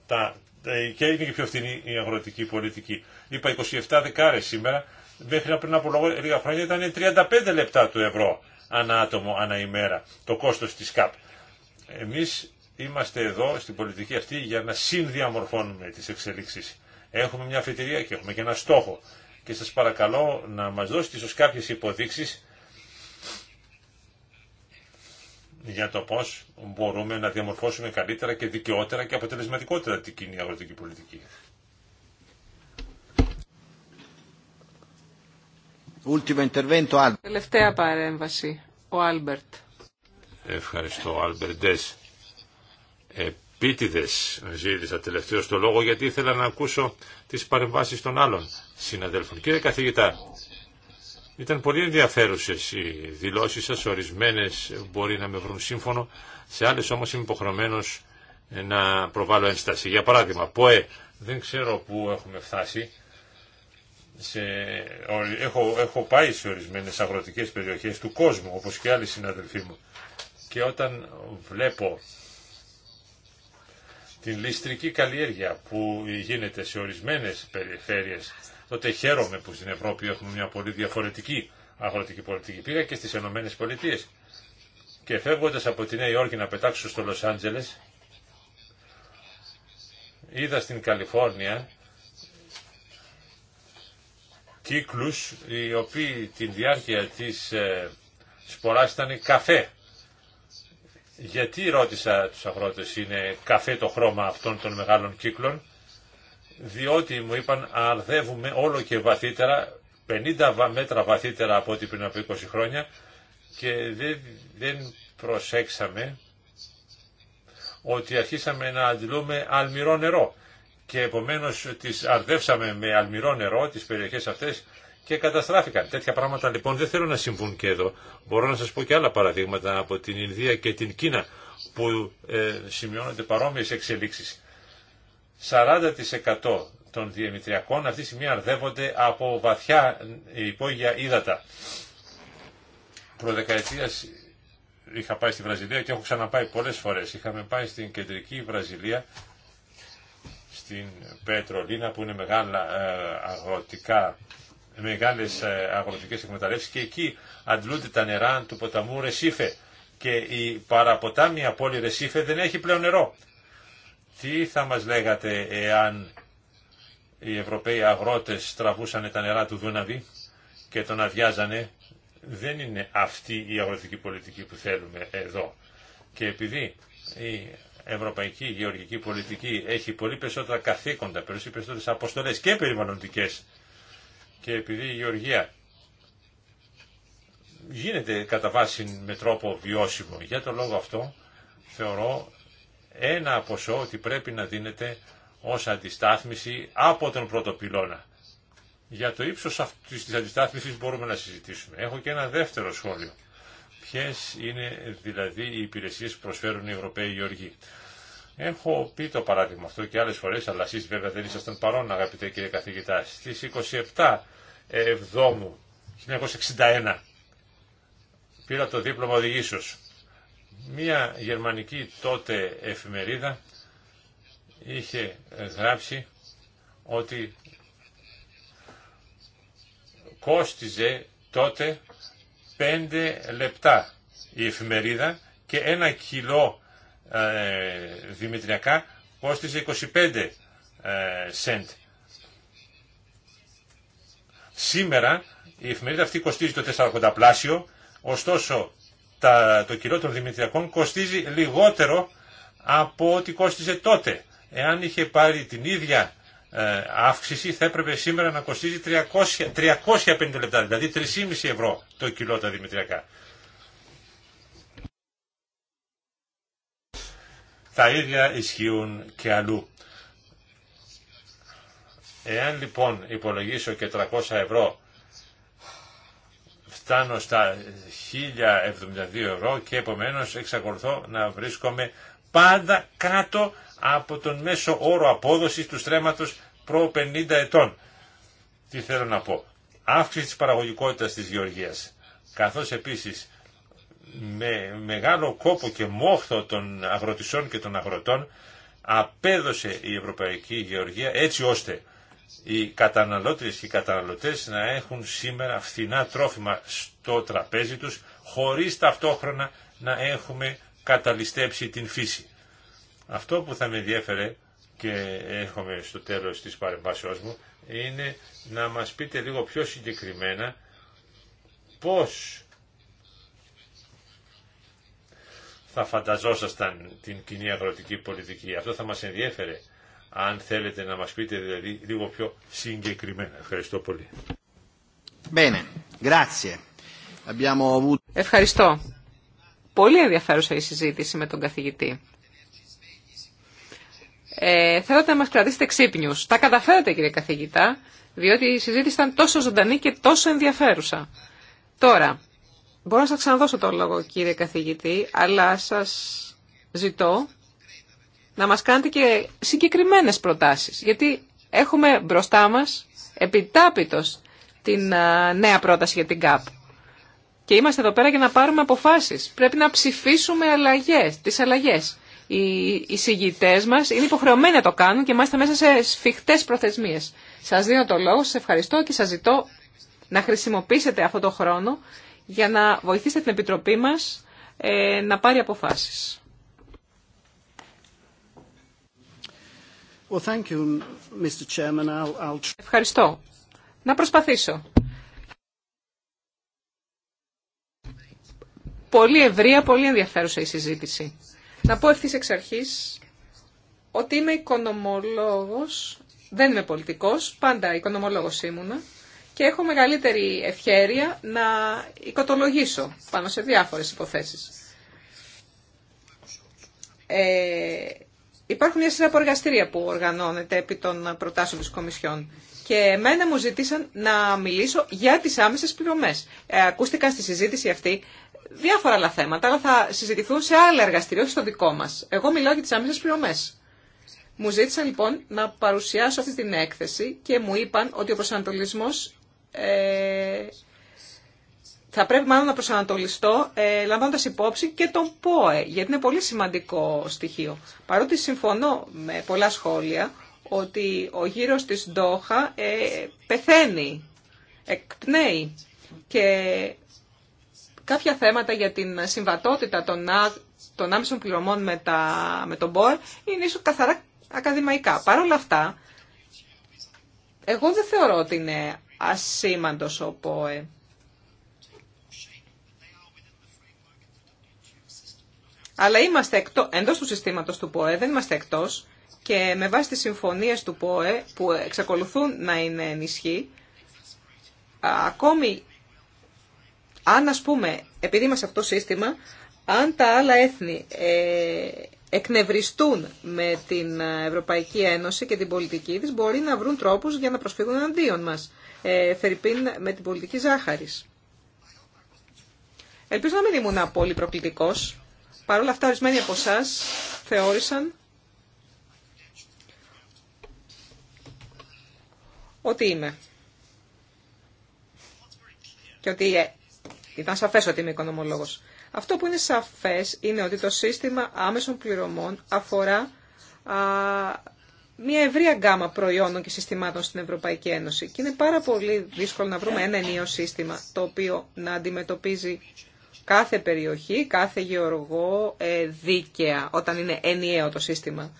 τα, ε, και είναι και πιο φθηνή η αγροτική πολιτική. Είπα 27 δεκάρες σήμερα, μέχρι πριν από λίγα χρόνια ήταν 35 λεπτά του ευρώ ανά άτομο, ανά ημέρα, το κόστος της ΚΑΠ. Εμείς είμαστε εδώ στην πολιτική αυτή για να συνδιαμορφώνουμε τις εξελίξεις. Έχουμε μια αφετηρία και έχουμε και ένα στόχο και σας παρακαλώ να μας δώσετε ίσως κάποιες υποδείξεις για το πώς μπορούμε να διαμορφώσουμε καλύτερα και δικαιότερα και αποτελεσματικότερα την κοινή αγροτική πολιτική. Τελευταία παρέμβαση, ο Άλμπερτ. Ευχαριστώ, Άλμπερτ επίτηδες ζήτησα τελευταίο το λόγο γιατί ήθελα να ακούσω τις παρεμβάσεις των άλλων συναδέλφων. Κύριε καθηγητά, ήταν πολύ ενδιαφέρουσες οι δηλώσεις σας, ορισμένες μπορεί να με βρουν σύμφωνο, σε άλλες όμως είμαι υποχρεωμένο να προβάλλω ένσταση. Για παράδειγμα, ΠΟΕ, δεν ξέρω πού έχουμε φτάσει, σε, έχω, έχω πάει σε ορισμένες αγροτικές περιοχές του κόσμου, όπως και άλλοι συναδελφοί μου. Και όταν βλέπω την ληστρική καλλιέργεια που γίνεται σε ορισμένες περιφέρειες, τότε χαίρομαι που στην Ευρώπη έχουμε μια πολύ διαφορετική αγροτική πολιτική. Πήγα και στις Ηνωμένε Πολιτείες και φεύγοντας από τη Νέα Υόρκη να πετάξω στο Λος Άντζελες, είδα στην Καλιφόρνια κύκλους οι οποίοι την διάρκεια της ε, σποράς ήταν καφέ γιατί ρώτησα τους αγρότες είναι καφέ το χρώμα αυτών των μεγάλων κύκλων, διότι μου είπαν αρδεύουμε όλο και βαθύτερα, 50 μέτρα βαθύτερα από ό,τι πριν από 20 χρόνια και δεν, δεν προσέξαμε ότι αρχίσαμε να αντιλούμε αλμυρό νερό και επομένως τις αρδεύσαμε με αλμυρό νερό τις περιοχές αυτές και καταστράφηκαν. Τέτοια πράγματα λοιπόν δεν θέλω να συμβούν και εδώ. Μπορώ να σας πω και άλλα παραδείγματα από την Ινδία και την Κίνα που ε, σημειώνονται παρόμοιες εξελίξεις. 40% των διεμητριακών αυτή τη στιγμή αρδεύονται από βαθιά υπόγεια ύδατα. Προδεκαετίας είχα πάει στη Βραζιλία και έχω ξαναπάει πολλές φορές. Είχαμε πάει στην κεντρική Βραζιλία στην Λίνα που είναι μεγάλα ε, αγροτικά μεγάλες ε, αγροτικές εκμεταλλεύσεις και εκεί αντλούνται τα νερά του ποταμού Ρεσίφε και η παραποτάμια πόλη Ρεσίφε δεν έχει πλέον νερό. Τι θα μας λέγατε εάν οι Ευρωπαίοι αγρότες τραβούσαν τα νερά του Δούναβη και τον αδειάζανε. Δεν είναι αυτή η αγροτική πολιτική που θέλουμε εδώ. Και επειδή η ευρωπαϊκή γεωργική πολιτική έχει πολύ περισσότερα καθήκοντα, περισσότερες αποστολές και περιβαλλοντικές και επειδή η γεωργία γίνεται κατά βάση με τρόπο βιώσιμο. Για τον λόγο αυτό θεωρώ ένα ποσό ότι πρέπει να δίνεται ως αντιστάθμιση από τον πρώτο πυλώνα. Για το ύψος αυτής της αντιστάθμισης μπορούμε να συζητήσουμε. Έχω και ένα δεύτερο σχόλιο. Ποιε είναι δηλαδή οι υπηρεσίες που προσφέρουν οι Ευρωπαίοι Γεωργοί. Έχω πει το παράδειγμα αυτό και άλλες φορές, αλλά εσείς βέβαια δεν ήσασταν παρόν αγαπητέ κύριε καθηγητά. Στις 27 Εβδόμου, 1961. Πήρα το δίπλωμα οδηγήσεως. Μία γερμανική τότε εφημερίδα είχε γράψει ότι κόστιζε τότε 5 λεπτά η εφημερίδα και ένα κιλό ε, δημητριακά κόστιζε 25 ε, σεντ. Σήμερα η εφημερίδα αυτή κοστίζει το 4,80 πλάσιο, ωστόσο τα, το κιλό των Δημητριακών κοστίζει λιγότερο από ό,τι κόστιζε τότε. Εάν είχε πάρει την ίδια ε, αύξηση θα έπρεπε σήμερα να κοστίζει 300, 350 λεπτά, δηλαδή 3,5 ευρώ το κιλό τα Δημητριακά. Τα ίδια ισχύουν και αλλού. Εάν λοιπόν υπολογίσω και 300 ευρώ φτάνω στα 1072 ευρώ και επομένως εξακολουθώ να βρίσκομαι πάντα κάτω από τον μέσο όρο απόδοσης του στρέμματος προ 50 ετών. Τι θέλω να πω. Αύξηση της παραγωγικότητας της γεωργίας, καθώς επίσης με μεγάλο κόπο και μόχθο των αγροτησών και των αγροτών απέδωσε η Ευρωπαϊκή Γεωργία έτσι ώστε οι καταναλώτες και οι καταναλωτές να έχουν σήμερα φθηνά τρόφιμα στο τραπέζι τους χωρίς ταυτόχρονα να έχουμε καταλυστέψει την φύση. Αυτό που θα με ενδιέφερε και έχουμε στο τέλος της παρεμβάσεώς μου είναι να μας πείτε λίγο πιο συγκεκριμένα πώς θα φανταζόσασταν την κοινή αγροτική πολιτική. Αυτό θα μας ενδιέφερε αν θέλετε να μας πείτε δηλαδή λίγο πιο συγκεκριμένα. Ευχαριστώ πολύ. Ευχαριστώ. Πολύ ενδιαφέρουσα η συζήτηση με τον καθηγητή. Ε, θέλω να μας κρατήσετε ξύπνιους. Τα καταφέρατε κύριε καθηγητά, διότι η συζήτηση ήταν τόσο ζωντανή και τόσο ενδιαφέρουσα. Τώρα, μπορώ να σας ξαναδώσω το λόγο κύριε καθηγητή, αλλά σας ζητώ να μας κάνετε και συγκεκριμένες προτάσεις. Γιατί έχουμε μπροστά μας επιτάπητος την νέα πρόταση για την ΚΑΠ. Και είμαστε εδώ πέρα για να πάρουμε αποφάσεις. Πρέπει να ψηφίσουμε αλλαγές, τις αλλαγές. Οι συγητέ μας είναι υποχρεωμένοι να το κάνουν και μάλιστα μέσα σε σφιχτές προθεσμίες. Σας δίνω το λόγο, σας ευχαριστώ και σας ζητώ να χρησιμοποιήσετε αυτό το χρόνο για να βοηθήσετε την Επιτροπή μας ε, να πάρει αποφάσεις. Ευχαριστώ. Να προσπαθήσω. Πολύ ευρία, πολύ ενδιαφέρουσα η συζήτηση. Να πω ευθύ εξ αρχής ότι είμαι οικονομολόγος, δεν είμαι πολιτικός, πάντα οικονομολόγος ήμουνα και έχω μεγαλύτερη ευχέρεια να οικοτολογήσω πάνω σε διάφορες υποθέσεις. Ε, Υπάρχουν μια σειρά από εργαστήρια που οργανώνεται επί των προτάσεων της Κομισιόν και εμένα μου ζητήσαν να μιλήσω για τις άμεσες πληρωμές. Ε, ακούστηκαν στη συζήτηση αυτή διάφορα άλλα θέματα, αλλά θα συζητηθούν σε άλλα εργαστήρια, όχι στο δικό μας. Εγώ μιλάω για τις άμεσες πληρωμές. Μου ζήτησαν λοιπόν να παρουσιάσω αυτή την έκθεση και μου είπαν ότι ο προσανατολισμός ε, θα πρέπει μάλλον να προσανατολιστώ ε, λαμβάνοντας υπόψη και τον ΠΟΕ, γιατί είναι πολύ σημαντικό στοιχείο. Παρότι συμφωνώ με πολλά σχόλια ότι ο γύρος της Ντόχα ε, πεθαίνει, εκπνέει και κάποια θέματα για την συμβατότητα των, α, των άμεσων πληρωμών με, με τον ΠΟΕ είναι ίσως καθαρά ακαδημαϊκά. Παρ' όλα αυτά, εγώ δεν θεωρώ ότι είναι ασήμαντος ο ΠΟΕ. Αλλά είμαστε εκτό, εντός του συστήματος του ΠΟΕ, δεν είμαστε εκτός και με βάση τι συμφωνίε του ΠΟΕ που εξακολουθούν να είναι ενισχύ, ακόμη αν ας πούμε, επειδή είμαστε αυτό το σύστημα, αν τα άλλα έθνη ε, εκνευριστούν με την Ευρωπαϊκή Ένωση και την πολιτική της, μπορεί να βρουν τρόπους για να προσφύγουν αντίον μας. Ε, Φερρυπίν με την πολιτική ζάχαρης. Ελπίζω να μην ήμουν πολύ προκλητικός. Παρ' όλα αυτά, ορισμένοι από εσά θεώρησαν ότι είμαι. Και ότι ε, ήταν σαφέ ότι είμαι οικονομολόγος. Αυτό που είναι σαφές είναι ότι το σύστημα άμεσων πληρωμών αφορά α, μια ευρία γκάμα προϊόντων και συστημάτων στην Ευρωπαϊκή Ένωση. Και είναι πάρα πολύ δύσκολο να βρούμε ένα ενίο σύστημα το οποίο να αντιμετωπίζει κάθε περιοχή, κάθε γεωργό ε, δίκαια, όταν είναι ενιαίο το σύστημα.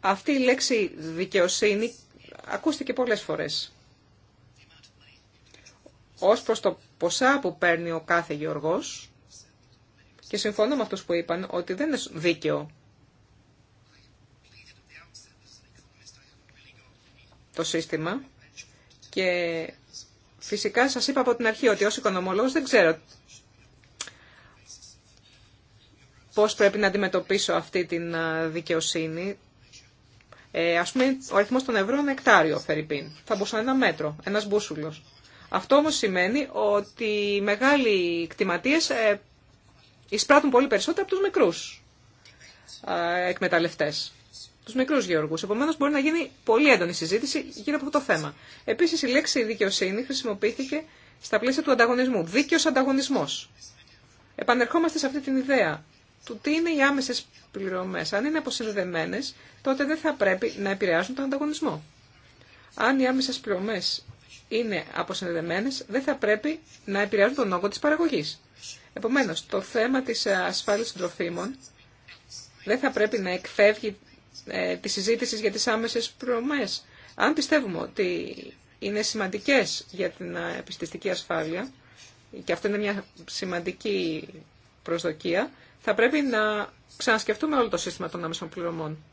Αυτή η λέξη δικαιοσύνη ακούστηκε πολλές φορές. Ως προς το ποσά που παίρνει ο κάθε γεωργός, και συμφωνώ με αυτούς που είπαν ότι δεν είναι δίκαιο το σύστημα και φυσικά σας είπα από την αρχή ότι ως οικονομολόγος δεν ξέρω πώς πρέπει να αντιμετωπίσω αυτή την δικαιοσύνη. Ε, ας πούμε, ο αριθμός των ευρώ είναι εκτάριο, Φερρυπίν. Θα μπορούσε να ένα μέτρο, ένας μπούσουλος. Αυτό όμως σημαίνει ότι οι μεγάλοι κτηματίες ε, εισπράττουν πολύ περισσότερο από τους μικρούς ε, εκμεταλλευτές. Του μικρού γεωργού. Επομένω, μπορεί να γίνει πολύ έντονη συζήτηση γύρω από αυτό το θέμα. Επίση, η λέξη δικαιοσύνη χρησιμοποιήθηκε στα πλαίσια του ανταγωνισμού. Δίκαιο ανταγωνισμό. Επανερχόμαστε σε αυτή την ιδέα του τι είναι οι άμεσε πληρωμέ. Αν είναι αποσυνδεδεμένε, τότε δεν θα πρέπει να επηρεάζουν τον ανταγωνισμό. Αν οι άμεσε πληρωμέ είναι αποσυνδεδεμένε, δεν θα πρέπει να επηρεάζουν τον όγκο της παραγωγή. Επομένω, το θέμα τη ε, ασφάλεια των τροφίμων δεν θα πρέπει να εκφεύγει ε, τη συζήτηση για τις άμεσες πληρωμέ. Αν πιστεύουμε ότι είναι σημαντικές για την ε, επιστηστική ασφάλεια, και αυτό είναι μια σημαντική προσδοκία, θα πρέπει να ξανασκεφτούμε όλο το σύστημα των άμεσων πληρωμών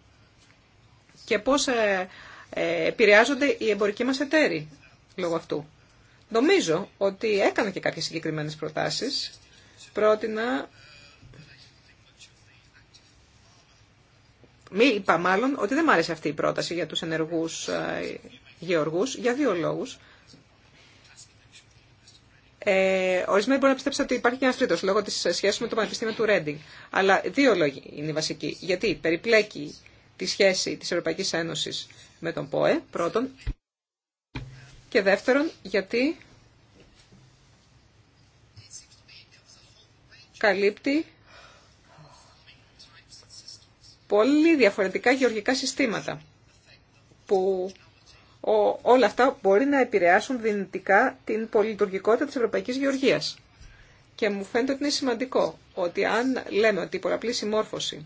και πώς ε, ε, επηρεάζονται οι εμπορικοί μας εταίροι λόγω αυτού. Νομίζω ότι έκανα και κάποιες συγκεκριμένες προτάσεις. Πρότεινα... Μη είπα μάλλον ότι δεν μ' άρεσε αυτή η πρόταση για τους ενεργούς ε, γεωργούς για δύο λόγους. Ε, ορισμένοι μπορεί να πιστέψουν ότι υπάρχει και ένα τρίτο λόγω τη σχέση με το Πανεπιστήμιο του Ρέντινγκ. Αλλά δύο λόγοι είναι οι βασικοί. Γιατί περιπλέκει τη σχέση τη Ευρωπαϊκή Ένωση με τον ΠΟΕ, πρώτον. Και δεύτερον, γιατί καλύπτει πολύ διαφορετικά γεωργικά συστήματα που όλα αυτά μπορεί να επηρεάσουν δυνητικά την πολυλειτουργικότητα της Ευρωπαϊκής Γεωργίας. Και μου φαίνεται ότι είναι σημαντικό ότι αν λέμε ότι η πολλαπλή συμμόρφωση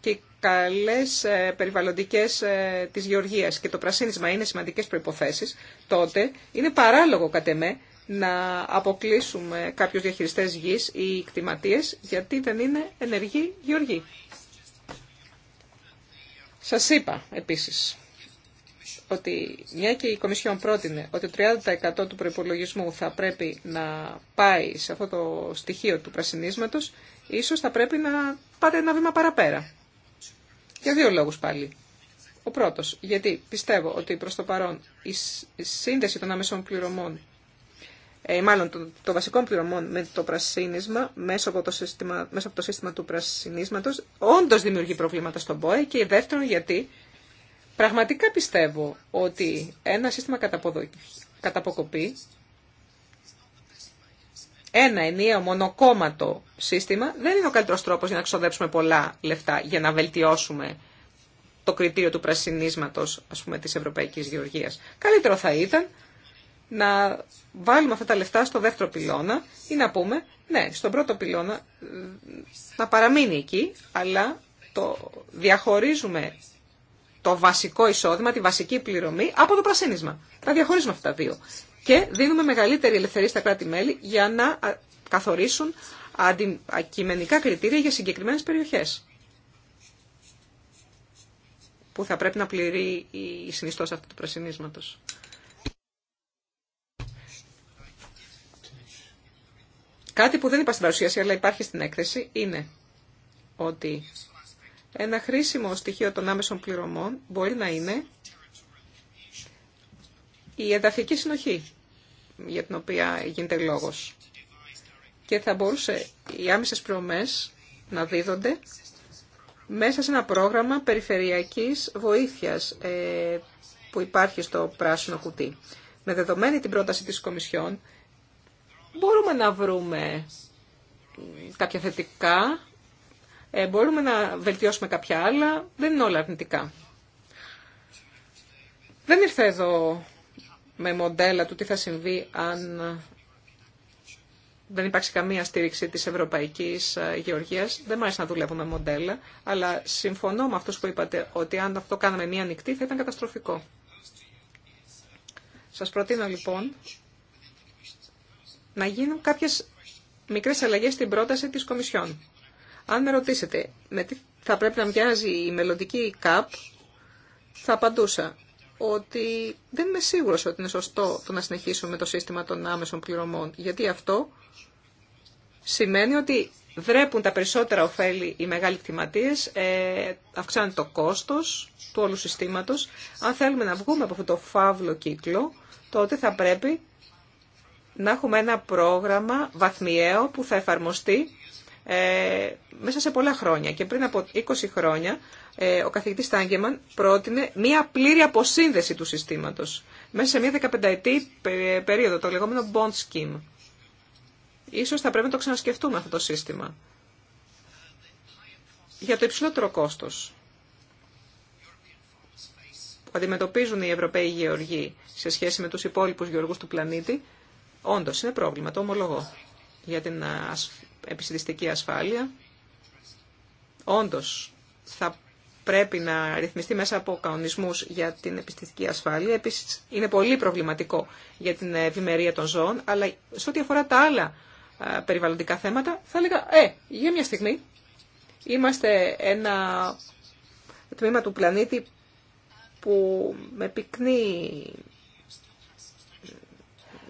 και οι καλές ε, περιβαλλοντικές ε, της γεωργίας και το πρασίνισμα είναι σημαντικές προϋποθέσεις, τότε είναι παράλογο κατ' εμέ να αποκλείσουμε κάποιους διαχειριστές γης ή κτηματίες γιατί δεν είναι ενεργοί γεωργοί. Σα είπα επίσης ότι μια και η Κομισιόν πρότεινε ότι το 30% του προπολογισμού θα πρέπει να πάει σε αυτό το στοιχείο του πρασινίσματος, ίσως θα πρέπει να πάτε ένα βήμα παραπέρα. Για δύο λόγους πάλι. Ο πρώτος, γιατί πιστεύω ότι προς το παρόν η σύνδεση των αμέσων πληρωμών, ε, μάλλον των, βασικών πληρωμών με το πρασίνισμα, μέσω από το σύστημα, μέσω από το σύστημα του πρασινίσματος, όντως δημιουργεί προβλήματα στον ΠΟΕ και δεύτερον γιατί Πραγματικά πιστεύω ότι ένα σύστημα καταποκοπή, ένα ενιαίο μονοκόμματο σύστημα, δεν είναι ο καλύτερος τρόπος για να ξοδέψουμε πολλά λεφτά, για να βελτιώσουμε το κριτήριο του πρασινίσματος, ας πούμε, της Ευρωπαϊκής Γεωργίας. Καλύτερο θα ήταν να βάλουμε αυτά τα λεφτά στο δεύτερο πυλώνα ή να πούμε, ναι, στον πρώτο πυλώνα ε, να παραμείνει εκεί, αλλά το διαχωρίζουμε το βασικό εισόδημα, τη βασική πληρωμή από το πρασίνισμα. Τα διαχωρίζουμε αυτά τα δύο. Και δίνουμε μεγαλύτερη ελευθερία στα κράτη-μέλη για να καθορίσουν αντικειμενικά κριτήρια για συγκεκριμένες περιοχές που θα πρέπει να πληρεί η συνιστός αυτού του πρασινίσματος. Κάτι που δεν είπα στην παρουσίαση αλλά υπάρχει στην έκθεση είναι ότι ένα χρήσιμο στοιχείο των άμεσων πληρωμών μπορεί να είναι η εδαφική συνοχή για την οποία γίνεται λόγος. Και θα μπορούσε οι άμεσες πληρωμές να δίδονται μέσα σε ένα πρόγραμμα περιφερειακής βοήθειας ε, που υπάρχει στο πράσινο κουτί. Με δεδομένη την πρόταση της Κομισιόν μπορούμε να βρούμε κάποια θετικά ε, μπορούμε να βελτιώσουμε κάποια άλλα, δεν είναι όλα αρνητικά. Δεν ήρθα εδώ με μοντέλα του τι θα συμβεί αν δεν υπάρξει καμία στήριξη της ευρωπαϊκής ε, γεωργίας. Δεν μ' να δουλεύω με μοντέλα, αλλά συμφωνώ με αυτούς που είπατε ότι αν αυτό κάναμε μία νυχτή θα ήταν καταστροφικό. Σας προτείνω λοιπόν να γίνουν κάποιες μικρές αλλαγές στην πρόταση της Κομισιόν. Αν με ρωτήσετε με τι θα πρέπει να μοιάζει η μελλοντική ΚΑΠ, θα απαντούσα ότι δεν είμαι σίγουρος ότι είναι σωστό το να συνεχίσουμε το σύστημα των άμεσων πληρωμών, γιατί αυτό σημαίνει ότι δρέπουν τα περισσότερα ωφέλη οι μεγάλοι κτηματίες, ε, το κόστος του όλου συστήματος. Αν θέλουμε να βγούμε από αυτό το φαύλο κύκλο, τότε θα πρέπει να έχουμε ένα πρόγραμμα βαθμιαίο που θα εφαρμοστεί ε, μέσα σε πολλά χρόνια. Και πριν από 20 χρόνια ε, ο καθηγητής Τάγκεμαν πρότεινε μία πλήρη αποσύνδεση του συστήματος μέσα σε μία 15ετή περίοδο, το λεγόμενο bond scheme. Ίσως θα πρέπει να το ξανασκεφτούμε αυτό το σύστημα. Για το υψηλότερο κόστος που αντιμετωπίζουν οι Ευρωπαίοι γεωργοί σε σχέση με τους υπόλοιπους γεωργούς του πλανήτη, όντως είναι πρόβλημα, το ομολογώ, για την επιστημιστική ασφάλεια. Όντως, θα πρέπει να ρυθμιστεί μέσα από κανονισμού για την επιστημική ασφάλεια. Επίση, είναι πολύ προβληματικό για την ευημερία των ζώων, αλλά σε ό,τι αφορά τα άλλα περιβαλλοντικά θέματα, θα έλεγα, ε, για μια στιγμή είμαστε ένα τμήμα του πλανήτη που με πυκνή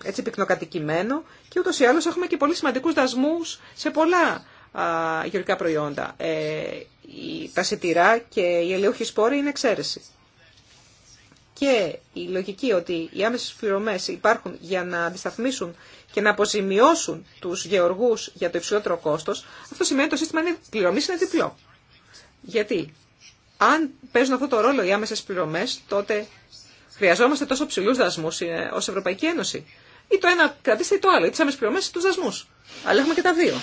έτσι πυκνοκατοικημένο και ούτως ή άλλως έχουμε και πολύ σημαντικούς δασμούς σε πολλά α, γεωργικά προϊόντα. Ε, η, τα σιτηρά και η ελαιούχοι σπόροι είναι εξαίρεση. Και η λογική ότι οι άμεσες πληρωμές υπάρχουν για να αντισταθμίσουν και να αποζημιώσουν τους γεωργούς για το υψηλότερο κόστος, αυτό σημαίνει ότι το σύστημα πληρωμής είναι διπλό. Γιατί αν παίζουν αυτό το ρόλο οι άμεσες πληρωμές, τότε χρειαζόμαστε τόσο ψηλούς δασμούς ε, ως Ευρωπαϊκή Ένωση. Ή το ένα κρατήστε ή το άλλο. Ή τι άμεσε πληρωμέ ή του δασμού. Αλλά έχουμε και τα δύο.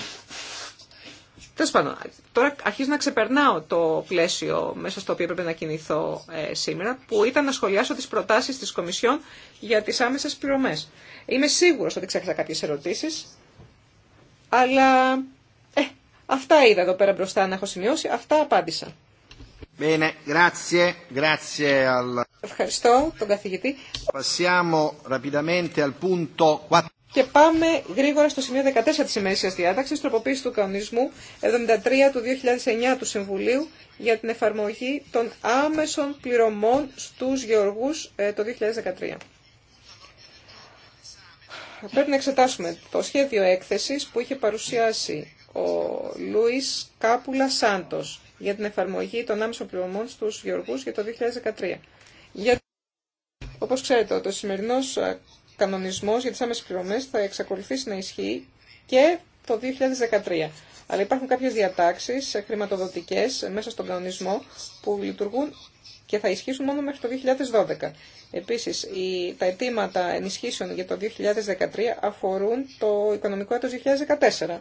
Τέλο πάντων, τώρα αρχίζω να ξεπερνάω το πλαίσιο μέσα στο οποίο έπρεπε να κινηθώ ε, σήμερα, που ήταν να σχολιάσω τι προτάσει τη Κομισιόν για τι άμεσε πληρωμέ. Είμαι σίγουρο ότι ξέχασα κάποιε ερωτήσει, αλλά ε, αυτά είδα εδώ πέρα μπροστά να έχω σημειώσει, αυτά απάντησα. Ευχαριστώ τον καθηγητή. Και πάμε γρήγορα στο σημείο 14 της ημερήσιας διάταξης, τροποποίηση του κανονισμού 73 του 2009 του Συμβουλίου για την εφαρμογή των άμεσων πληρωμών στους γεωργούς ε, το 2013. Πρέπει να εξετάσουμε το σχέδιο έκθεσης που είχε παρουσιάσει ο Λούις Κάπουλα Σάντος για την εφαρμογή των άμεσων πληρωμών στους γεωργού για το 2013. Για... Όπως ξέρετε, ο σημερινό κανονισμός για τις άμεσε πληρωμές θα εξακολουθήσει να ισχύει και το 2013. Αλλά υπάρχουν κάποιες διατάξεις ε, χρηματοδοτικές ε, μέσα στον κανονισμό που λειτουργούν και θα ισχύσουν μόνο μέχρι το 2012. Επίσης, τα αιτήματα ενισχύσεων για το 2013 αφορούν το οικονομικό έτος 2014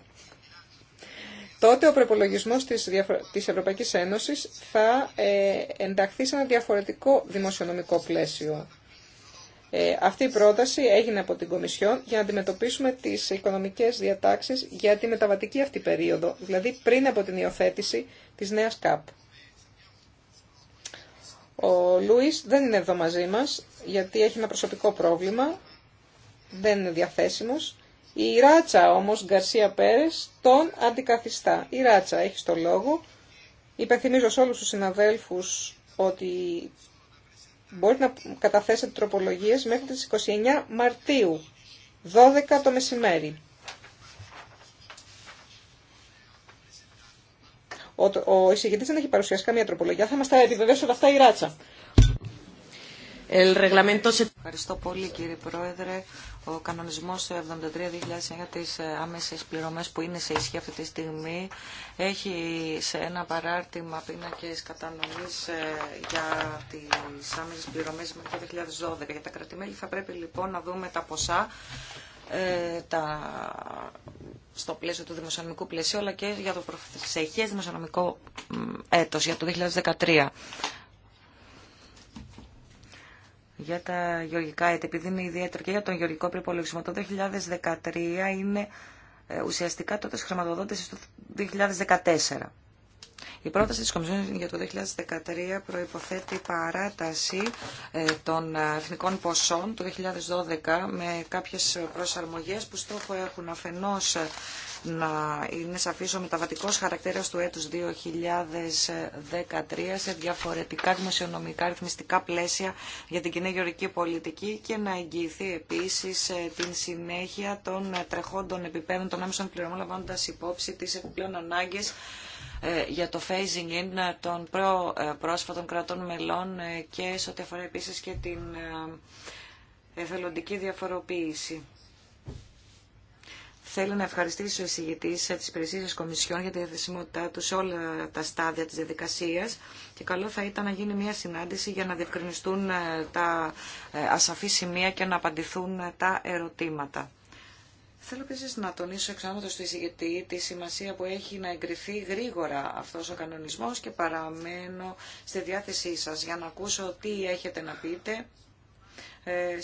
τότε ο προπολογισμό της, της Ευρωπαϊκής Ένωσης θα ε, ενταχθεί σε ένα διαφορετικό δημοσιονομικό πλαίσιο. Ε, αυτή η πρόταση έγινε από την Κομισιόν για να αντιμετωπίσουμε τις οικονομικές διατάξεις για τη μεταβατική αυτή περίοδο, δηλαδή πριν από την υιοθέτηση της νέας ΚΑΠ. Ο Λούις δεν είναι εδώ μαζί μας, γιατί έχει ένα προσωπικό πρόβλημα, δεν είναι διαθέσιμος. Η Ράτσα όμως, Γκαρσία Πέρες, τον αντικαθιστά. Η Ράτσα έχει το λόγο. Υπενθυμίζω σε όλους τους συναδέλφους ότι μπορείτε να καταθέσετε τροπολογίες μέχρι τις 29 Μαρτίου, 12 το μεσημέρι. Ο, ο εισηγητής δεν έχει παρουσιάσει καμία τροπολογία, θα μας τα επιβεβαίωσε όλα αυτά η Ράτσα. El reglamento Ευχαριστώ πολύ κύριε Πρόεδρε. Ο κανονισμός 73-2009 της ε, άμεσες πληρωμές που είναι σε ισχύ αυτή τη στιγμή έχει σε ένα παράρτημα πίνακες κατανομής ε, για τις άμεσες πληρωμές μέχρι το 2012. Για τα κρατημέλη θα πρέπει λοιπόν να δούμε τα ποσά ε, τα, στο πλαίσιο του δημοσιονομικού πλαισίου αλλά και για το προσεχές δημοσιονομικό έτος για το 2013 για τα γεωργικά έτη, επειδή είναι ιδιαίτερο και για τον γεωργικό προπολογισμό. Το 2013 είναι ε, ουσιαστικά τότε χρηματοδότηση το 2014. Η πρόταση της Κομισιόν για το 2013 προϋποθέτει παράταση ε, των ε, εθνικών ποσών του 2012 με κάποιες προσαρμογές που στόχο έχουν αφενός ε, να είναι σαφής ο μεταβατικός χαρακτήρας του έτους 2013 σε διαφορετικά δημοσιονομικά ρυθμιστικά πλαίσια για την κοινή γεωρική πολιτική και να εγγυηθεί επίσης την συνέχεια των τρεχόντων επιπέδων των άμεσων πληρωμών λαμβάνοντας υπόψη τις επιπλέον ανάγκες ε, για το phasing in ε, των προ, ε, πρόσφατων κρατών μελών και σε ό,τι αφορά επίσης και την εθελοντική διαφοροποίηση. Θέλω να ευχαριστήσω οι εισηγητή τη υπηρεσία Κομισιόν για τη διαθεσιμότητά του σε όλα τα στάδια της διαδικασία και καλό θα ήταν να γίνει μια συνάντηση για να διευκρινιστούν τα ασαφή σημεία και να απαντηθούν τα ερωτήματα. Θέλω επίση να τονίσω εξ ονόματο του εισηγητή τη σημασία που έχει να εγκριθεί γρήγορα αυτό ο κανονισμό και παραμένω στη διάθεσή σα για να ακούσω τι έχετε να πείτε ε,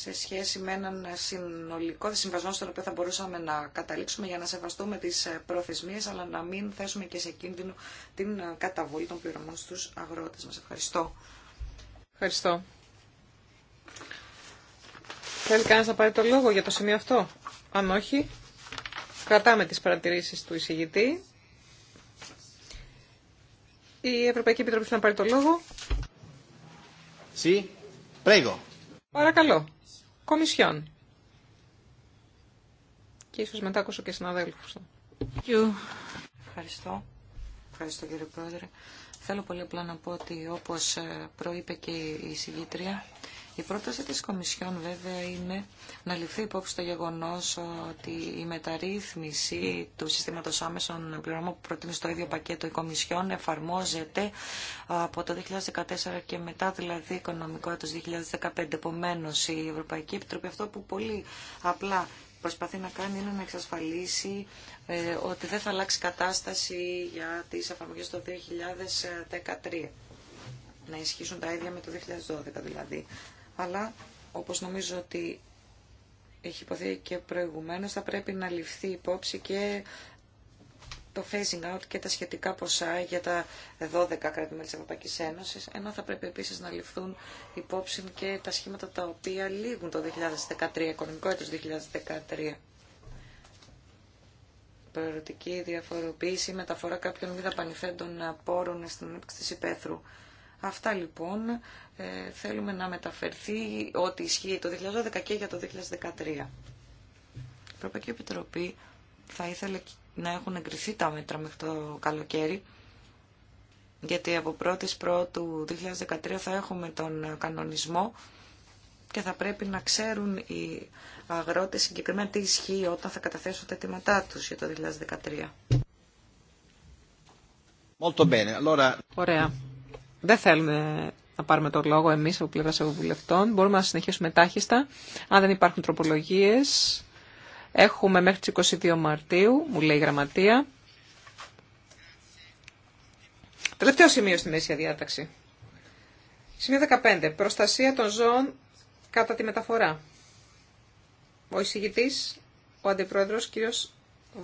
σε σχέση με έναν συνολικό συμβασμό στον οποίο θα μπορούσαμε να καταλήξουμε για να σεβαστούμε τις προθεσμίες αλλά να μην θέσουμε και σε κίνδυνο την καταβολή των πληρωμών στους αγρότες μας. Ευχαριστώ. Ευχαριστώ. Θέλει κανένα να πάρει το λόγο για το σημείο αυτό. Αν όχι, κρατάμε τις παρατηρήσεις του εισηγητή. Η Ευρωπαϊκή Επιτροπή θέλει να πάρει το λόγο. Sí. Prego. Παρακαλώ. Κομισιόν. Και ίσως μετά ακούσω και συναδέλφους. Ευχαριστώ. Ευχαριστώ κύριε Πρόεδρε. Θέλω πολύ απλά να πω ότι όπως ε, προείπε και η εισηγήτρια... Η πρόταση της Κομισιόν βέβαια είναι να ληφθεί υπόψη το γεγονός ότι η μεταρρύθμιση του συστήματος άμεσων πληρώμων που προτείνει στο ίδιο πακέτο η Κομισιόν εφαρμόζεται από το 2014 και μετά δηλαδή οικονομικό έτος 2015. Επομένω, η Ευρωπαϊκή Επιτροπή αυτό που πολύ απλά προσπαθεί να κάνει είναι να εξασφαλίσει ε, ότι δεν θα αλλάξει κατάσταση για τις εφαρμογές το 2013 να ισχύσουν τα ίδια με το 2012 δηλαδή αλλά όπως νομίζω ότι έχει υποθεί και προηγουμένως, θα πρέπει να ληφθεί υπόψη και το phasing out και τα σχετικά ποσά για τα 12 κράτη-μέλη της Ευρωπαϊκής Ένωσης, ενώ θα πρέπει επίσης να ληφθούν υπόψη και τα σχήματα τα οποία λήγουν το 2013, οικονομικό έτος 2013. Προερωτική διαφοροποίηση, μεταφορά κάποιων μη δαπανηθέντων πόρων στην έπτυξη τη υπαίθρου. Αυτά λοιπόν ε, θέλουμε να μεταφερθεί ό,τι ισχύει το 2012 και για το 2013. Η Ευρωπαϊκή Επιτροπή θα ήθελε να έχουν εγκριθεί τα μέτρα μέχρι το καλοκαίρι, γιατί από 1η Πρώτου 2013 θα έχουμε τον κανονισμό και θα πρέπει να ξέρουν οι αγρότες συγκεκριμένα τι ισχύει όταν θα καταθέσουν τα αιτήματά τους για το 2013. Ωραία δεν θέλουμε να πάρουμε το λόγο εμείς από πλευράς ευρωβουλευτών. Μπορούμε να συνεχίσουμε τάχιστα. Αν δεν υπάρχουν τροπολογίες, έχουμε μέχρι τις 22 Μαρτίου, μου λέει η Γραμματεία. Τελευταίο σημείο στη μέση διάταξη. Σημείο 15. Προστασία των ζώων κατά τη μεταφορά. Ο εισηγητής, ο αντιπρόεδρος κ.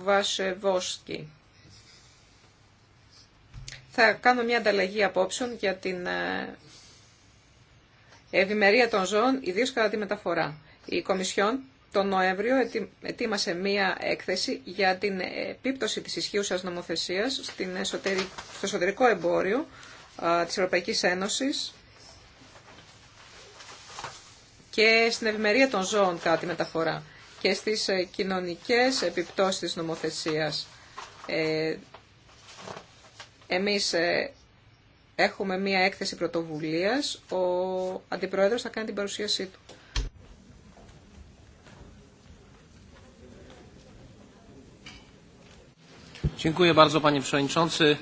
Βασεβόσκη θα κάνω μια ανταλλαγή απόψεων για την ε, ευημερία των ζώων, ιδίως κατά τη μεταφορά. Η Κομισιόν τον Νοέμβριο ετοίμασε μία έκθεση για την επίπτωση της ισχύουσας νομοθεσίας στην στο εσωτερικό εμπόριο της Ευρωπαϊκής Ένωσης και στην ευημερία των ζώων κατά τη μεταφορά και στις ε, κοινωνικές επιπτώσεις της νομοθεσίας ε, εμείς ε, έχουμε μία έκθεση πρωτοβουλίας. Ο Αντιπρόεδρος θα κάνει την παρουσίασή του. Dziękuję bardzo, panie przewodniczący.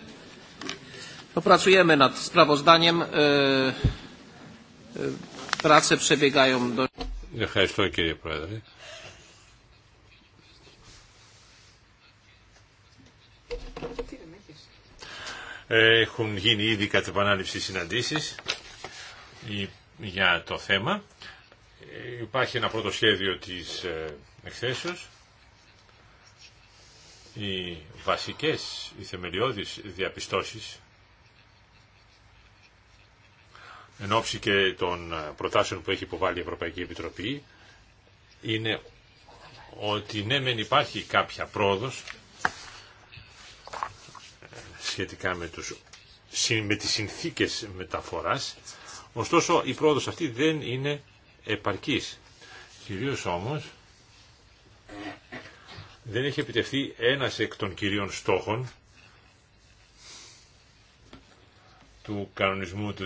No, pracujemy nad sprawozdaniem. E, e, prace przebiegają do... Ευχαριστώ κύριε Πρόεδρε. Ε, έχουν γίνει ήδη κατ' επανάληψη συναντήσεις για το θέμα. Ε, υπάρχει ένα πρώτο σχέδιο της ε, εκθέσεως. Οι βασικές, οι θεμελιώδεις διαπιστώσεις εν ώψη και των προτάσεων που έχει υποβάλει η Ευρωπαϊκή Επιτροπή είναι ότι ναι μεν υπάρχει κάποια πρόοδος σχετικά με, τους, με τις συνθήκες μεταφοράς, ωστόσο η πρόοδος αυτή δεν είναι επαρκής. Κυρίως όμως δεν έχει επιτευχθεί ένας εκ των κυρίων στόχων του κανονισμού του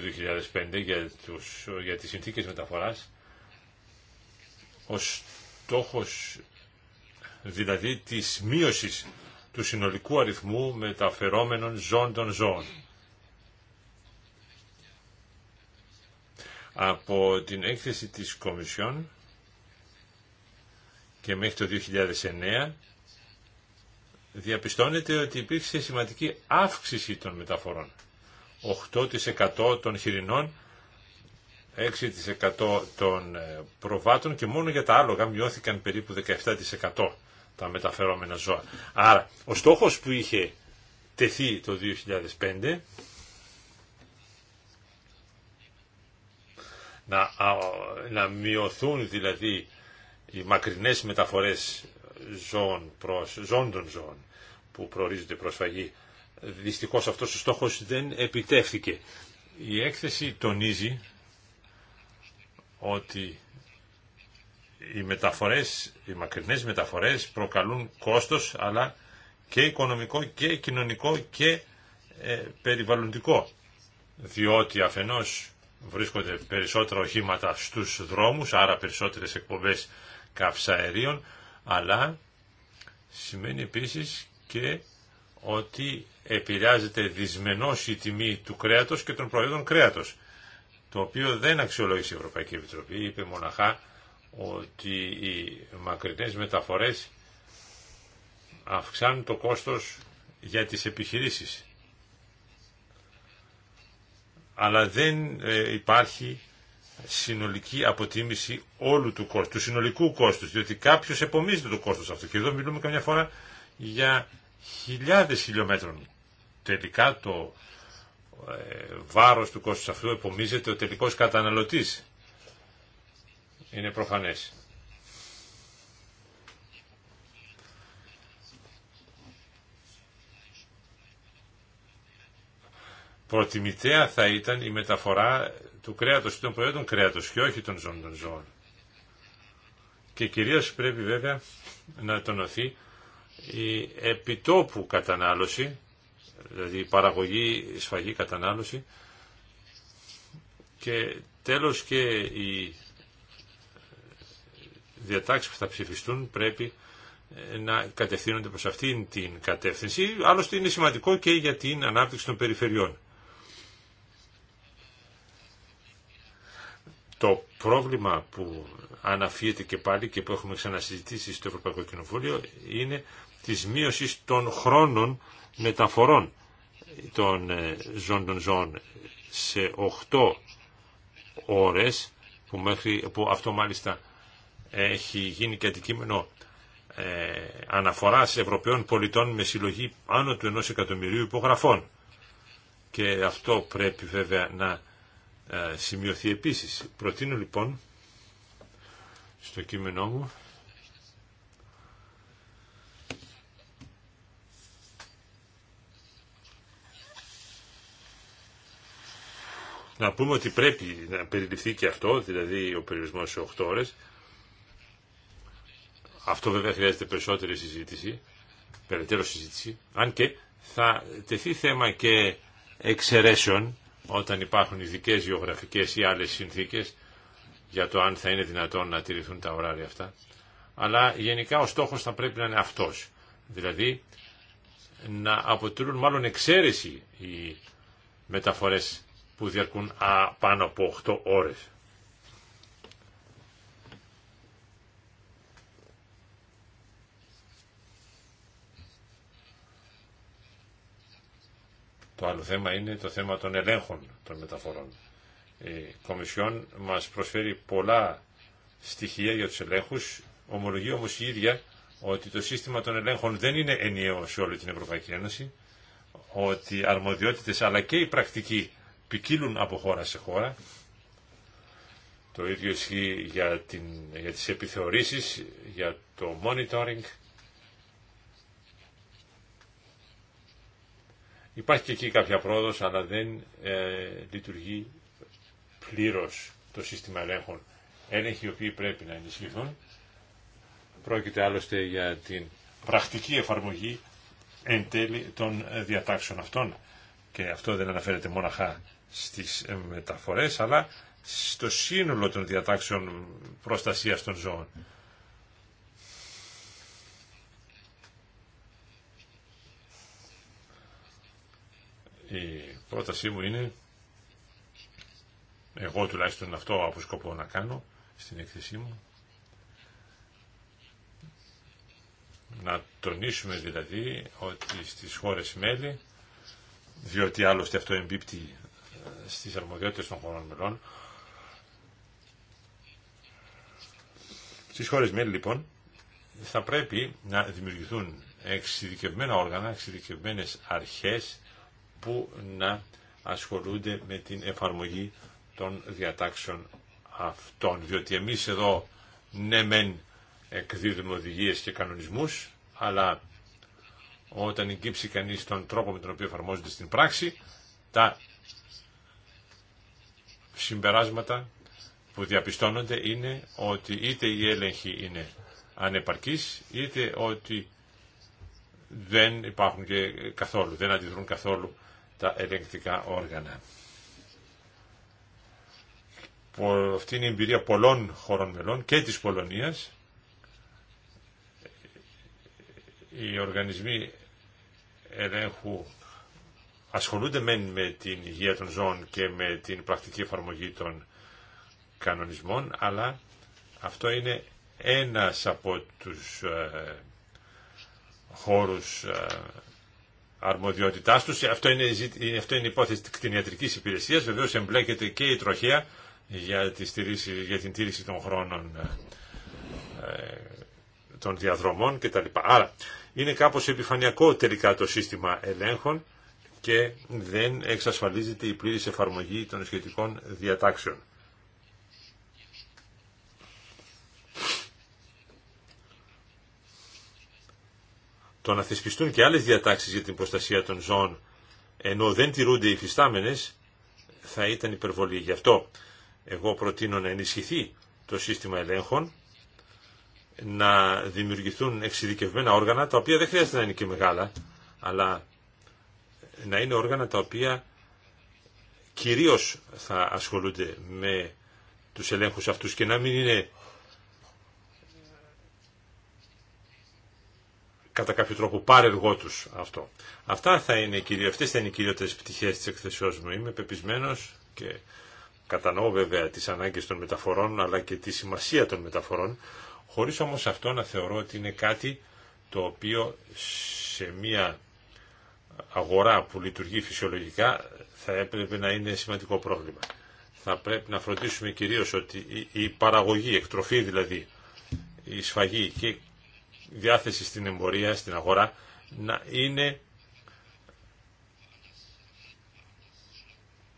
2005 για, τους, για τις συνθήκες μεταφοράς ο στόχος δηλαδή της μείωσης του συνολικού αριθμού μεταφερόμενων ζών των ζώων. Από την έκθεση της Κομισιόν και μέχρι το 2009 διαπιστώνεται ότι υπήρξε σημαντική αύξηση των μεταφορών. 8% των χοιρινών, 6% των ε, προβάτων και μόνο για τα άλογα μειώθηκαν περίπου 17% τα μεταφερόμενα ζώα. Άρα, ο στόχος που είχε τεθεί το 2005 να, να μειωθούν δηλαδή οι μακρινές μεταφορές ζώων προς, ζών των ζώων που προορίζονται προσφαγή, φαγή. Δυστυχώς αυτός ο στόχος δεν επιτεύχθηκε. Η έκθεση τονίζει ότι οι μεταφορές, οι μακρινές μεταφορές προκαλούν κόστος αλλά και οικονομικό και κοινωνικό και ε, περιβαλλοντικό διότι αφενός βρίσκονται περισσότερα οχήματα στους δρόμους άρα περισσότερες εκπομπές καυσαερίων αλλά σημαίνει επίσης και ότι επηρεάζεται δυσμενώς η τιμή του κρέατος και των προϊόντων κρέατος το οποίο δεν αξιολόγησε η Ευρωπαϊκή Επιτροπή είπε μοναχά ότι οι μακρινές μεταφορές αυξάνουν το κόστος για τις επιχειρήσεις. Αλλά δεν ε, υπάρχει συνολική αποτίμηση όλου του κόστου, του συνολικού κόστους, διότι κάποιος επομίζεται το κόστος αυτό. Και εδώ μιλούμε καμιά φορά για χιλιάδες χιλιόμετρων. Τελικά το ε, βάρος του κόστους αυτού επομίζεται ο τελικός καταναλωτής είναι προφανές. Προτιμητέα θα ήταν η μεταφορά του κρέατος ή των προϊόντων κρέατος και όχι των ζώων των ζώων. Και κυρίως πρέπει βέβαια να τονωθεί η επιτόπου κατανάλωση, δηλαδή η παραγωγή, η σφαγή κατανάλωση και οχι των ζωων των ζωων και κυριως πρεπει βεβαια να τονωθει η επιτοπου καταναλωση δηλαδη η παραγωγη σφαγη καταναλωση και τελος και η διατάξεις που θα ψηφιστούν πρέπει ε, να κατευθύνονται προς αυτήν την κατεύθυνση. Άλλωστε είναι σημαντικό και για την ανάπτυξη των περιφερειών. Το πρόβλημα που αναφύεται και πάλι και που έχουμε ξανασυζητήσει στο Ευρωπαϊκό Κοινοβούλιο είναι της μείωσης των χρόνων μεταφορών των ε, ζών των σε 8 ώρες που, μέχρι, που αυτό μάλιστα έχει γίνει και αντικείμενο ε, αναφοράς Ευρωπαίων πολιτών με συλλογή άνω του ενός εκατομμυρίου υπογραφών. Και αυτό πρέπει βέβαια να ε, σημειωθεί επίσης. Προτείνω λοιπόν στο κείμενό μου να πούμε ότι πρέπει να περιληφθεί και αυτό, δηλαδή ο περιορισμός σε 8 ώρες, αυτό βέβαια χρειάζεται περισσότερη συζήτηση, περαιτέρω συζήτηση, αν και θα τεθεί θέμα και εξαιρέσεων όταν υπάρχουν ειδικέ γεωγραφικέ ή άλλες συνθήκες για το αν θα είναι δυνατόν να τηρηθούν τα ωράρια αυτά. Αλλά γενικά ο στόχος θα πρέπει να είναι αυτός. Δηλαδή να αποτελούν μάλλον εξαίρεση οι μεταφορέ που διαρκούν πάνω από 8 ώρες. Το άλλο θέμα είναι το θέμα των ελέγχων των μεταφορών. Η Κομισιόν μας προσφέρει πολλά στοιχεία για τους ελέγχους, ομολογεί όμως η ίδια ότι το σύστημα των ελέγχων δεν είναι ενιαίο σε όλη την Ευρωπαϊκή Ένωση, ότι αρμοδιότητες αλλά και η πρακτική ποικίλουν από χώρα σε χώρα. Το ίδιο ισχύει για, την, για τις επιθεωρήσεις, για το monitoring Υπάρχει και εκεί κάποια πρόοδος, αλλά δεν ε, λειτουργεί πλήρως το σύστημα ελέγχων. Έλεγχοι οι οποίοι πρέπει να ενισχυθούν. Πρόκειται άλλωστε για την πρακτική εφαρμογή εν τέλει των διατάξεων αυτών. Και αυτό δεν αναφέρεται μόναχα στις μεταφορές, αλλά στο σύνολο των διατάξεων προστασίας των ζώων. Η πρότασή μου είναι, εγώ τουλάχιστον αυτό σκοπό να κάνω στην έκθεσή μου, να τονίσουμε δηλαδή ότι στις χώρες μέλη, διότι άλλωστε αυτό εμπίπτει ε, στις αρμοδιότητες των χωρών μελών, στις χώρες μέλη λοιπόν θα πρέπει να δημιουργηθούν εξειδικευμένα όργανα, εξειδικευμένες αρχές που να ασχολούνται με την εφαρμογή των διατάξεων αυτών. Διότι εμείς εδώ ναι μεν εκδίδουμε οδηγίες και κανονισμούς, αλλά όταν εγκύψει κανείς τον τρόπο με τον οποίο εφαρμόζονται στην πράξη, τα συμπεράσματα που διαπιστώνονται είναι ότι είτε η έλεγχη είναι ανεπαρκής, είτε ότι δεν υπάρχουν και καθόλου, δεν αντιδρούν καθόλου τα ελεγκτικά όργανα. Αυτή είναι η εμπειρία πολλών χωρών μελών και της Πολωνίας. Οι οργανισμοί ελέγχου ασχολούνται με την υγεία των ζώων και με την πρακτική εφαρμογή των κανονισμών, αλλά αυτό είναι ένας από τους ε, χώρους ε, Αρμοδιότητά του. Αυτό είναι, ε, αυτό είναι υπόθεση της κτηνιατρικής υπηρεσίας. Βεβαίως εμπλέκεται και η τροχέα για, την τήρηση των χρόνων ε, ε, των διαδρομών κτλ. Άρα είναι κάπως επιφανειακό τελικά το σύστημα ελέγχων και δεν εξασφαλίζεται η πλήρης εφαρμογή των σχετικών διατάξεων. το να θεσπιστούν και άλλες διατάξεις για την προστασία των ζώων ενώ δεν τηρούνται οι φυστάμενες θα ήταν υπερβολή. Γι' αυτό εγώ προτείνω να ενισχυθεί το σύστημα ελέγχων, να δημιουργηθούν εξειδικευμένα όργανα, τα οποία δεν χρειάζεται να είναι και μεγάλα, αλλά να είναι όργανα τα οποία κυρίως θα ασχολούνται με τους ελέγχους αυτούς και να μην είναι κατά κάποιο τρόπο παρεργό του αυτό. Αυτά θα είναι, αυτές θα είναι οι κυριότερες πτυχές της εκθεσιό μου. Είμαι πεπισμένος και κατανοώ βέβαια τις ανάγκες των μεταφορών αλλά και τη σημασία των μεταφορών χωρί όμω αυτό να θεωρώ ότι είναι κάτι το οποίο σε μια αγορά που λειτουργεί φυσιολογικά θα έπρεπε να είναι σημαντικό πρόβλημα. Θα πρέπει να φροντίσουμε κυρίως ότι η παραγωγή, εκτροφή δηλαδή, η σφαγή και διάθεση στην εμπορία, στην αγορά, να είναι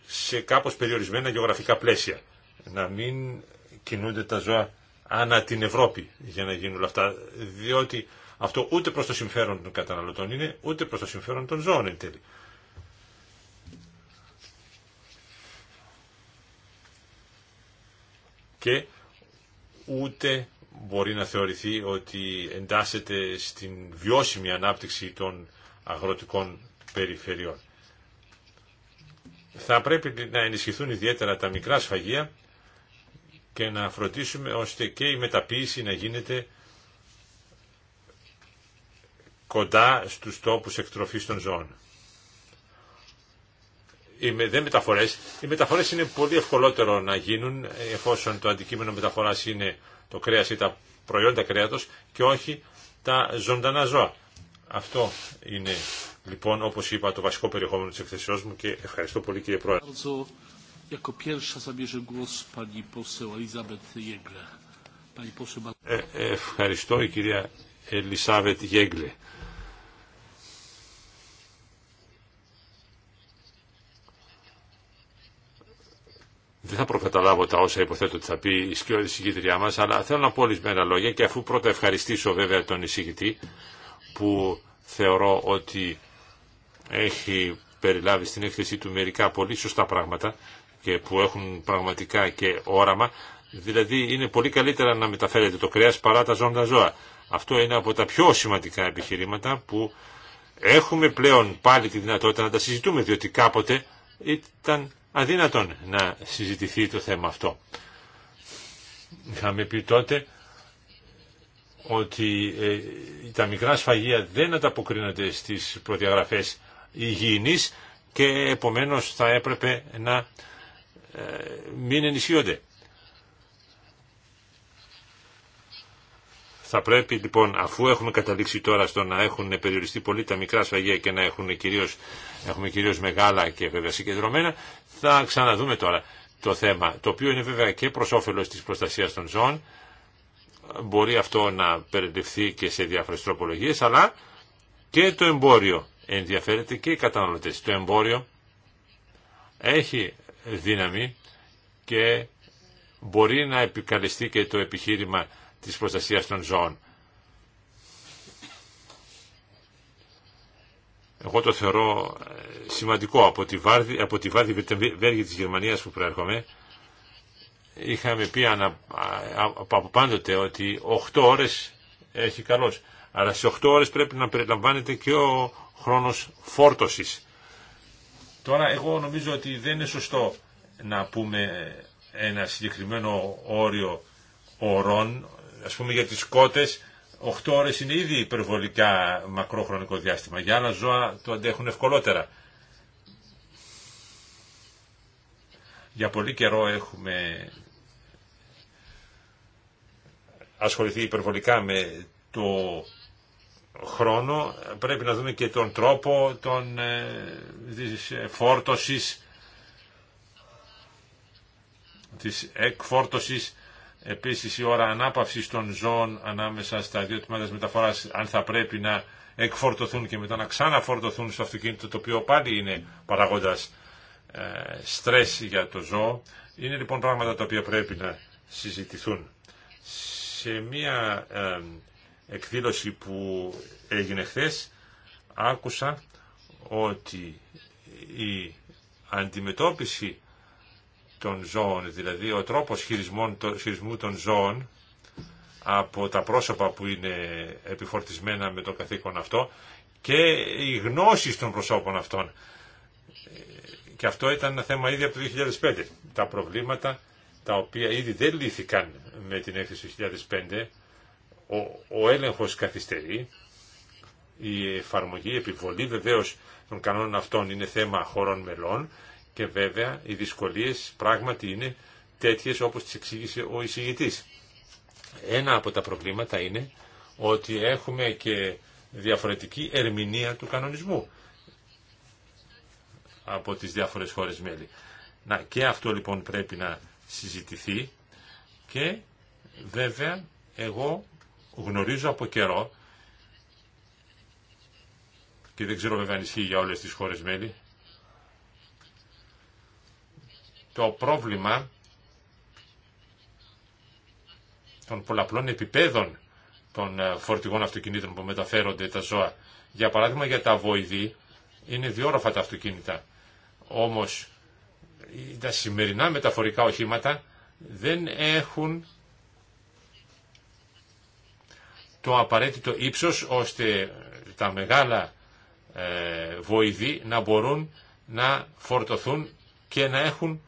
σε κάπως περιορισμένα γεωγραφικά πλαίσια. Να μην κινούνται τα ζώα ανά την Ευρώπη για να γίνουν όλα αυτά, διότι αυτό ούτε προς το συμφέρον των καταναλωτών είναι, ούτε προς το συμφέρον των ζώων εν τέλει. Και ούτε μπορεί να θεωρηθεί ότι εντάσσεται στην βιώσιμη ανάπτυξη των αγροτικών περιφερειών. Θα πρέπει να ενισχυθούν ιδιαίτερα τα μικρά σφαγεία και να φροντίσουμε ώστε και η μεταποίηση να γίνεται κοντά στους τόπους εκτροφής των ζώων. Οι δεν μεταφορές. Οι μεταφορές είναι πολύ ευκολότερο να γίνουν εφόσον το αντικείμενο μεταφοράς είναι το κρέας ή τα προϊόντα κρέατος και όχι τα ζωντανά ζώα. Αυτό είναι λοιπόν όπως είπα το βασικό περιεχόμενο της εκθεσιός μου και ευχαριστώ πολύ κύριε Πρόεδρε. ευχαριστώ η κυρία Ελισάβετ Γέγκλε. Δεν θα προκαταλάβω τα όσα υποθέτω ότι θα πει η σκιώδη συγκίτριά μας, αλλά θέλω να πω ορισμένα λόγια και αφού πρώτα ευχαριστήσω βέβαια τον εισηγητή που θεωρώ ότι έχει περιλάβει στην έκθεσή του μερικά πολύ σωστά πράγματα και που έχουν πραγματικά και όραμα. Δηλαδή είναι πολύ καλύτερα να μεταφέρεται το κρέας παρά τα ζώντα ζώα. Αυτό είναι από τα πιο σημαντικά επιχειρήματα που έχουμε πλέον πάλι τη δυνατότητα να τα συζητούμε διότι κάποτε ήταν αδύνατον να συζητηθεί το θέμα αυτό. Είχαμε πει τότε ότι ε, τα μικρά σφαγεία δεν ανταποκρίνονται στις προδιαγραφές υγιεινής και επομένως θα έπρεπε να ε, μην ενισχύονται. Θα πρέπει λοιπόν, αφού έχουμε καταλήξει τώρα στο να έχουν περιοριστεί πολύ τα μικρά σφαγεία και να έχουν κυρίως, έχουμε κυρίως μεγάλα και βέβαια συγκεντρωμένα, θα ξαναδούμε τώρα το θέμα, το οποίο είναι βέβαια και προς όφελος της προστασίας των ζώων. Μπορεί αυτό να περιληφθεί και σε διάφορες τροπολογίες, αλλά και το εμπόριο ενδιαφέρεται και οι καταναλωτές. Το εμπόριο έχει δύναμη και μπορεί να επικαλεστεί και το επιχείρημα της προστασίας των ζώων. εγώ το θεωρώ ε, σημαντικό. Από τη Βάρδη, από τη Βάρδη της Γερμανίας που προέρχομαι, είχαμε πει από πάντοτε ότι 8 ώρες έχει καλός. Αλλά σε 8 ώρες πρέπει να περιλαμβάνεται και ο χρόνος φόρτωσης. Τώρα εγώ νομίζω ότι δεν είναι σωστό να πούμε ε, ένα συγκεκριμένο όριο ωρών, ας πούμε για τις κότες 8 ώρες είναι ήδη υπερβολικά μακρόχρονικό διάστημα. Για άλλα ζώα το αντέχουν ευκολότερα. Για πολύ καιρό έχουμε ασχοληθεί υπερβολικά με το χρόνο. Πρέπει να δούμε και τον τρόπο των, ε, της φόρτωσης, της εκφόρτωσης Επίσης η ώρα ανάπαυσης των ζώων ανάμεσα στα δύο τμήματα μεταφοράς αν θα πρέπει να εκφορτωθούν και μετά να ξαναφορτωθούν στο αυτοκίνητο το οποίο πάλι είναι παραγόντας ε, στρες για το ζώο. Είναι λοιπόν πράγματα τα οποία πρέπει να συζητηθούν. Σε μία ε, εκδήλωση που έγινε χθε, άκουσα ότι η αντιμετώπιση των ζώων, δηλαδή ο τρόπος χειρισμού των ζώων από τα πρόσωπα που είναι επιφορτισμένα με το καθήκον αυτό και οι γνώσεις των προσώπων αυτών. Και αυτό ήταν ένα θέμα ήδη από το 2005. Τα προβλήματα τα οποία ήδη δεν λύθηκαν με την έκθεση του 2005, ο, ο έλεγχος καθυστερεί, η εφαρμογή, επιβολή βεβαίως των κανόνων αυτών είναι θέμα χωρών μελών και βέβαια οι δυσκολίες πράγματι είναι τέτοιες όπως τις εξήγησε ο εισηγητής. Ένα από τα προβλήματα είναι ότι έχουμε και διαφορετική ερμηνεία του κανονισμού από τις διάφορες χώρες μέλη. Να, και αυτό λοιπόν πρέπει να συζητηθεί και βέβαια εγώ γνωρίζω από καιρό και δεν ξέρω βέβαια αν ισχύει για όλες τις χώρες μέλη το πρόβλημα των πολλαπλών επιπέδων των ε, φορτηγών αυτοκινήτων που μεταφέρονται τα ζώα. Για παράδειγμα για τα βοηδή είναι διόροφα τα αυτοκίνητα. Όμως τα σημερινά μεταφορικά οχήματα δεν έχουν το απαραίτητο ύψος ώστε τα μεγάλα ε, βοηδή να μπορούν να φορτωθούν και να έχουν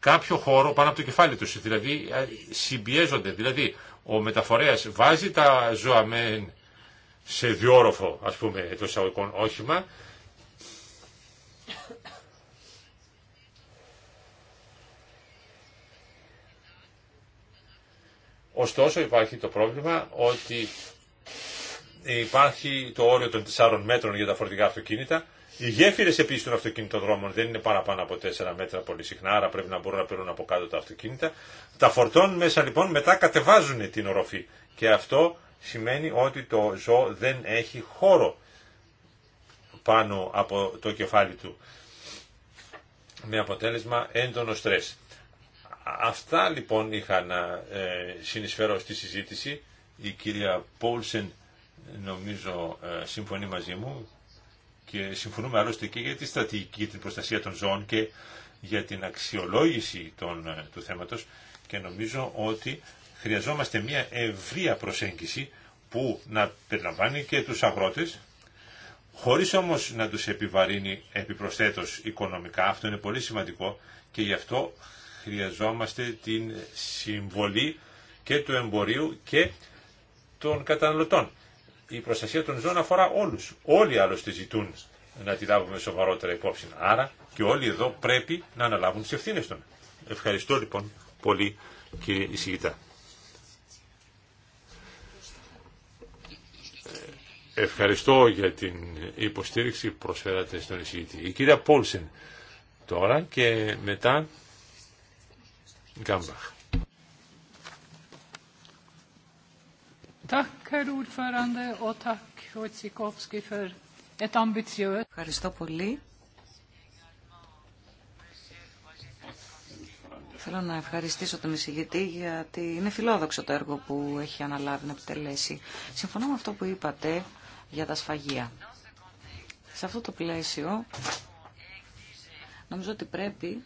κάποιο χώρο πάνω από το κεφάλι τους, δηλαδή ε, συμπιέζονται, δηλαδή ο μεταφορέας βάζει τα ζώα με σε διόροφο, ας πούμε, το εισαγωγικών όχημα, Ωστόσο υπάρχει το πρόβλημα ότι υπάρχει το όριο των 4 μέτρων για τα φορτηγά αυτοκίνητα οι γέφυρε επίση των αυτοκινητοδρόμων δεν είναι παραπάνω από 4 μέτρα πολύ συχνά, άρα πρέπει να μπορούν να περνούν από κάτω τα αυτοκίνητα. Τα φορτώνουν μέσα λοιπόν, μετά κατεβάζουν την οροφή. Και αυτό σημαίνει ότι το ζώο δεν έχει χώρο πάνω από το κεφάλι του. Με αποτέλεσμα έντονο στρες. Αυτά λοιπόν είχα να ε, συνεισφέρω στη συζήτηση. Η κυρία Πόλσεν νομίζω ε, συμφωνεί μαζί μου και συμφωνούμε άλλωστε και για τη στρατηγική την προστασία των ζώων και για την αξιολόγηση των, ε, του θέματος και νομίζω ότι χρειαζόμαστε μια ευρία προσέγγιση που να περιλαμβάνει και τους αγρότες χωρίς όμως να τους επιβαρύνει επιπροσθέτως οικονομικά. Αυτό είναι πολύ σημαντικό και γι' αυτό χρειαζόμαστε την συμβολή και του εμπορίου και των καταναλωτών η προστασία των ζώων αφορά όλους. Όλοι άλλωστε ζητούν να τη λάβουμε σοβαρότερα υπόψη. Άρα και όλοι εδώ πρέπει να αναλάβουν τις ευθύνες των. Ευχαριστώ λοιπόν πολύ κύριε Ισηγητά. Ευχαριστώ για την υποστήριξη που προσφέρατε στον Ισηγητή. Η κυρία Πόλσεν τώρα και μετά Γκάμπαχ. Ευχαριστώ πολύ. Θέλω να ευχαριστήσω τον εισηγητή γιατί είναι φιλόδοξο το έργο που έχει αναλάβει να επιτελέσει. Συμφωνώ με αυτό που είπατε για τα σφαγεία. Σε αυτό το πλαίσιο νομίζω ότι πρέπει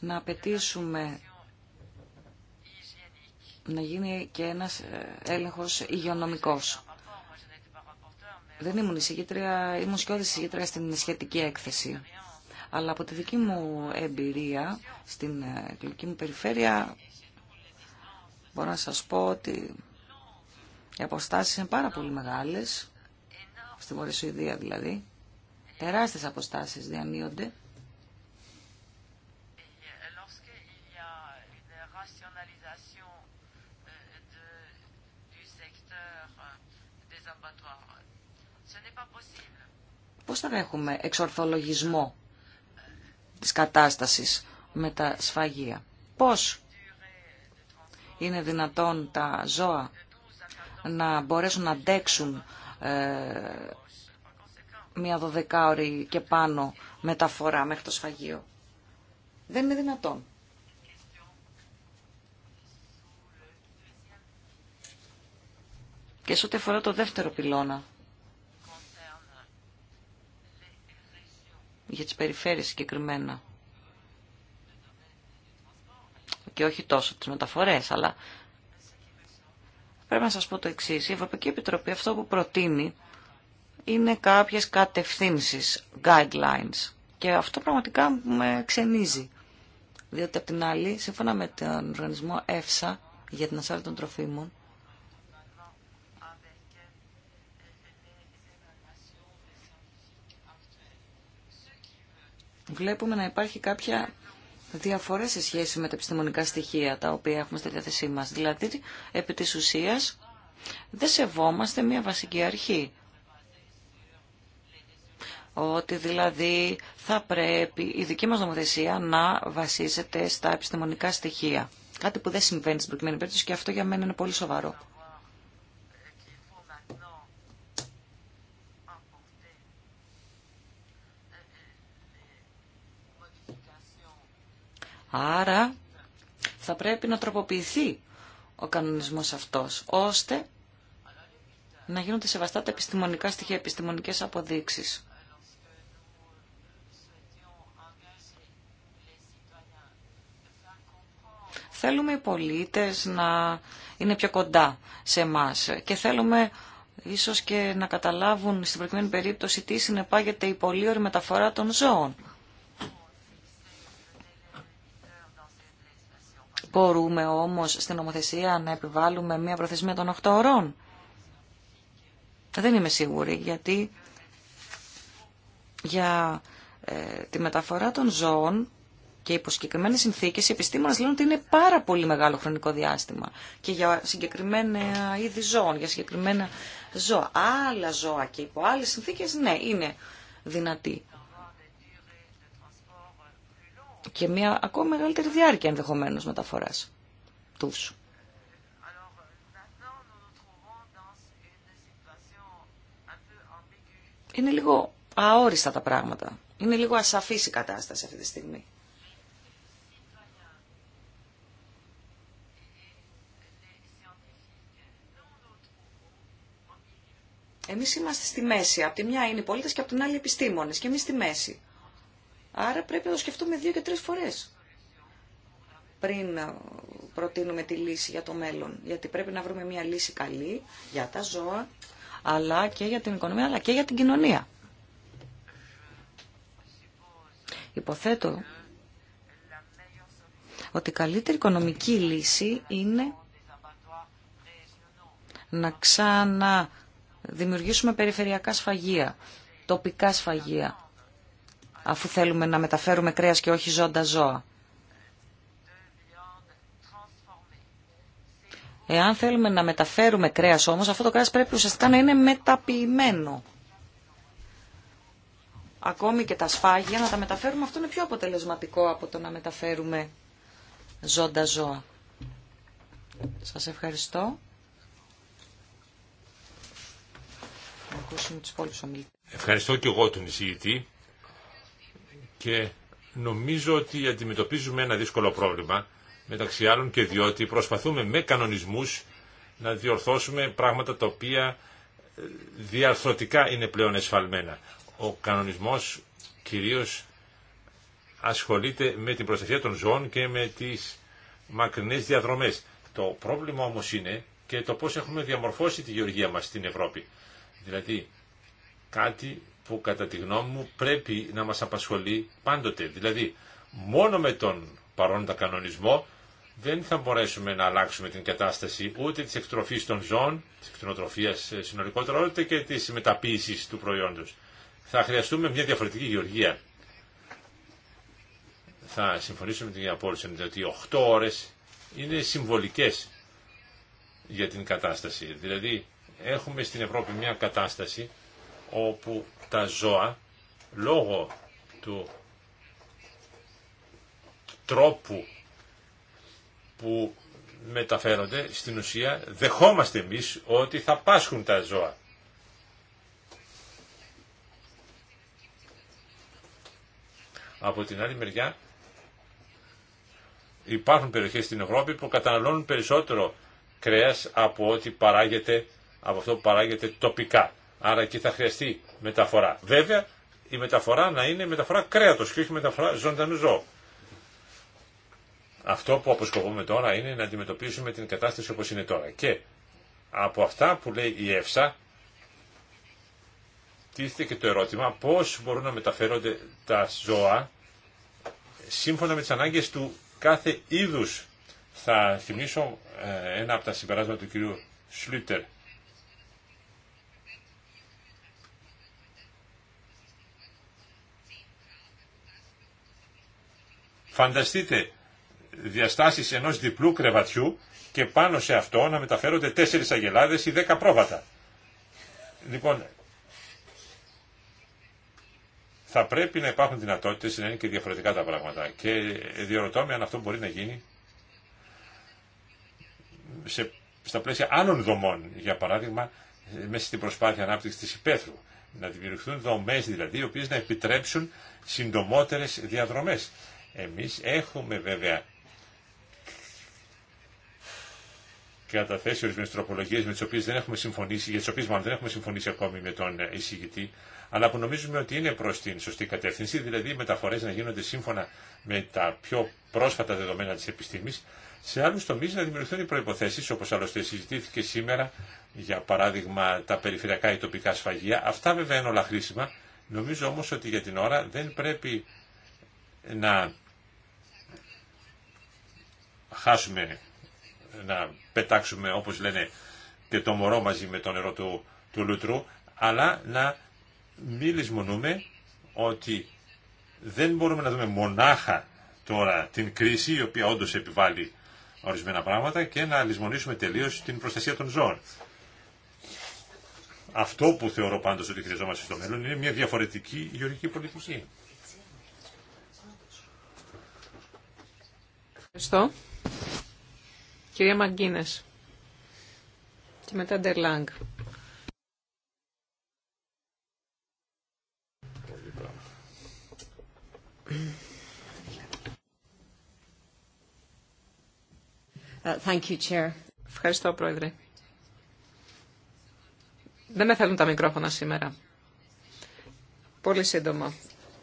να απαιτήσουμε να γίνει και ένας ε, έλεγχος υγειονομικός. Δεν ήμουν εισηγήτρια, ήμουν σκιώδη εισηγήτρια στην σχετική έκθεση. Αλλά από τη δική μου εμπειρία στην ε, εκλογική μου περιφέρεια μπορώ να σας πω ότι οι αποστάσεις είναι πάρα πολύ μεγάλες, στη Βορειοσουηδία δηλαδή. Τεράστιες αποστάσεις διανύονται. Πώς θα έχουμε εξορθολογισμό της κατάστασης με τα σφαγεία. Πώς είναι δυνατόν τα ζώα να μπορέσουν να αντέξουν ε, μία δωδεκάωρη και πάνω μεταφορά μέχρι το σφαγείο. Δεν είναι δυνατόν. Και σε ό,τι αφορά το δεύτερο πυλώνα, για τις περιφέρειες συγκεκριμένα. Και όχι τόσο τις μεταφορές, αλλά πρέπει να σας πω το εξής. Η Ευρωπαϊκή Επιτροπή αυτό που προτείνει είναι κάποιες κατευθύνσεις, guidelines. Και αυτό πραγματικά με ξενίζει. Διότι απ' την άλλη, σύμφωνα με τον οργανισμό EFSA για την ασφάλεια των τροφίμων, βλέπουμε να υπάρχει κάποια διαφορά σε σχέση με τα επιστημονικά στοιχεία τα οποία έχουμε στη διάθεσή μας. Δηλαδή, επί της ουσίας, δεν σεβόμαστε μια βασική αρχή. Ότι δηλαδή θα πρέπει η δική μας νομοθεσία να βασίζεται στα επιστημονικά στοιχεία. Κάτι που δεν συμβαίνει στην προκειμένη περίπτωση και αυτό για μένα είναι πολύ σοβαρό. Άρα θα πρέπει να τροποποιηθεί ο κανονισμός αυτός, ώστε να γίνονται σεβαστά τα επιστημονικά στοιχεία, επιστημονικές αποδείξεις. Θέλουμε οι πολίτες να είναι πιο κοντά σε εμά και θέλουμε ίσως και να καταλάβουν στην προκειμένη περίπτωση τι συνεπάγεται η πολύωρη μεταφορά των ζώων. Μπορούμε όμως στην νομοθεσία να επιβάλλουμε μια προθεσμία των 8 ωρών. Δεν είμαι σίγουρη γιατί για ε, τη μεταφορά των ζώων και υπό συγκεκριμένε συνθήκε, οι επιστήμονε λένε ότι είναι πάρα πολύ μεγάλο χρονικό διάστημα και για συγκεκριμένα είδη ζώων, για συγκεκριμένα ζώα. Άλλα ζώα και υπό άλλε συνθήκε, ναι, είναι δυνατή και μια ακόμα μεγαλύτερη διάρκεια ενδεχομένως μεταφοράς τους. Είναι λίγο αόριστα τα πράγματα. Είναι λίγο ασαφής η κατάσταση αυτή τη στιγμή. Εμείς είμαστε στη μέση. Απ' τη μια είναι οι πολίτες και από την άλλη οι επιστήμονες. Και εμείς στη μέση. Άρα πρέπει να το σκεφτούμε δύο και τρεις φορές πριν προτείνουμε τη λύση για το μέλλον. Γιατί πρέπει να βρούμε μια λύση καλή για τα ζώα, αλλά και για την οικονομία, αλλά και για την κοινωνία. Υποθέτω ότι η καλύτερη οικονομική λύση είναι να ξαναδημιουργήσουμε περιφερειακά σφαγεία, τοπικά σφαγεία αφού θέλουμε να μεταφέρουμε κρέας και όχι ζώντα ζώα. Εάν θέλουμε να μεταφέρουμε κρέας όμως, αυτό το κρέας πρέπει ουσιαστικά να είναι μεταποιημένο. Ακόμη και τα σφάγια να τα μεταφέρουμε, αυτό είναι πιο αποτελεσματικό από το να μεταφέρουμε ζώντα ζώα. Σας ευχαριστώ. Ευχαριστώ και εγώ τον εισηγητή και νομίζω ότι αντιμετωπίζουμε ένα δύσκολο πρόβλημα μεταξύ άλλων και διότι προσπαθούμε με κανονισμούς να διορθώσουμε πράγματα τα οποία ε, διαρθρωτικά είναι πλέον εσφαλμένα. Ο κανονισμός κυρίως ασχολείται με την προστασία των ζώων και με τις μακρινές διαδρομές. Το πρόβλημα όμως είναι και το πώς έχουμε διαμορφώσει τη γεωργία μας στην Ευρώπη. Δηλαδή κάτι που κατά τη γνώμη μου πρέπει να μας απασχολεί πάντοτε. Δηλαδή, μόνο με τον παρόντα κανονισμό δεν θα μπορέσουμε να αλλάξουμε την κατάσταση ούτε της εκτροφής των ζώων, της εκτροφίας ε, συνολικότερα, ούτε και της μεταποίησης του προϊόντος. Θα χρειαστούμε μια διαφορετική γεωργία. Θα συμφωνήσω με την κυρία Πόλσεν ότι 8 ώρες είναι συμβολικές για την κατάσταση. Δηλαδή, έχουμε στην Ευρώπη μια κατάσταση όπου τα ζώα λόγω του τρόπου που μεταφέρονται στην ουσία δεχόμαστε εμείς ότι θα πάσχουν τα ζώα. Από την άλλη μεριά υπάρχουν περιοχές στην Ευρώπη που καταναλώνουν περισσότερο κρέας από ό,τι παράγεται, από αυτό που παράγεται τοπικά. Άρα και θα χρειαστεί μεταφορά. Βέβαια, η μεταφορά να είναι μεταφορά κρέατος και όχι μεταφορά ζωντανού ζώου. Αυτό που αποσκοπούμε τώρα είναι να αντιμετωπίσουμε την κατάσταση όπως είναι τώρα. Και από αυτά που λέει η ΕΦΣΑ, τίθεται και το ερώτημα πώς μπορούν να μεταφέρονται τα ζώα σύμφωνα με τις ανάγκες του κάθε είδου. Θα θυμίσω ε, ένα από τα συμπεράσματα του κυρίου Σλούτερ Φανταστείτε διαστάσεις ενός διπλού κρεβατιού και πάνω σε αυτό να μεταφέρονται τέσσερις αγελάδες ή δέκα πρόβατα. Λοιπόν, θα πρέπει να υπάρχουν δυνατότητες να είναι και διαφορετικά τα πράγματα. Και διορωτώ με αν αυτό μπορεί να γίνει σε, στα πλαίσια άλλων δομών, για παράδειγμα, μέσα στην προσπάθεια ανάπτυξη τη υπαίθρου. Να δημιουργηθούν δομέ δηλαδή, οι οποίε να επιτρέψουν συντομότερες διαδρομέ. Εμείς έχουμε βέβαια καταθέσει ορισμένε τροπολογίε με τι οποίε δεν έχουμε συμφωνήσει, για τι οποίε μάλλον δεν έχουμε συμφωνήσει ακόμη με τον ε, εισηγητή, αλλά που νομίζουμε ότι είναι προ την σωστή κατεύθυνση, δηλαδή οι μεταφορέ να γίνονται σύμφωνα με τα πιο πρόσφατα δεδομένα τη επιστήμη, σε άλλου τομεί να δημιουργηθούν οι προποθέσει, όπω άλλωστε συζητήθηκε σήμερα, για παράδειγμα τα περιφερειακά ή τοπικά σφαγεία. Αυτά βέβαια είναι όλα χρήσιμα. Νομίζω όμω ότι για την ώρα δεν πρέπει να χάσουμε, να πετάξουμε όπως λένε και το μωρό μαζί με το νερό του, του λούτρου, αλλά να μην λησμονούμε ότι δεν μπορούμε να δούμε μονάχα τώρα την κρίση η οποία όντως επιβάλλει ορισμένα πράγματα και να λησμονήσουμε τελείως την προστασία των ζώων. Αυτό που θεωρώ πάντως ότι χρειαζόμαστε στο μέλλον είναι μια διαφορετική γεωργική πολιτική. Ευχαριστώ. Κυρία Μαγκίνες. Και μετά Ντερ Λάγκ ε, Ευχαριστώ, Πρόεδρε. Δεν με θέλουν τα μικρόφωνα σήμερα. Πολύ σύντομα.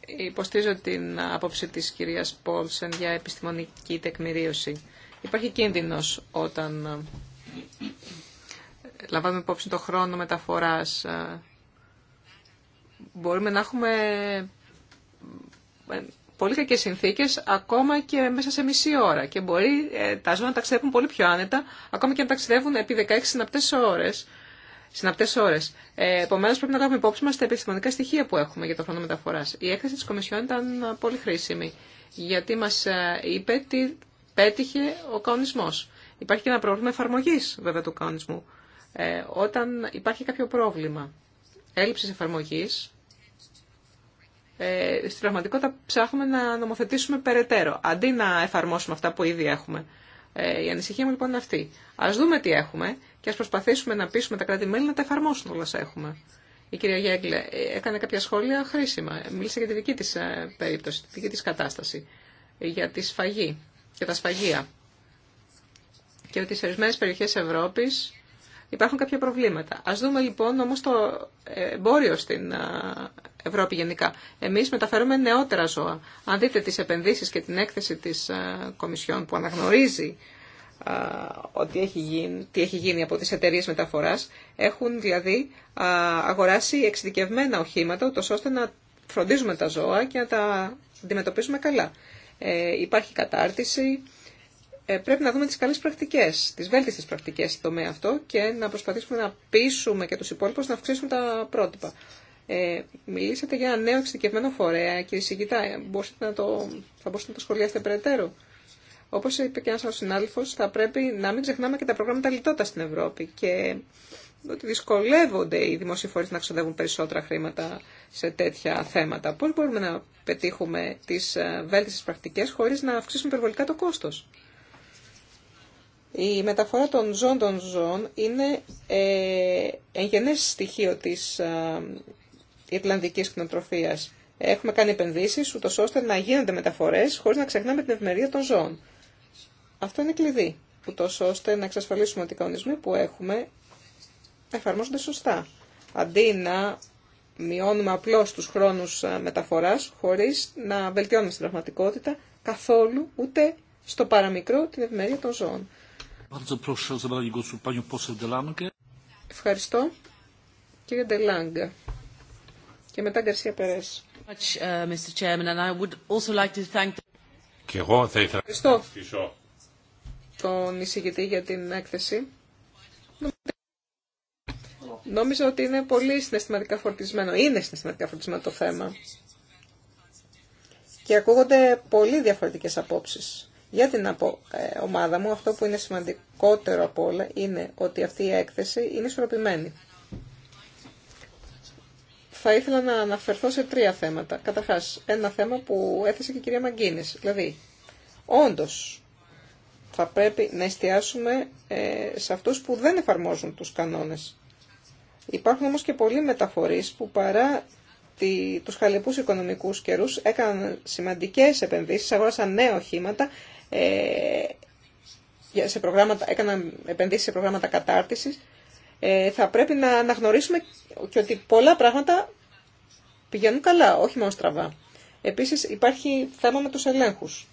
Υποστήριζω την άποψη της κυρίας Πόλσεν για επιστημονική τεκμηρίωση Υπάρχει κίνδυνος όταν ε, λαμβάνουμε υπόψη το χρόνο μεταφοράς. Ε, μπορούμε να έχουμε ε, πολύ κακές συνθήκες ακόμα και μέσα σε μισή ώρα και μπορεί τα ζώα να ταξιδεύουν πολύ πιο άνετα ακόμα και να ταξιδεύουν επί 16 συναπτές ώρες. Συναπτές ώρες. Ε, Επομένω, πρέπει να κάνουμε υπόψη μας τα επιστημονικά στοιχεία που έχουμε για το χρόνο μεταφοράς. Η έκθεση της Κομισιόν ήταν πολύ χρήσιμη, γιατί μας είπε τι πέτυχε ο κανονισμός. Υπάρχει και ένα πρόβλημα εφαρμογή βέβαια του κανονισμού. Ε, όταν υπάρχει κάποιο πρόβλημα έλλειψη εφαρμογή ε, στην πραγματικότητα ψάχνουμε να νομοθετήσουμε περαιτέρω, αντί να εφαρμόσουμε αυτά που ήδη έχουμε. Ε, η ανησυχία μου λοιπόν είναι αυτή. Α δούμε τι έχουμε και α προσπαθήσουμε να πείσουμε τα κράτη-μέλη να τα εφαρμόσουν όλα όσα έχουμε. Η κυρία Γέγκλε ε, έκανε κάποια σχόλια χρήσιμα. Μίλησε για τη δική τη ε, περίπτωση, τη δική τη κατάσταση, για τη σφαγή και τα σφαγεία. Και ότι σε ορισμένε περιοχές Ευρώπης υπάρχουν κάποια προβλήματα. Ας δούμε λοιπόν όμως το εμπόριο στην Ευρώπη γενικά. Εμείς μεταφέρουμε νεότερα ζώα. Αν δείτε τι επενδύσει και την έκθεση της Κομισιόν που αναγνωρίζει ότι έχει γίνει, τι έχει γίνει από τις εταιρείε μεταφοράς, έχουν δηλαδή αγοράσει εξειδικευμένα οχήματα, ώστε να φροντίζουμε τα ζώα και να τα αντιμετωπίζουμε καλά. Ε, υπάρχει κατάρτιση. Ε, πρέπει να δούμε τις καλές πρακτικές, τις βέλτιστες πρακτικές στο τομέα αυτό και να προσπαθήσουμε να πείσουμε και τους υπόλοιπους να αυξήσουν τα πρότυπα. Ε, μιλήσατε για ένα νέο εξειδικευμένο φορέα, κύριε Σιγητά, μπορείτε να το, θα μπορούσατε να το σχολιάσετε περαιτέρω. Όπω είπε και ένα άλλο συνάδελφο, θα πρέπει να μην ξεχνάμε και τα προγράμματα λιτότητα στην Ευρώπη και ότι δυσκολεύονται οι δημόσιοι φορεί να ξοδεύουν περισσότερα χρήματα σε τέτοια θέματα. Πώς μπορούμε να πετύχουμε τις ε, βέλτιστες πρακτικές χωρίς να αυξήσουμε υπερβολικά το κόστος. Η μεταφορά των ζώων των ζώων είναι ε, εγγενές στοιχείο της ε, Ιρλανδικής κτηνοτροφίας. Έχουμε κάνει επενδύσεις ούτως ώστε να γίνονται μεταφορές χωρίς να ξεχνάμε την ευμερία των ζώων. Αυτό είναι κλειδί, ούτως ώστε να εξασφαλίσουμε ότι οι κανονισμοί που έχουμε εφαρμόζονται σωστά. Αντί να μειώνουμε απλώς τους χρόνους ε, μεταφοράς χωρίς να βελτιώνουμε στην πραγματικότητα καθόλου ούτε στο παραμικρό την ευημερία των ζώων. Ευχαριστώ. Κύριε Ντελάγκα. Και μετά Γκαρσία Περές. Και εγώ θα ήθελα να ευχαριστήσω τον εισηγητή για την έκθεση. Νόμιζα ότι είναι πολύ συναισθηματικά φορτισμένο. Είναι συναισθηματικά φορτισμένο το θέμα. Και ακούγονται πολύ διαφορετικές απόψεις. Για την ε, ομάδα μου αυτό που είναι σημαντικότερο από όλα είναι ότι αυτή η έκθεση είναι ισορροπημένη. Θα ήθελα να αναφερθώ σε τρία θέματα. Καταρχάς, ένα θέμα που έθεσε και η κυρία Μαγκίνης. Δηλαδή, όντως θα πρέπει να εστιάσουμε ε, σε αυτούς που δεν εφαρμόζουν τους κανόνες. Υπάρχουν όμως και πολλοί μεταφορείς που παρά τη, τους χαλεπούς οικονομικούς καιρούς έκαναν σημαντικές επενδύσεις, αγόρασαν νέα οχήματα, ε, σε προγράμματα, έκαναν επενδύσεις σε προγράμματα κατάρτισης. Ε, θα πρέπει να αναγνωρίσουμε και ότι πολλά πράγματα πηγαίνουν καλά, όχι μόνο στραβά. Επίσης υπάρχει θέμα με τους ελέγχους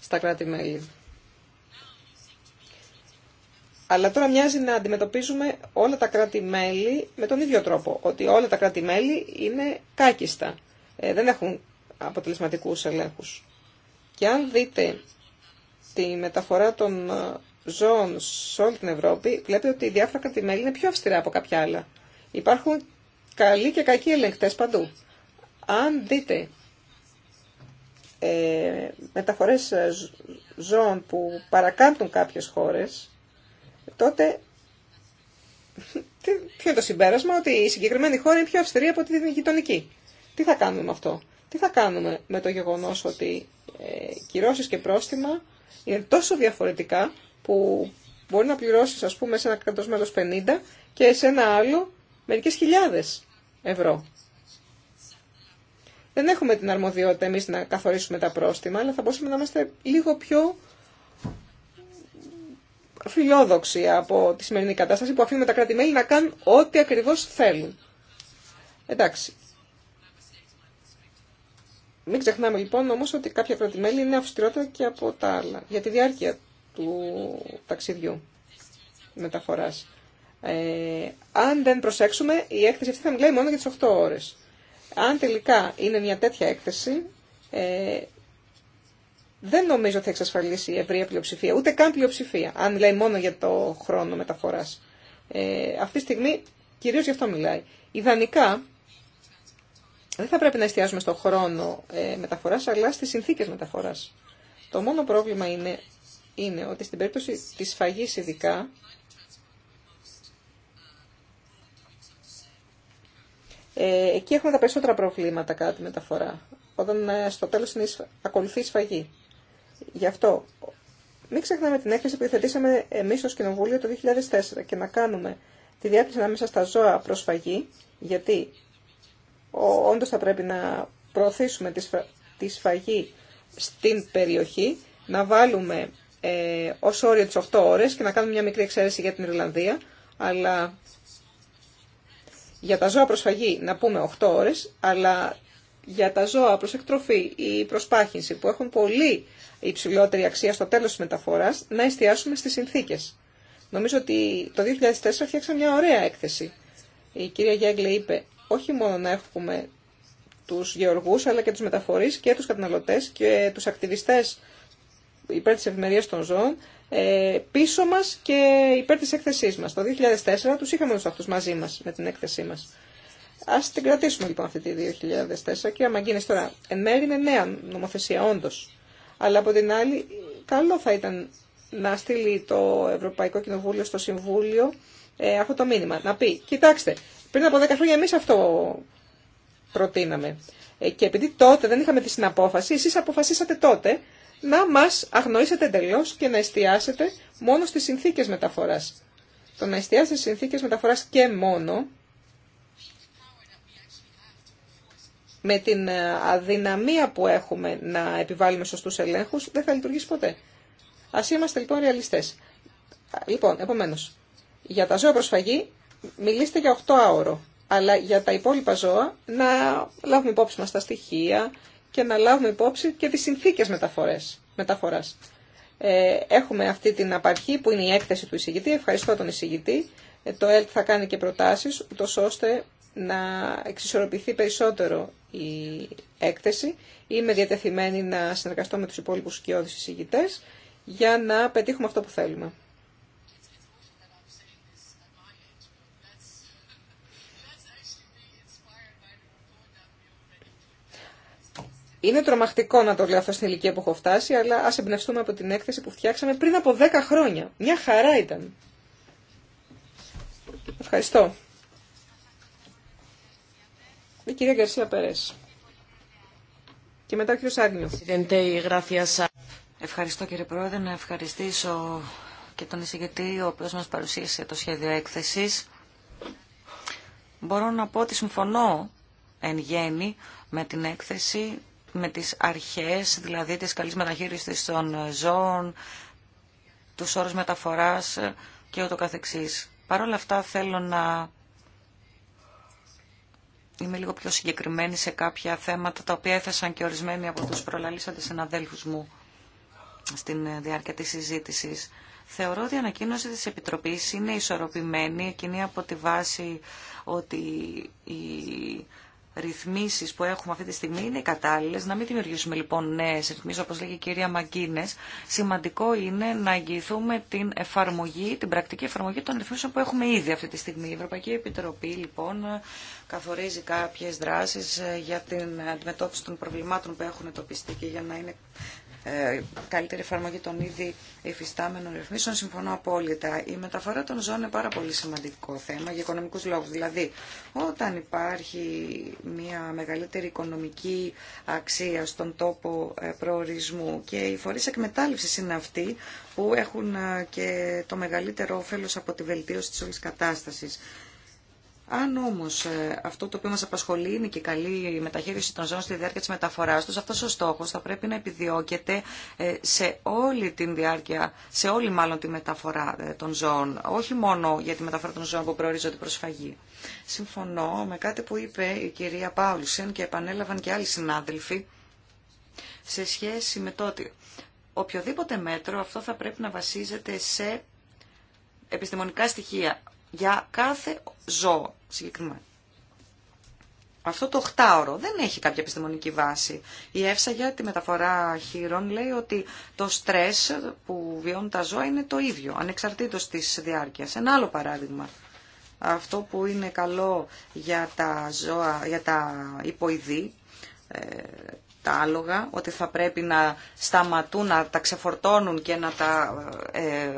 στα κράτη-μέλη. Αλλά τώρα μοιάζει να αντιμετωπίζουμε όλα τα κράτη-μέλη με τον ίδιο τρόπο. Ότι όλα τα κράτη-μέλη είναι κάκιστα. Ε, δεν έχουν αποτελεσματικούς ελέγχους. Και αν δείτε τη μεταφορά των ε, ζώων σε όλη την Ευρώπη, βλέπετε ότι η διάφορα κράτη-μέλη είναι πιο αυστηρά από κάποια άλλα. Υπάρχουν καλοί και κακοί ελεγχτές παντού. Αν δείτε ε, μεταφορές ε, ζώων που παρακάμπτουν κάποιες χώρες, τότε τι, είναι το συμπέρασμα, ότι η συγκεκριμένη χώρα είναι πιο αυστηρή από τη γειτονική. Τι θα κάνουμε με αυτό. Τι θα κάνουμε με το γεγονός ότι ε, κυρώσεις και πρόστιμα είναι τόσο διαφορετικά που μπορεί να πληρώσεις ας πούμε σε ένα κρατός 50 και σε ένα άλλο μερικές χιλιάδες ευρώ. Δεν έχουμε την αρμοδιότητα εμείς να καθορίσουμε τα πρόστιμα, αλλά θα μπορούσαμε να είμαστε λίγο πιο φιλόδοξοι από τη σημερινή κατάσταση που αφήνουμε τα κράτη-μέλη να κάνουν ό,τι ακριβώς θέλουν. Εντάξει. Μην ξεχνάμε λοιπόν όμως ότι κάποια κράτη-μέλη είναι αυστηρότερα και από τα άλλα για τη διάρκεια του ταξιδιού μεταφοράς. Ε, αν δεν προσέξουμε, η έκθεση αυτή θα μιλάει μόνο για τις 8 ώρες. Αν τελικά είναι μια τέτοια έκθεση, ε, δεν νομίζω ότι θα εξασφαλίσει η ευρεία πλειοψηφία, ούτε καν πλειοψηφία, αν μιλάει μόνο για το χρόνο μεταφοράς. Ε, αυτή τη στιγμή κυρίως γι' αυτό μιλάει. Ιδανικά δεν θα πρέπει να εστιάζουμε στο χρόνο ε, μεταφοράς, αλλά στι συνθήκες μεταφοράς. Το μόνο πρόβλημα είναι, είναι ότι στην περίπτωση της φαγής ειδικά, ε, εκεί έχουμε τα περισσότερα προβλήματα κατά τη μεταφορά, όταν ε, στο τέλος είναι, ακολουθεί η σφαγή. Γι' αυτό μην ξεχνάμε την έκθεση που υιοθετήσαμε εμεί ω Κοινοβούλιο το 2004 και να κάνουμε τη διάκριση ανάμεσα στα ζώα προσφαγή, γιατί όντω θα πρέπει να προωθήσουμε τη, σφα... τη σφαγή στην περιοχή, να βάλουμε ε, ως όριο τις 8 ώρες και να κάνουμε μια μικρή εξαίρεση για την Ιρλανδία, αλλά για τα ζώα προσφαγή να πούμε 8 ώρες, αλλά για τα ζώα προς εκτροφή ή προσπάχυνση που έχουν πολύ υψηλότερη αξία στο τέλος της μεταφοράς να εστιάσουμε στις συνθήκες. Νομίζω ότι το 2004 φτιάξαμε μια ωραία έκθεση. Η κυρία Γιάγκλε είπε όχι μόνο να έχουμε τους γεωργούς αλλά και τους μεταφορείς και τους καταναλωτές και τους ακτιβιστές υπέρ της ευημερίας των ζώων ε, πίσω μας και υπέρ της έκθεσής μας. Το 2004 τους είχαμε τους αυτούς μαζί μας με την έκθεσή μας. Α την κρατήσουμε λοιπόν αυτή τη 2004 και αμαγκίνες τώρα. Εν μέρη είναι νέα νομοθεσία όντω. Αλλά από την άλλη καλό θα ήταν να στείλει το Ευρωπαϊκό Κοινοβούλιο στο Συμβούλιο ε, αυτό το μήνυμα. Να πει, κοιτάξτε, πριν από 10 χρόνια εμεί αυτό προτείναμε. Ε, και επειδή τότε δεν είχαμε τη συναπόφαση, εσεί αποφασίσατε τότε να μα αγνοήσετε εντελώ και να εστιάσετε μόνο στι συνθήκε μεταφορά. Το να εστιάσετε στι συνθήκε μεταφορά και μόνο με την ε, αδυναμία που έχουμε να επιβάλλουμε σωστούς ελέγχους, δεν θα λειτουργήσει ποτέ. Ας είμαστε λοιπόν ρεαλιστές. Λοιπόν, επομένως, για τα ζώα προσφαγή μιλήστε για 8 άωρο, αλλά για τα υπόλοιπα ζώα να λάβουμε υπόψη μας τα στοιχεία και να λάβουμε υπόψη και τις συνθήκες μεταφορές, μεταφοράς. Ε, έχουμε αυτή την απαρχή που είναι η έκθεση του εισηγητή. Ευχαριστώ τον εισηγητή. Ε, το ΕΛΤ θα κάνει και προτάσεις, ούτως ώστε να εξισορροπηθεί περισσότερο η έκθεση. Είμαι διατεθειμένη να συνεργαστώ με τους υπόλοιπους σκιώδεις εισηγητές για να πετύχουμε αυτό που θέλουμε. Είναι τρομακτικό να το λέω αυτό στην ηλικία που έχω φτάσει, αλλά ας εμπνευστούμε από την έκθεση που φτιάξαμε πριν από 10 χρόνια. Μια χαρά ήταν. Ευχαριστώ. Η κυρία Γκαρσία Περές. Και μετά ο κύριος Ευχαριστώ κύριε Πρόεδρε. Να ευχαριστήσω και τον εισηγητή ο οποίος μας παρουσίασε το σχέδιο έκθεσης. Μπορώ να πω ότι συμφωνώ εν γέννη με την έκθεση, με τις αρχές, δηλαδή της καλής μεταχείρισης των ζώων, τους όρους μεταφοράς και ούτω καθεξής. Παρ' όλα αυτά θέλω να είμαι λίγο πιο συγκεκριμένη σε κάποια θέματα τα οποία έθεσαν και ορισμένοι από τους προλαλήσαντες συναδέλφους μου στην διάρκεια της συζήτησης. Θεωρώ ότι η ανακοίνωση της Επιτροπής είναι ισορροπημένη, εκείνη από τη βάση ότι η ρυθμίσεις που έχουμε αυτή τη στιγμή είναι οι κατάλληλες. Να μην δημιουργήσουμε λοιπόν νέες ρυθμίσεις, όπως λέγει η κυρία Μαγκίνες. Σημαντικό είναι να εγγυηθούμε την εφαρμογή, την πρακτική εφαρμογή των ρυθμίσεων που έχουμε ήδη αυτή τη στιγμή. Η Ευρωπαϊκή Επιτροπή λοιπόν καθορίζει κάποιες δράσεις ε, για την αντιμετώπιση των προβλημάτων που έχουν τοπιστεί και για να είναι ε, καλύτερη εφαρμογή των ήδη υφιστάμενων ρυθμίσεων. Συμφωνώ απόλυτα. Η μεταφορά των ζώων είναι πάρα πολύ σημαντικό θέμα για οικονομικούς λόγους. Δηλαδή, όταν υπάρχει μια μεγαλύτερη οικονομική αξία στον τόπο ε, προορισμού και οι φορείς εκμετάλλευσης είναι αυτοί που έχουν ε, και το μεγαλύτερο όφελος από τη βελτίωση της όλης κατάστασης. Αν όμω ε, αυτό το οποίο μα απασχολεί είναι και η καλή μεταχείριση των ζώων στη διάρκεια τη μεταφορά του, αυτό ο στόχο θα πρέπει να επιδιώκεται ε, σε όλη την διάρκεια, σε όλη μάλλον τη μεταφορά ε, των ζώων. Όχι μόνο για τη μεταφορά των ζώων που προορίζονται προ φαγή. Συμφωνώ με κάτι που είπε η κυρία Πάουλσεν και επανέλαβαν και άλλοι συνάδελφοι σε σχέση με το ότι οποιοδήποτε μέτρο αυτό θα πρέπει να βασίζεται σε επιστημονικά στοιχεία για κάθε ζώο συγκεκριμένα. Αυτό το οχτάωρο δεν έχει κάποια επιστημονική βάση. Η ΕΦΣΑ για τη μεταφορά χείρων λέει ότι το στρες που βιώνουν τα ζώα είναι το ίδιο, ανεξαρτήτως της διάρκειας. Ένα άλλο παράδειγμα. Αυτό που είναι καλό για τα, ζώα, για τα υποειδή, ε, τα άλογα, ότι θα πρέπει να σταματούν, να τα ξεφορτώνουν και να τα ε,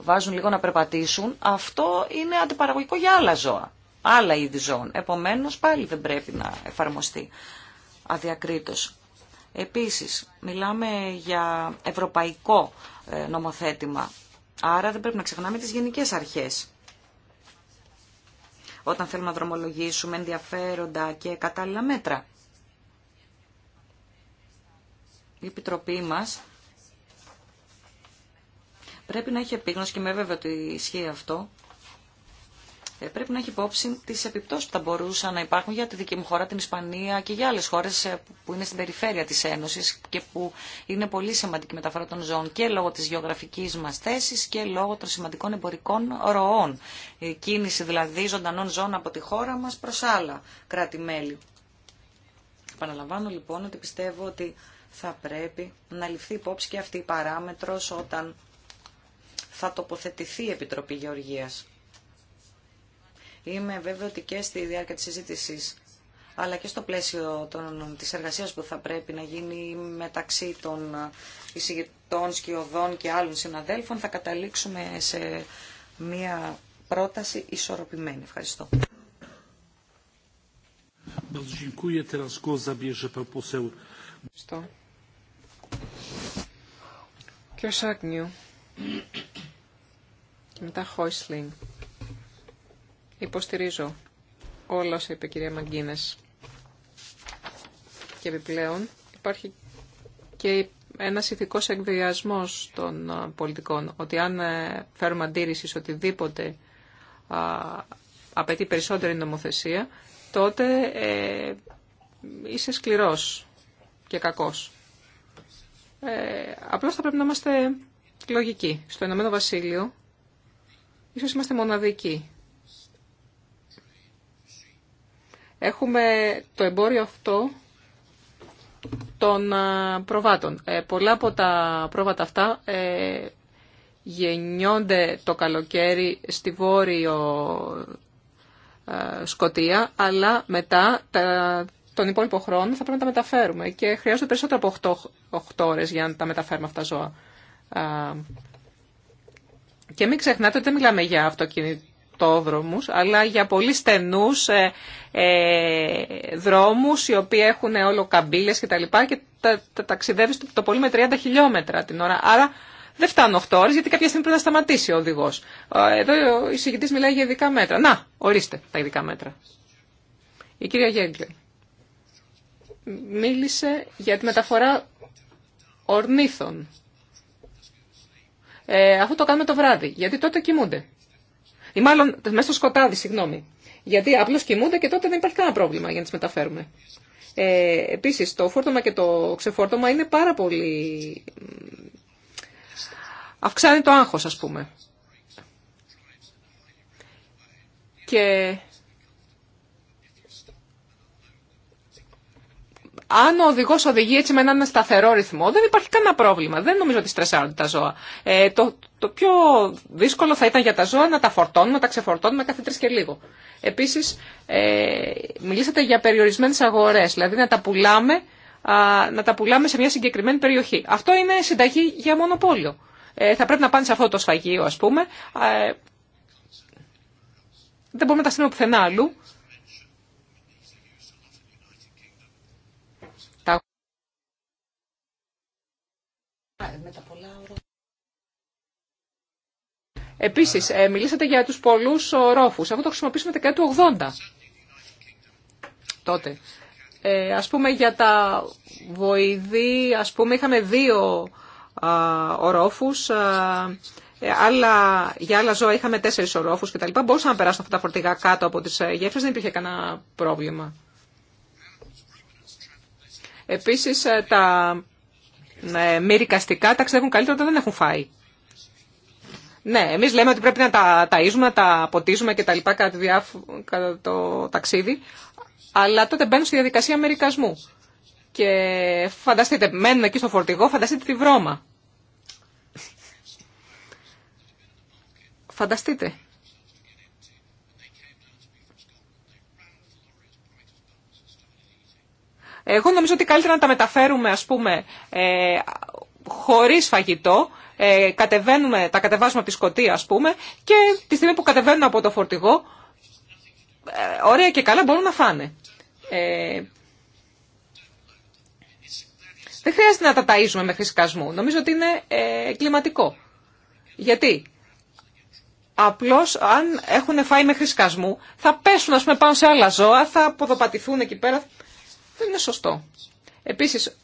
βάζουν λίγο να περπατήσουν, αυτό είναι αντιπαραγωγικό για άλλα ζώα, άλλα είδη ζώων. Επομένως πάλι δεν πρέπει να εφαρμοστεί αδιακρίτως. Επίσης, μιλάμε για ευρωπαϊκό ε, νομοθέτημα, άρα δεν πρέπει να ξεχνάμε τις γενικές αρχές. Όταν θέλουμε να δρομολογήσουμε ενδιαφέροντα και κατάλληλα μέτρα. Η Επιτροπή μας πρέπει να έχει επίγνωση και με βέβαια ότι ισχύει αυτό. Ε, πρέπει να έχει υπόψη τι επιπτώσει που θα μπορούσαν να υπάρχουν για τη δική μου χώρα, την Ισπανία και για άλλε χώρε ε, που είναι στην περιφέρεια τη Ένωση και που είναι πολύ σημαντική μεταφορά των ζώων και λόγω τη γεωγραφική μα θέση και λόγω των σημαντικών εμπορικών ροών. Η ε, κίνηση δηλαδή ζωντανών ζώων από τη χώρα μα προ άλλα κράτη-μέλη. Επαναλαμβάνω λοιπόν ότι πιστεύω ότι θα πρέπει να ληφθεί υπόψη και αυτή η παράμετρος όταν θα τοποθετηθεί η Επιτροπή Γεωργίας. Είμαι βέβαιο ότι και στη διάρκεια της συζήτησης αλλά και στο πλαίσιο των, της εργασίας που θα πρέπει να γίνει μεταξύ των εισηγητών, σκιωδών και άλλων συναδέλφων θα καταλήξουμε σε μία πρόταση ισορροπημένη. Ευχαριστώ. Ευχαριστώ. Κύριε Σάκνιου μετά Χόισλινγκ. Υποστηρίζω όλα όσα είπε η κυρία Μαγκίνες. Και επιπλέον υπάρχει και ένας ηθικό εκβιασμό των πολιτικών, ότι αν ε, φέρουμε αντίρρηση σε οτιδήποτε απαιτεί περισσότερη νομοθεσία, τότε ε, είσαι σκληρός και κακός. Ε, απλώς θα πρέπει να είμαστε λογικοί. Στο Ηνωμένο Βασίλειο Ίσως είμαστε μοναδικοί. Έχουμε το εμπόριο αυτό των ε, προβάτων. Ε, πολλά από τα πρόβατα αυτά ε, γεννιόνται το καλοκαίρι στη βόρειο ε, Σκοτία, αλλά μετά τα, τον υπόλοιπο χρόνο θα πρέπει να τα μεταφέρουμε και χρειάζονται περισσότερο από 8, 8 ώρες για να τα μεταφέρουμε αυτά τα ζώα. Ε, και μην ξεχνάτε ότι δεν μιλάμε για αυτοκινητόδρομους, αλλά για πολύ στενούς ε, ε, δρόμους, οι οποίοι έχουν όλο καμπύλες και τα λοιπά και τα, τα ταξιδεύεις το, πολύ με 30 χιλιόμετρα την ώρα. Άρα δεν φτάνω 8 ώρες, γιατί κάποια στιγμή πρέπει να σταματήσει ο οδηγός. Ε, εδώ ο εισηγητής μιλάει για ειδικά μέτρα. Να, ορίστε τα ειδικά μέτρα. Η κυρία Γέγκλε μίλησε για τη μεταφορά ορνήθων ε, αυτό το κάνουμε το βράδυ, γιατί τότε κοιμούνται. Ή μάλλον μέσα στο σκοτάδι, συγγνώμη. Γιατί απλώ κοιμούνται και τότε δεν υπάρχει κανένα πρόβλημα για να τι μεταφέρουμε. Ε, Επίση, το φόρτωμα και το ξεφόρτωμα είναι πάρα πολύ. αυξάνει το άγχο, α πούμε. Και αν ο οδηγό οδηγεί έτσι με έναν σταθερό ρυθμό, δεν υπάρχει κανένα πρόβλημα. Δεν νομίζω ότι στρεσάρονται τα ζώα. Ε, το, το πιο δύσκολο θα ήταν για τα ζώα να τα φορτώνουμε, να τα ξεφορτώνουμε κάθε τρει και λίγο. Επίση, ε, μιλήσατε για περιορισμένε αγορέ, δηλαδή να τα πουλάμε να τα πουλάμε σε μια συγκεκριμένη περιοχή. Αυτό είναι συνταγή για μονοπόλιο. Ε, θα πρέπει να πάνε σε αυτό το σφαγείο, ας πούμε. Ε, δεν μπορούμε να τα στείλουμε πουθενά αλλού. Επίσης, ε, μιλήσατε για τους πολλού ορόφους. Αυτό το χρησιμοποιήσαμε τα του 80. Τότε. Ε, ας πούμε για τα βοηδή, ας πούμε είχαμε δύο α, ορόφους, ε, άλλα, για άλλα ζώα είχαμε τέσσερις ορόφους κτλ. Μπορούσαμε να περάσουμε αυτά τα φορτηγά κάτω από τις ε, γέφυρε. δεν υπήρχε κανένα πρόβλημα. Επίσης τα ε, μερικαστικά ταξιδεύουν καλύτερα όταν δεν έχουν φάει. Ναι, εμείς λέμε ότι πρέπει να τα ταΐζουμε, να τα ποτίζουμε και τα λοιπά κατά, κατά το ταξίδι, αλλά τότε μπαίνουν στη διαδικασία μερικασμού. Και φανταστείτε, μένουν εκεί στο φορτηγό, φανταστείτε τη βρώμα. Φανταστείτε. Εγώ νομίζω ότι καλύτερα να τα μεταφέρουμε, ας πούμε, ε, χωρίς φαγητό, ε, κατεβαίνουμε, τα κατεβάζουμε από τη σκοτία, ας πούμε, και τη στιγμή που κατεβαίνουν από το φορτηγό, ε, ωραία και καλά μπορούν να φάνε. Ε, δεν χρειάζεται να τα ταΐζουμε με χρησκασμού. Νομίζω ότι είναι ε, κλιματικό. Γιατί απλώς αν έχουν φάει με σκασμού θα πέσουν ας πούμε, πάνω σε άλλα ζώα, θα ποδοπατηθούν εκεί πέρα, δεν είναι σωστό. Επίσης,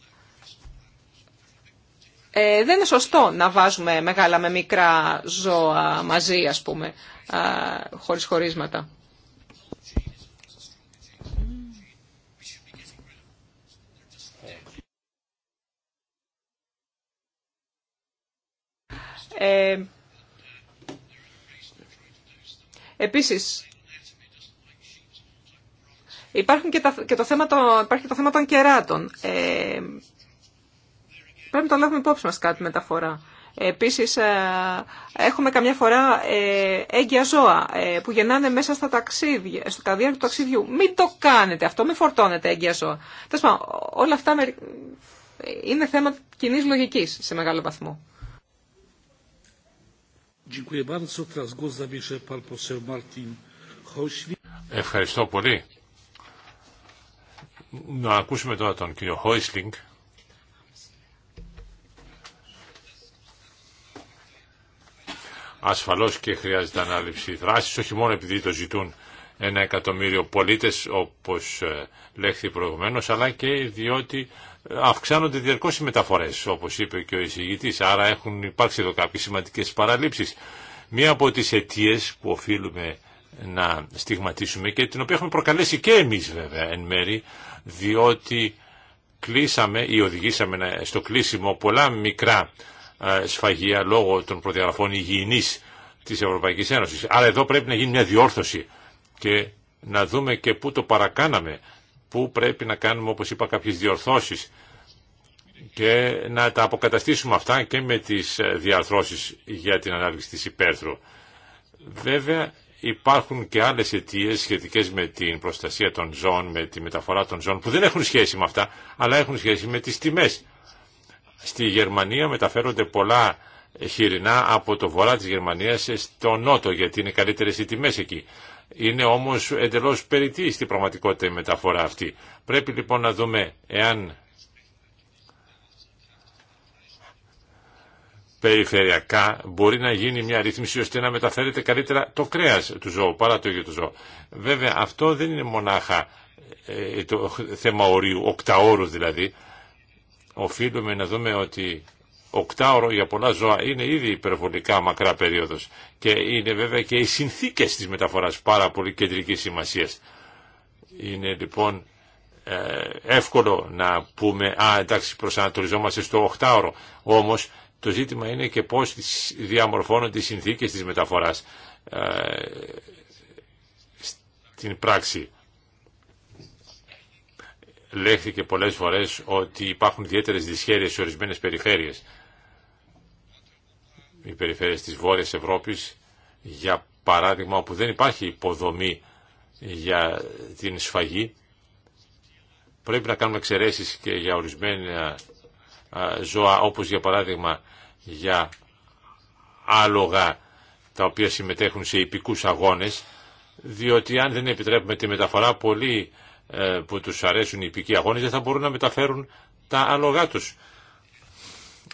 ε, δεν είναι σωστό να βάζουμε μεγάλα με μικρά ζώα μαζί, ας πούμε, α, χωρίς χωρίσματα. Ε, επίσης, Υπάρχουν και, τα, και το θέμα των, υπάρχει και το θέμα των κεράτων. Ε, πρέπει να το λάβουμε υπόψη μας κάτι μεταφορά. Επίσης, ε, έχουμε καμιά φορά ε, έγκυα ζώα ε, που γεννάνε μέσα στα ταξίδια, στο καδιάρι του ταξιδιού. Μην το κάνετε αυτό, μην φορτώνετε έγκυα ζώα. όλα αυτά είναι θέμα κοινή λογικής σε μεγάλο βαθμό. Ευχαριστώ πολύ. Να ακούσουμε τώρα τον κύριο Χόισλινγκ. Ασφαλώς και χρειάζεται ανάληψη δράσης, όχι μόνο επειδή το ζητούν ένα εκατομμύριο πολίτες όπως ε, λέχθη προηγουμένως, αλλά και διότι ε, αυξάνονται διαρκώς οι μεταφορές, όπως είπε και ο εισηγητής, άρα έχουν υπάρξει εδώ κάποιες σημαντικές παραλήψεις. Μία από τις αιτίε που οφείλουμε να στιγματίσουμε και την οποία έχουμε προκαλέσει και εμείς βέβαια εν μέρη, διότι κλείσαμε ή οδηγήσαμε στο κλείσιμο πολλά μικρά ε, σφαγεία λόγω των προδιαγραφών υγιεινής της Ευρωπαϊκής Ένωσης. Αλλά εδώ πρέπει να γίνει μια διόρθωση και να δούμε και πού το παρακάναμε, πού πρέπει να κάνουμε όπως είπα κάποιες διορθώσεις και να τα αποκαταστήσουμε αυτά και με τις ε, διαρθρώσεις για την ανάπτυξη της υπέρθρου. Βέβαια Υπάρχουν και άλλες αιτίε σχετικές με την προστασία των ζώων, με τη μεταφορά των ζώων, που δεν έχουν σχέση με αυτά, αλλά έχουν σχέση με τις τιμέ. Στη Γερμανία μεταφέρονται πολλά χοιρινά από το βορρά της Γερμανίας στο νότο, γιατί είναι καλύτερες οι τιμέ εκεί. Είναι όμως εντελώς περιττή στην πραγματικότητα η μεταφορά αυτή. Πρέπει λοιπόν να δούμε εάν περιφερειακά μπορεί να γίνει μια ρύθμιση ώστε να μεταφέρεται καλύτερα το κρέας του ζώου παρά το ίδιο του ζώου. Βέβαια αυτό δεν είναι μονάχα ε, το θέμα ορίου, οκταόρου δηλαδή. Οφείλουμε να δούμε ότι οκτάωρο για πολλά ζώα είναι ήδη υπερβολικά μακρά περίοδος και είναι βέβαια και οι συνθήκες της μεταφοράς πάρα πολύ κεντρική σημασία. Είναι λοιπόν ε, εύκολο να πούμε «Α, εντάξει, προσανατολιζόμαστε στο οκτάωρο». Όμως το ζήτημα είναι και πώς διαμορφώνονται οι συνθήκες της μεταφοράς ε, στην πράξη. Λέχθηκε πολλές φορές ότι υπάρχουν ιδιαίτερες δυσχέρειες σε ορισμένες περιφέρειες. Οι περιφέρειες της Βόρειας Ευρώπης, για παράδειγμα, όπου δεν υπάρχει υποδομή για την σφαγή, πρέπει να κάνουμε εξαιρέσεις και για ορισμένα ε, ζώα, όπως για παράδειγμα για άλογα τα οποία συμμετέχουν σε υπηκούς αγώνες, διότι αν δεν επιτρέπουμε τη μεταφορά, πολλοί ε, που τους αρέσουν οι υπηκοί αγώνες δεν θα μπορούν να μεταφέρουν τα άλογά τους.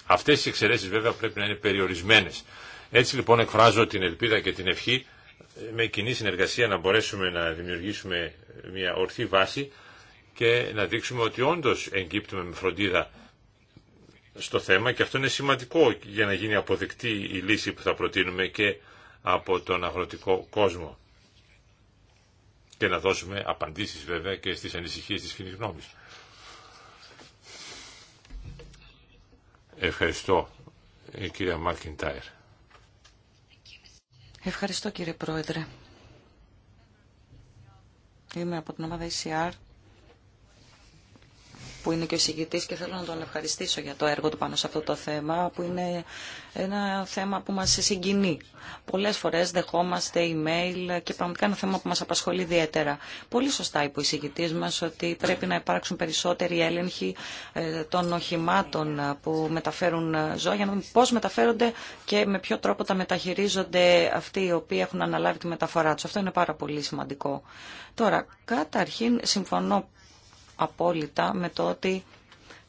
Αυτές οι εξαιρέσεις βέβαια πρέπει να είναι περιορισμένες. Έτσι λοιπόν εκφράζω την ελπίδα και την ευχή ε, με κοινή συνεργασία να μπορέσουμε να δημιουργήσουμε μια ορθή βάση και να δείξουμε ότι όντως εγκύπτουμε με φροντίδα στο θέμα και αυτό είναι σημαντικό για να γίνει αποδεκτή η λύση που θα προτείνουμε και από τον αγροτικό κόσμο και να δώσουμε απαντήσεις βέβαια και στις ανησυχίες της κοινή γνώμη. Ευχαριστώ κύριε κυρία Ευχαριστώ κύριε Πρόεδρε. Είμαι από την ομάδα ECR που είναι και ο εισηγητής και θέλω να τον ευχαριστήσω για το έργο του πάνω σε αυτό το θέμα, που είναι ένα θέμα που μας συγκινεί. Πολλές φορές δεχόμαστε email και πραγματικά είναι ένα θέμα που μας απασχολεί ιδιαίτερα. Πολύ σωστά είπε ο εισηγητής μας ότι πρέπει να υπάρξουν περισσότεροι έλεγχοι ε, των οχημάτων που μεταφέρουν ζώα, για να δούμε πώς μεταφέρονται και με ποιο τρόπο τα μεταχειρίζονται αυτοί οι οποίοι έχουν αναλάβει τη μεταφορά τους. Αυτό είναι πάρα πολύ σημαντικό. Τώρα, καταρχήν συμφωνώ απόλυτα με το ότι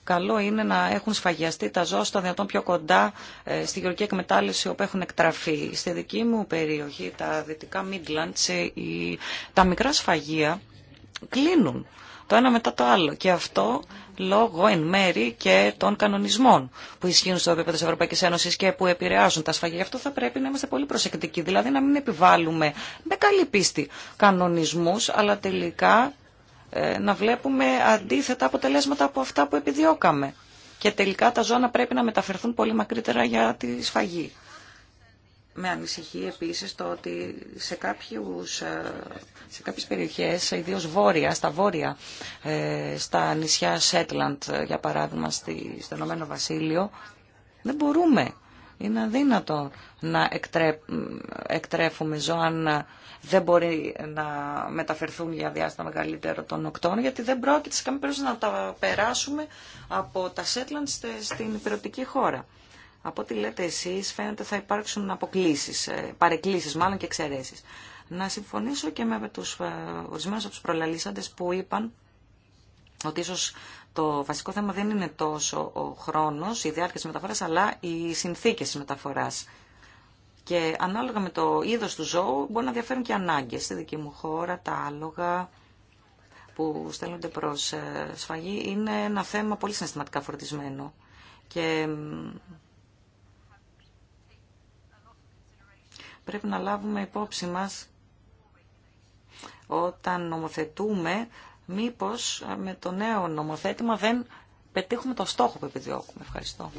καλό είναι να έχουν σφαγιαστεί τα ζώα στο δυνατόν πιο κοντά ε, στη γεωργική εκμετάλλευση όπου έχουν εκτραφεί. Στη δική μου περιοχή, τα δυτικά Midlands, ε, τα μικρά σφαγεία κλείνουν το ένα μετά το άλλο. Και αυτό λόγω εν μέρη και των κανονισμών που ισχύουν στο επίπεδο τη Ευρωπαϊκή Ένωση και που επηρεάζουν τα σφαγεία. Γι' αυτό θα πρέπει να είμαστε πολύ προσεκτικοί. Δηλαδή να μην επιβάλλουμε με καλή πίστη κανονισμού, αλλά τελικά ε, να βλέπουμε αντίθετα αποτελέσματα από αυτά που επιδιώκαμε. Και τελικά τα ζώα πρέπει να μεταφερθούν πολύ μακρύτερα για τη σφαγή. Με ανησυχεί επίσης το ότι σε, κάποιους, ε, σε κάποιες περιοχές, ιδίως βόρεια, στα βόρεια, ε, στα νησιά Σέτλαντ, για παράδειγμα, στη, στο Ηνωμένο Βασίλειο, δεν μπορούμε. Είναι αδύνατο να εκτρέ, εκτρέφουμε ζώα δεν μπορεί να μεταφερθούν για διάστημα μεγαλύτερο των οκτών, γιατί δεν πρόκειται σε καμία περίπτωση να τα περάσουμε από τα Σέτλαντ στην υπηρετική χώρα. Από ό,τι λέτε εσείς φαίνεται θα υπάρξουν αποκλήσεις, ε, παρεκκλήσεις μάλλον και εξαιρέσεις. Να συμφωνήσω και με τους ε, ορισμένους από τους προλαλήσαντες που είπαν ότι ίσως το βασικό θέμα δεν είναι τόσο ο χρόνος, η διάρκεια της μεταφοράς, αλλά οι συνθήκες της μεταφοράς. Και ανάλογα με το είδος του ζώου μπορεί να διαφέρουν και ανάγκες. Στη δική μου χώρα τα άλογα που στέλνονται προς ε, σφαγή είναι ένα θέμα πολύ συναισθηματικά φορτισμένο. Και πρέπει να λάβουμε υπόψη μας όταν νομοθετούμε μήπως ε, με το νέο νομοθέτημα δεν πετύχουμε το στόχο που επιδιώκουμε. Ευχαριστώ.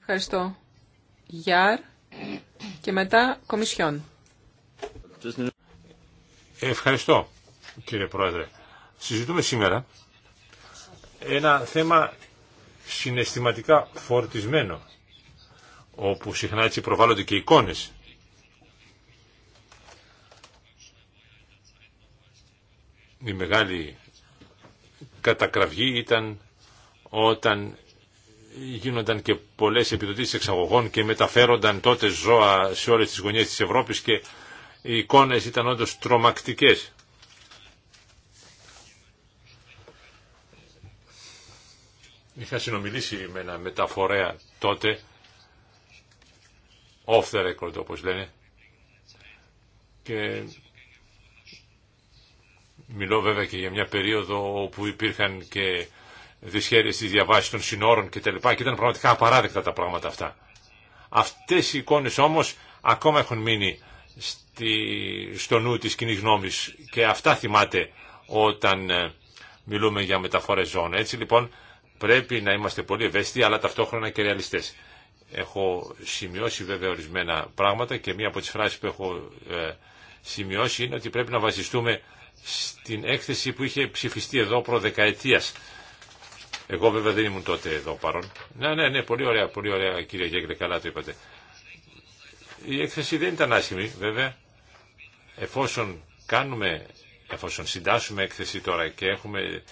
Ευχαριστώ. Γιάρ και μετά Κομισιόν. Ευχαριστώ κύριε Πρόεδρε. Συζητούμε σήμερα ένα θέμα συναισθηματικά φορτισμένο όπου συχνά έτσι προβάλλονται και εικόνες η μεγάλη κατακραυγή ήταν όταν γίνονταν και πολλές επιδοτήσεις εξαγωγών και μεταφέρονταν τότε ζώα σε όλες τις γωνιές της Ευρώπης και οι εικόνες ήταν όντως τρομακτικές. Είχα συνομιλήσει με ένα μεταφορέα τότε, off the record όπως λένε, και μιλώ βέβαια και για μια περίοδο όπου υπήρχαν και δυσχέρειες της διαβάσης των συνόρων κτλ. Και ήταν πραγματικά απαράδεκτα τα πράγματα αυτά. Αυτές οι εικόνες όμως ακόμα έχουν μείνει στη, στο νου της κοινή γνώμη και αυτά θυμάται όταν ε, μιλούμε για μεταφορές ζώων. Έτσι λοιπόν πρέπει να είμαστε πολύ ευαίσθητοι αλλά ταυτόχρονα και ρεαλιστές. Έχω σημειώσει βέβαια ορισμένα πράγματα και μία από τις φράσεις που έχω ε, σημειώσει είναι ότι πρέπει να βασιστούμε στην έκθεση που είχε ψηφιστεί εδώ προ δεκαετίας εγώ βέβαια δεν ήμουν τότε εδώ παρόν. Ναι, ναι, ναι, πολύ ωραία, πολύ ωραία κύριε Γέγκρε, καλά το είπατε. Η έκθεση δεν ήταν άσχημη βέβαια. Εφόσον κάνουμε, εφόσον συντάσσουμε έκθεση τώρα και έχουμε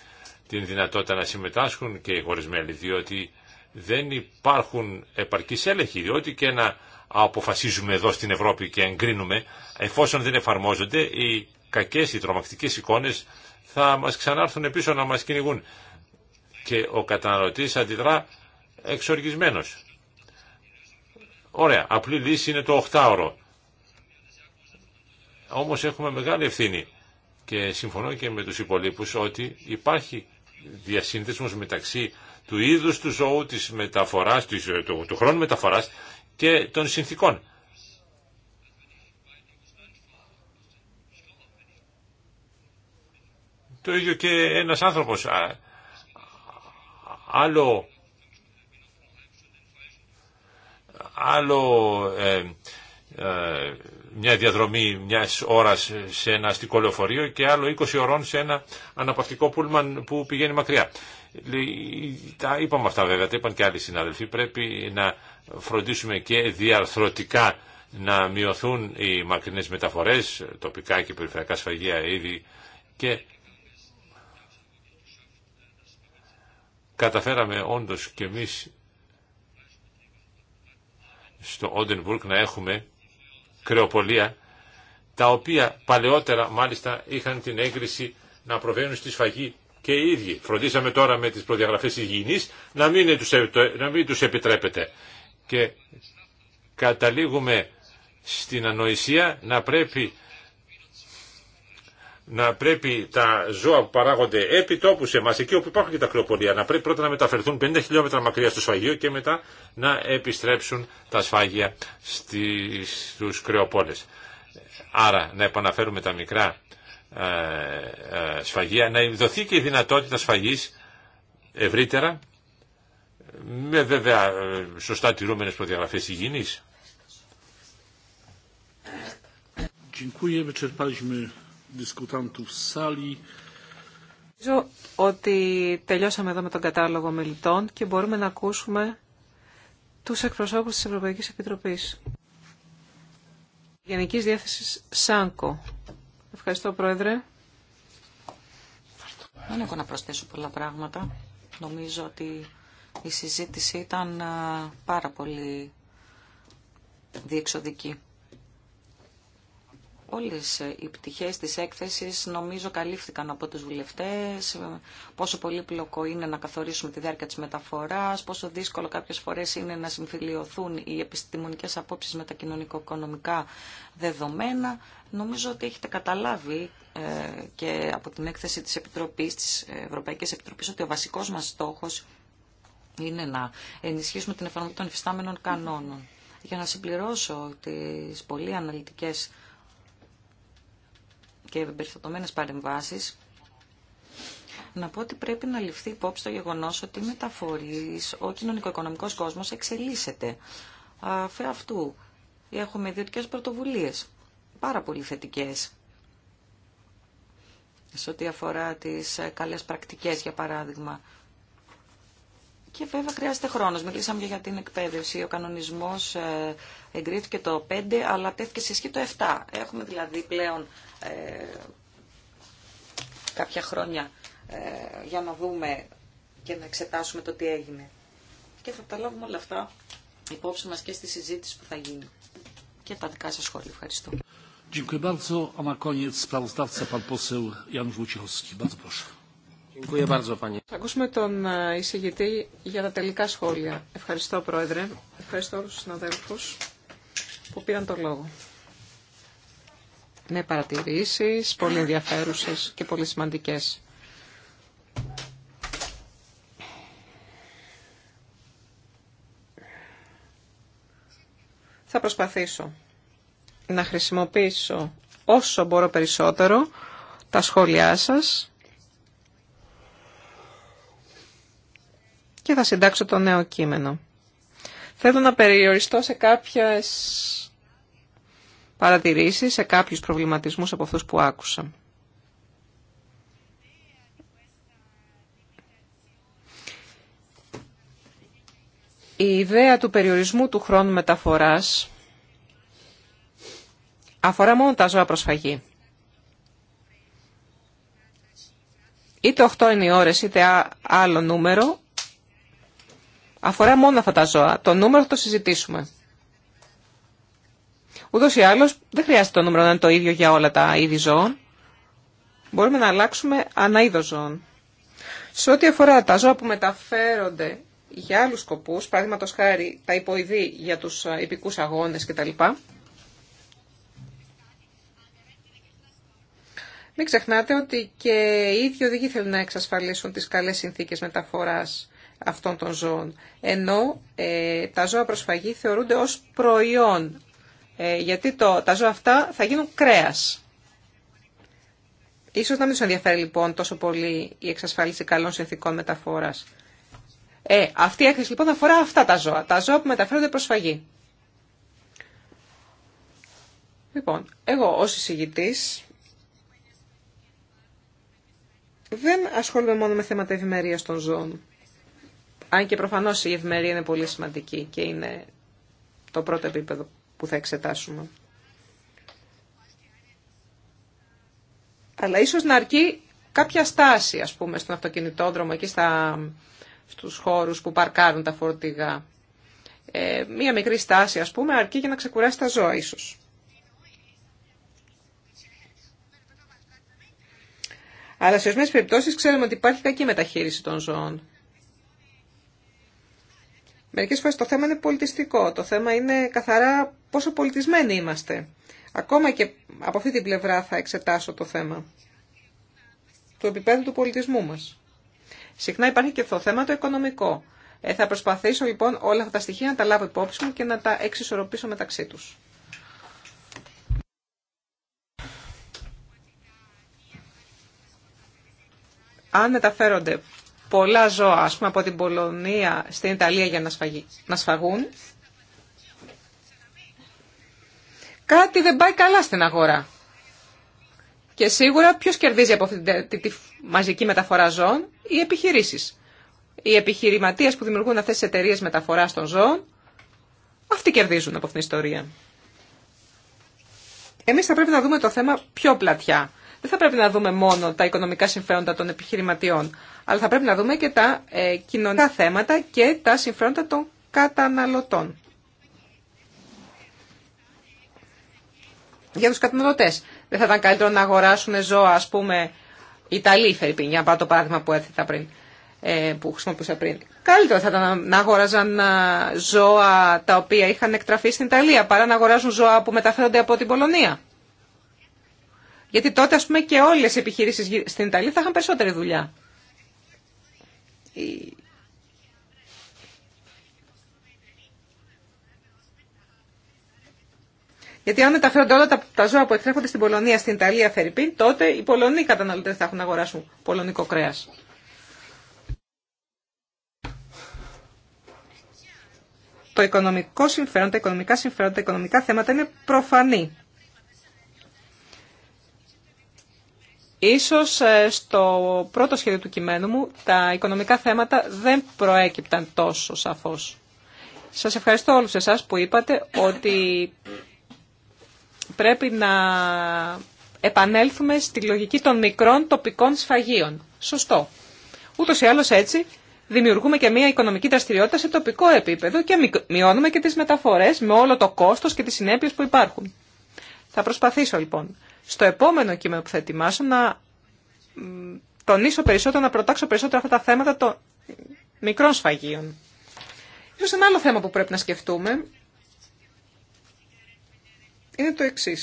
την δυνατότητα να συμμετάσχουν και οι χωρισμένοι, διότι δεν υπάρχουν επαρκείς έλεγχοι, διότι και να αποφασίζουμε εδώ στην Ευρώπη και εγκρίνουμε, εφόσον δεν εφαρμόζονται, οι κακές, οι τρομακτικές εικόνες θα μας ξανάρθουν πίσω να μας κυνηγούν και ο καταναλωτής αντιδρά εξοργισμένος. Ωραία, απλή λύση είναι το 8 Όμως έχουμε μεγάλη ευθύνη και συμφωνώ και με τους υπολείπους ότι υπάρχει διασύνδεσμος μεταξύ του είδους του ζωού, της μεταφοράς, ε, του, του χρόνου μεταφοράς και των συνθήκων. Το ίδιο και ένας άνθρωπος άλλο, άλλο ε, ε, μια διαδρομή μιας ώρας σε ένα αστικό λεωφορείο και άλλο 20 ωρών σε ένα αναπαυτικό πούλμαν που πηγαίνει μακριά. Τα είπαμε αυτά βέβαια, τα είπαν και άλλοι συναδελφοί. Πρέπει να φροντίσουμε και διαρθρωτικά να μειωθούν οι μακρινές μεταφορές, τοπικά και περιφερειακά σφαγεία ήδη και καταφέραμε όντως και εμείς στο Όντενβουρκ να έχουμε κρεοπολία τα οποία παλαιότερα μάλιστα είχαν την έγκριση να προβαίνουν στη σφαγή και οι ίδιοι. Φροντίσαμε τώρα με τις προδιαγραφές υγιεινής να μην τους, ε, να μην τους επιτρέπεται. Και καταλήγουμε στην ανοησία να πρέπει να πρέπει τα ζώα που παράγονται επί τόπου σε εμά, εκεί όπου υπάρχουν και τα κρεοπολία, να πρέπει πρώτα να μεταφερθούν 50 χιλιόμετρα μακριά στο σφαγείο και μετά να επιστρέψουν τα σφάγια στους κρεοπόλες. Άρα να επαναφέρουμε τα μικρά ε, ε, σφαγεία, να δοθεί και η δυνατότητα σφαγής ευρύτερα, με βέβαια ε, σωστά τηρούμενες προδιαγραφές υγιεινής. Dziękuję, Νομίζω ότι τελειώσαμε εδώ με τον κατάλογο μιλητών και μπορούμε να ακούσουμε τους εκπροσώπους της Ευρωπαϊκής Επιτροπής. Γενική Διεύθυνση ΣΑΝΚΟ. Ευχαριστώ, Πρόεδρε. Δεν έχω να προσθέσω πολλά πράγματα. Νομίζω ότι η συζήτηση ήταν ε, πάρα πολύ διεξοδική όλες οι πτυχές της έκθεσης νομίζω καλύφθηκαν από τους βουλευτές, πόσο πολύπλοκο είναι να καθορίσουμε τη διάρκεια της μεταφοράς, πόσο δύσκολο κάποιες φορές είναι να συμφιλειωθούν οι επιστημονικές απόψεις με τα κοινωνικο-οικονομικά δεδομένα. Νομίζω ότι έχετε καταλάβει ε, και από την έκθεση της, Επιτροπής, της Ευρωπαϊκής Επιτροπής ότι ο βασικός μας στόχος είναι να ενισχύσουμε την εφαρμογή των υφιστάμενων κανόνων. Για να συμπληρώσω τις πολύ αναλυτικές και εμπεριστατωμένες παρεμβάσει. να πω ότι πρέπει να ληφθεί υπόψη το γεγονό ότι οι ότι ο κοινωνικο-οικονομικός κόσμος εξελίσσεται. Αφού αυτού έχουμε ιδιωτικέ πρωτοβουλίες, πάρα πολύ θετικέ. σε ό,τι αφορά τις καλές πρακτικές, για παράδειγμα, και βέβαια χρειάζεται χρόνο. Μιλήσαμε και για την εκπαίδευση. Ο κανονισμό ε, εγκρίθηκε το 5, αλλά τέθηκε σε ισχύ το 7. Έχουμε δηλαδή πλέον ε, κάποια χρόνια ε, για να δούμε και να εξετάσουμε το τι έγινε. Και θα τα λάβουμε όλα αυτά υπόψη μα και στη συζήτηση που θα γίνει. Και τα δικά σας σχόλια. Ευχαριστώ. Dziękuję bardzo. A na koniec sprawozdawca pan θα ακούσουμε τον ε, εισηγητή για τα τελικά σχόλια. Ευχαριστώ, Πρόεδρε. Ευχαριστώ όλου του συναδέλφου που πήραν το λόγο. Ναι, παρατηρήσεις, πολύ ενδιαφέρουσε και πολύ σημαντικές. Θα προσπαθήσω να χρησιμοποιήσω όσο μπορώ περισσότερο τα σχόλιά σας και θα συντάξω το νέο κείμενο. Θέλω να περιοριστώ σε κάποιες παρατηρήσεις, σε κάποιους προβληματισμούς από αυτούς που άκουσα. Η ιδέα του περιορισμού του χρόνου μεταφοράς αφορά μόνο τα ζώα προσφαγή. Είτε 8 είναι οι ώρες, είτε άλλο νούμερο, αφορά μόνο αυτά τα ζώα. Το νούμερο θα το συζητήσουμε. Ούτω ή άλλω δεν χρειάζεται το νούμερο να είναι το ίδιο για όλα τα είδη ζώων. Μπορούμε να αλλάξουμε ανά είδο ζώων. Σε ό,τι αφορά τα ζώα που μεταφέρονται για άλλου σκοπού, παραδείγματο χάρη τα υποειδή για του υπηκού αγώνε κτλ. Μην ξεχνάτε ότι και οι ίδιοι οδηγοί θέλουν να εξασφαλίσουν τις καλές συνθήκες μεταφοράς αυτών των ζώων. Ενώ ε, τα ζώα προσφαγή θεωρούνται ως προϊόν, ε, γιατί το, τα ζώα αυτά θα γίνουν κρέας. Ίσως να μην τους ενδιαφέρει λοιπόν τόσο πολύ η εξασφάλιση καλών συνθήκων μεταφοράς. Ε, αυτή η έκθεση λοιπόν αφορά αυτά τα ζώα, τα ζώα που μεταφέρονται προσφαγή. Λοιπόν, εγώ ως εισηγητής δεν ασχολούμαι μόνο με θέματα ευημερία των ζώων. Αν και προφανώς η ευμερία είναι πολύ σημαντική και είναι το πρώτο επίπεδο που θα εξετάσουμε. Αλλά ίσως να αρκεί κάποια στάση, ας πούμε, στον αυτοκινητόδρομο, εκεί στα, στους χώρους που παρκάρουν τα φορτηγά. Ε, μία μικρή στάση, ας πούμε, αρκεί για να ξεκουράσει τα ζώα, ίσως. Αλλά σε ορισμένε περιπτώσει ξέρουμε ότι υπάρχει κακή μεταχείριση των ζώων. Μερικές φορές το θέμα είναι πολιτιστικό, το θέμα είναι καθαρά πόσο πολιτισμένοι είμαστε. Ακόμα και από αυτή την πλευρά θα εξετάσω το θέμα του επίπεδου του πολιτισμού μας. Συχνά υπάρχει και το θέμα το οικονομικό. Ε, θα προσπαθήσω λοιπόν όλα αυτά τα στοιχεία να τα λάβω υπόψη μου και να τα εξισορροπήσω μεταξύ τους. Αν μεταφέρονται πολλά ζώα, ας πούμε, από την Πολωνία στην Ιταλία για να, να σφαγούν. Κάτι δεν πάει καλά στην αγορά. Και σίγουρα ποιος κερδίζει από αυτή τη μαζική μεταφορά ζώων, οι επιχειρήσεις. Οι επιχειρηματίες που δημιουργούν αυτές τις εταιρείες μεταφοράς των ζώων, αυτοί κερδίζουν από αυτήν την ιστορία. Εμείς θα πρέπει να δούμε το θέμα πιο πλατιά δεν θα πρέπει να δούμε μόνο τα οικονομικά συμφέροντα των επιχειρηματιών, αλλά θα πρέπει να δούμε και τα ε, κοινωνικά θέματα και τα συμφέροντα των καταναλωτών. Για τους καταναλωτές. Δεν θα ήταν καλύτερο να αγοράσουν ζώα, ας πούμε, Ιταλοί, Φερρυπίν, για να πάω το παράδειγμα που έθετα πριν, ε, που χρησιμοποιούσα πριν. Καλύτερο θα ήταν να αγοράζαν ζώα τα οποία είχαν εκτραφεί στην Ιταλία, παρά να αγοράζουν ζώα που μεταφέρονται από την Πολωνία. Γιατί τότε, ας πούμε, και όλες οι επιχειρήσεις στην Ιταλία θα είχαν περισσότερη δουλειά. Γιατί αν μεταφέρονται όλα τα, τα ζώα που εκτρέφονται στην Πολωνία, στην Ιταλία, Φερρυπίν, τότε οι Πολωνοί καταναλωτέ θα έχουν να αγοράσουν πολωνικό κρέα. Το οικονομικό συμφέρον, τα οικονομικά συμφέροντα, τα οικονομικά θέματα είναι προφανή. Ίσως ε, στο πρώτο σχέδιο του κειμένου μου τα οικονομικά θέματα δεν προέκυπταν τόσο σαφώς. Σας ευχαριστώ όλους εσάς που είπατε ότι πρέπει να επανέλθουμε στη λογική των μικρών τοπικών σφαγίων. Σωστό. Ούτως ή άλλως έτσι δημιουργούμε και μια οικονομική δραστηριότητα σε τοπικό επίπεδο και μειώνουμε και τις μεταφορές με όλο το κόστος και τις συνέπειες που υπάρχουν. Θα προσπαθήσω λοιπόν στο επόμενο κείμενο που θα ετοιμάσω να τονίσω περισσότερο, να προτάξω περισσότερο αυτά τα θέματα των μικρών σφαγίων. Ίσως ένα άλλο θέμα που πρέπει να σκεφτούμε είναι το εξή.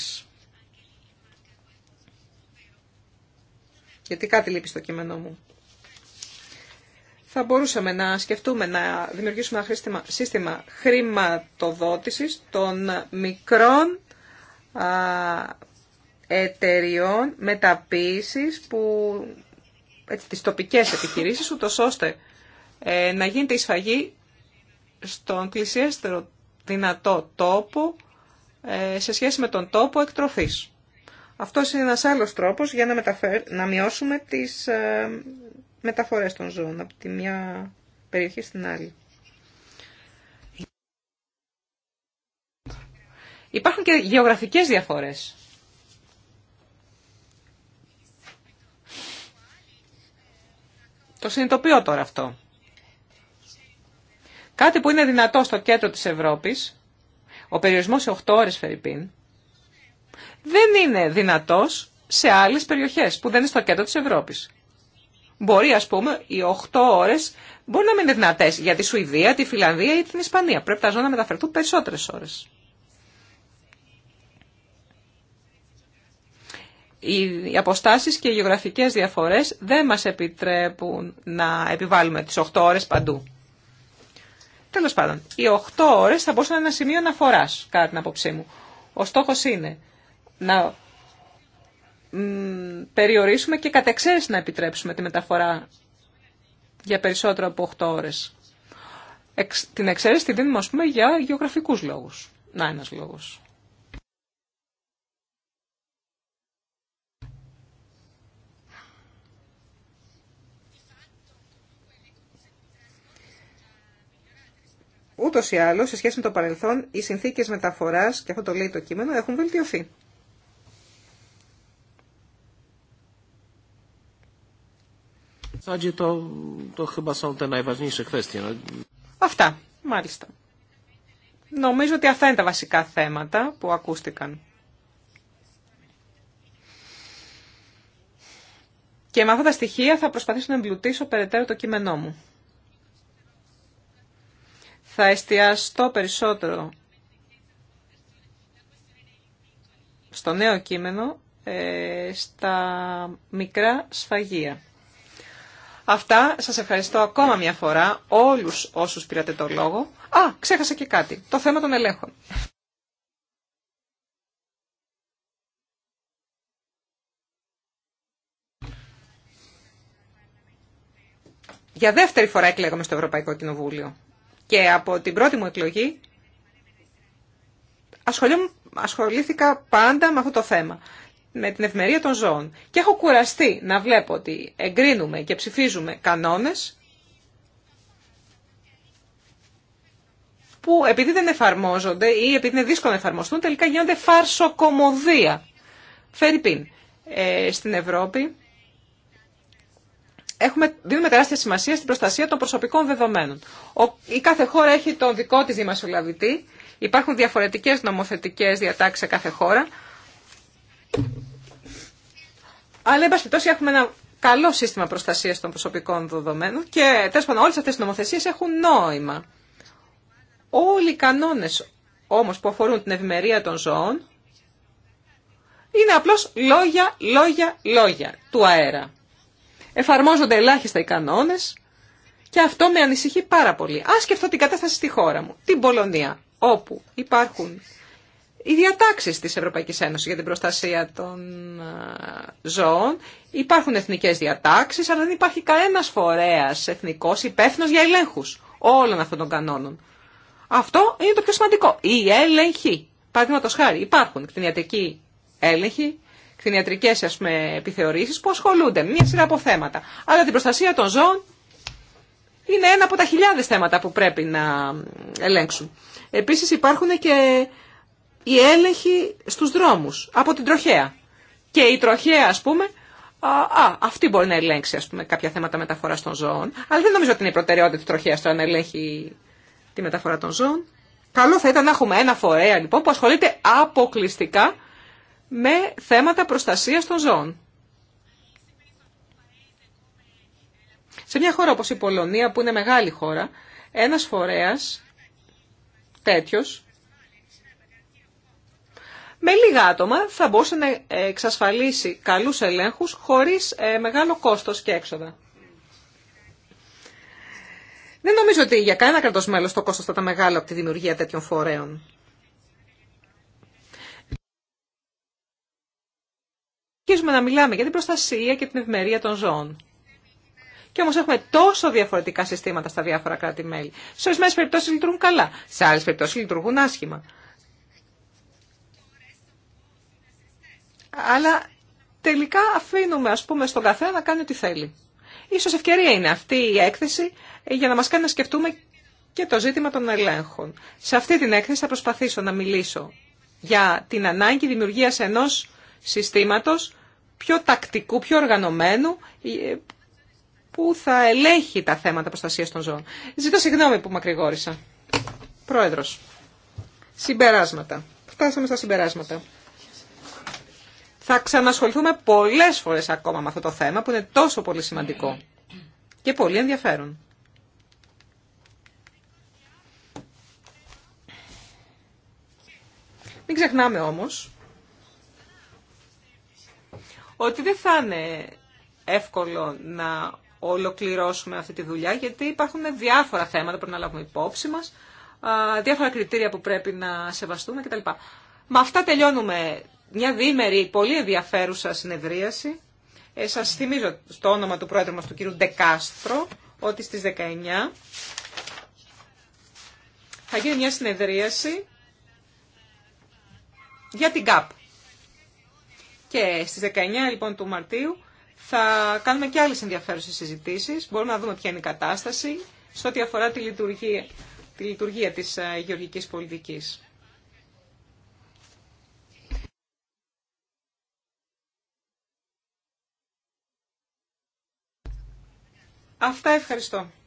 Γιατί κάτι λείπει στο κείμενό μου. Θα μπορούσαμε να σκεφτούμε να δημιουργήσουμε ένα σύστημα χρηματοδότησης των μικρών εταιριών μεταποίησης που, έτσι, τις τοπικές επιχειρήσεις, ούτως ώστε ε, να γίνεται η σφαγή στον πλησιέστερο δυνατό τόπο ε, σε σχέση με τον τόπο εκτροφής. Αυτό είναι ένας άλλος τρόπος για να, μεταφέρ, να μειώσουμε τις ε, μεταφορές των ζώων από τη μια περιοχή στην άλλη. Υπάρχουν και γεωγραφικές διαφορές. Το συνειδητοποιώ τώρα αυτό. Κάτι που είναι δυνατό στο κέντρο της Ευρώπης, ο περιορισμός σε 8 ώρες Φερρυπίν, δεν είναι δυνατός σε άλλες περιοχές που δεν είναι στο κέντρο της Ευρώπης. Μπορεί, ας πούμε, οι 8 ώρες μπορεί να μην είναι δυνατές για τη Σουηδία, τη Φιλανδία ή την Ισπανία. Πρέπει τα ζώα να μεταφερθούν περισσότερες ώρες. οι αποστάσεις και οι γεωγραφικές διαφορές δεν μας επιτρέπουν να επιβάλλουμε τις 8 ώρες παντού. Τέλος πάντων, οι 8 ώρες θα μπορούσαν να είναι ένα σημείο αναφοράς, κατά την άποψή μου. Ο στόχος είναι να περιορίσουμε και κατ' να επιτρέψουμε τη μεταφορά για περισσότερο από 8 ώρες. την εξαίρεση την δίνουμε, ας πούμε, για γεωγραφικούς λόγους. Να, ένας λόγος. Ούτως ή άλλως, σε σχέση με το παρελθόν, οι συνθήκε μεταφορά και αυτό το λέει το κείμενο, έχουν βελτιωθεί. Αυτά, μάλιστα. Νομίζω ότι αυτά είναι τα βασικά θέματα που ακούστηκαν. Και με αυτά τα στοιχεία θα προσπαθήσω να εμπλουτίσω περαιτέρω το κείμενό μου θα εστιαστώ περισσότερο στο νέο κείμενο ε, στα μικρά σφαγεία. Αυτά, σας ευχαριστώ ακόμα μια φορά όλους όσους πήρατε το λόγο. Α, ξέχασα και κάτι, το θέμα των ελέγχων. Για δεύτερη φορά εκλέγομαι στο Ευρωπαϊκό Κοινοβούλιο και από την πρώτη μου εκλογή ασχολήθηκα πάντα με αυτό το θέμα, με την ευμερία των ζώων. Και έχω κουραστεί να βλέπω ότι εγκρίνουμε και ψηφίζουμε κανόνες που επειδή δεν εφαρμόζονται ή επειδή είναι δύσκολο να εφαρμοστούν, τελικά γίνονται φαρσοκομωδία. Φέρει πίν. Ε, στην Ευρώπη έχουμε, δίνουμε τεράστια σημασία στην προστασία των προσωπικών δεδομένων. Ο, η κάθε χώρα έχει τον δικό της δημοσιολαβητή. Υπάρχουν διαφορετικές νομοθετικές διατάξεις σε κάθε χώρα. Αλλά, εν πάση έχουμε ένα καλό σύστημα προστασίας των προσωπικών δεδομένων και, τέλος πάντων, όλες αυτές οι νομοθεσίες έχουν νόημα. Όλοι οι κανόνες, όμως, που αφορούν την ευημερία των ζώων, είναι απλώς λόγια, λόγια, λόγια του αέρα εφαρμόζονται ελάχιστα οι κανόνες και αυτό με ανησυχεί πάρα πολύ. Α σκεφτώ την κατάσταση στη χώρα μου, την Πολωνία, όπου υπάρχουν οι διατάξεις της Ευρωπαϊκής Ένωσης για την προστασία των ε, ζώων, υπάρχουν εθνικές διατάξεις, αλλά δεν υπάρχει κανένα φορέας εθνικός υπεύθυνο για ελέγχου. όλων αυτών των κανόνων. Αυτό είναι το πιο σημαντικό. Η έλεγχοι. Παραδείγματο χάρη, υπάρχουν κτηνιατικοί έλεγχοι, κτηνιατρικέ ας που ασχολούνται με μια σειρά από θέματα. Αλλά την προστασία των ζώων είναι ένα από τα χιλιάδε θέματα που πρέπει να ελέγξουν. Επίση υπάρχουν και οι έλεγχοι στου δρόμου από την τροχέα. Και η τροχέα ας πούμε Α, αυτή μπορεί να ελέγξει ας πούμε, κάποια θέματα μεταφορά των ζώων. Αλλά δεν νομίζω ότι είναι η προτεραιότητα τη τροχέα το να ελέγχει τη μεταφορά των ζώων. Καλό θα ήταν να έχουμε ένα φορέα λοιπόν που ασχολείται αποκλειστικά με θέματα προστασίας των ζώων. Σε μια χώρα όπως η Πολωνία, που είναι μεγάλη χώρα, ένας φορέας τέτοιος, με λίγα άτομα θα μπορούσε να εξασφαλίσει καλούς ελέγχους χωρίς ε, μεγάλο κόστος και έξοδα. Δεν νομίζω ότι για κανένα κρατός το κόστος θα ήταν μεγάλο από τη δημιουργία τέτοιων φορέων. αρχίζουμε να μιλάμε για την προστασία και την ευμερία των ζώων. Και όμω έχουμε τόσο διαφορετικά συστήματα στα διάφορα κράτη-μέλη. Σε ορισμένε περιπτώσει λειτουργούν καλά, σε άλλε περιπτώσει λειτουργούν άσχημα. Αλλά τελικά αφήνουμε, α πούμε, στον καθένα να κάνει ό,τι θέλει. Ίσως ευκαιρία είναι αυτή η έκθεση για να μας κάνει να σκεφτούμε και το ζήτημα των ελέγχων. Σε αυτή την έκθεση θα προσπαθήσω να μιλήσω για την ανάγκη δημιουργία ενός συστήματος πιο τακτικού, πιο οργανωμένου ε, που θα ελέγχει τα θέματα προστασία των ζώων. Ζητώ συγγνώμη που μακρηγόρησα. Πρόεδρος, συμπεράσματα. Φτάσαμε στα συμπεράσματα. Θα ξανασχοληθούμε πολλές φορές ακόμα με αυτό το θέμα που είναι τόσο πολύ σημαντικό και πολύ ενδιαφέρον. Μην ξεχνάμε όμως ότι δεν θα είναι εύκολο να ολοκληρώσουμε αυτή τη δουλειά, γιατί υπάρχουν διάφορα θέματα που πρέπει να λάβουμε υπόψη μας, διάφορα κριτήρια που πρέπει να σεβαστούμε κτλ. Με αυτά τελειώνουμε μια διήμερη πολύ ενδιαφέρουσα συνεδρίαση. Ε, σας θυμίζω στο όνομα του πρόεδρου μας, του κύριου Ντεκάστρο, ότι στις 19 θα γίνει μια συνεδρίαση για την ΚΑΠ. Και στις 19 λοιπόν του Μαρτίου θα κάνουμε και άλλες ενδιαφέρουσες συζητήσει. Μπορούμε να δούμε ποια είναι η κατάσταση σε ό,τι αφορά τη λειτουργία, τη λειτουργία της ε, γεωργικής πολιτικής. Αυτά ευχαριστώ.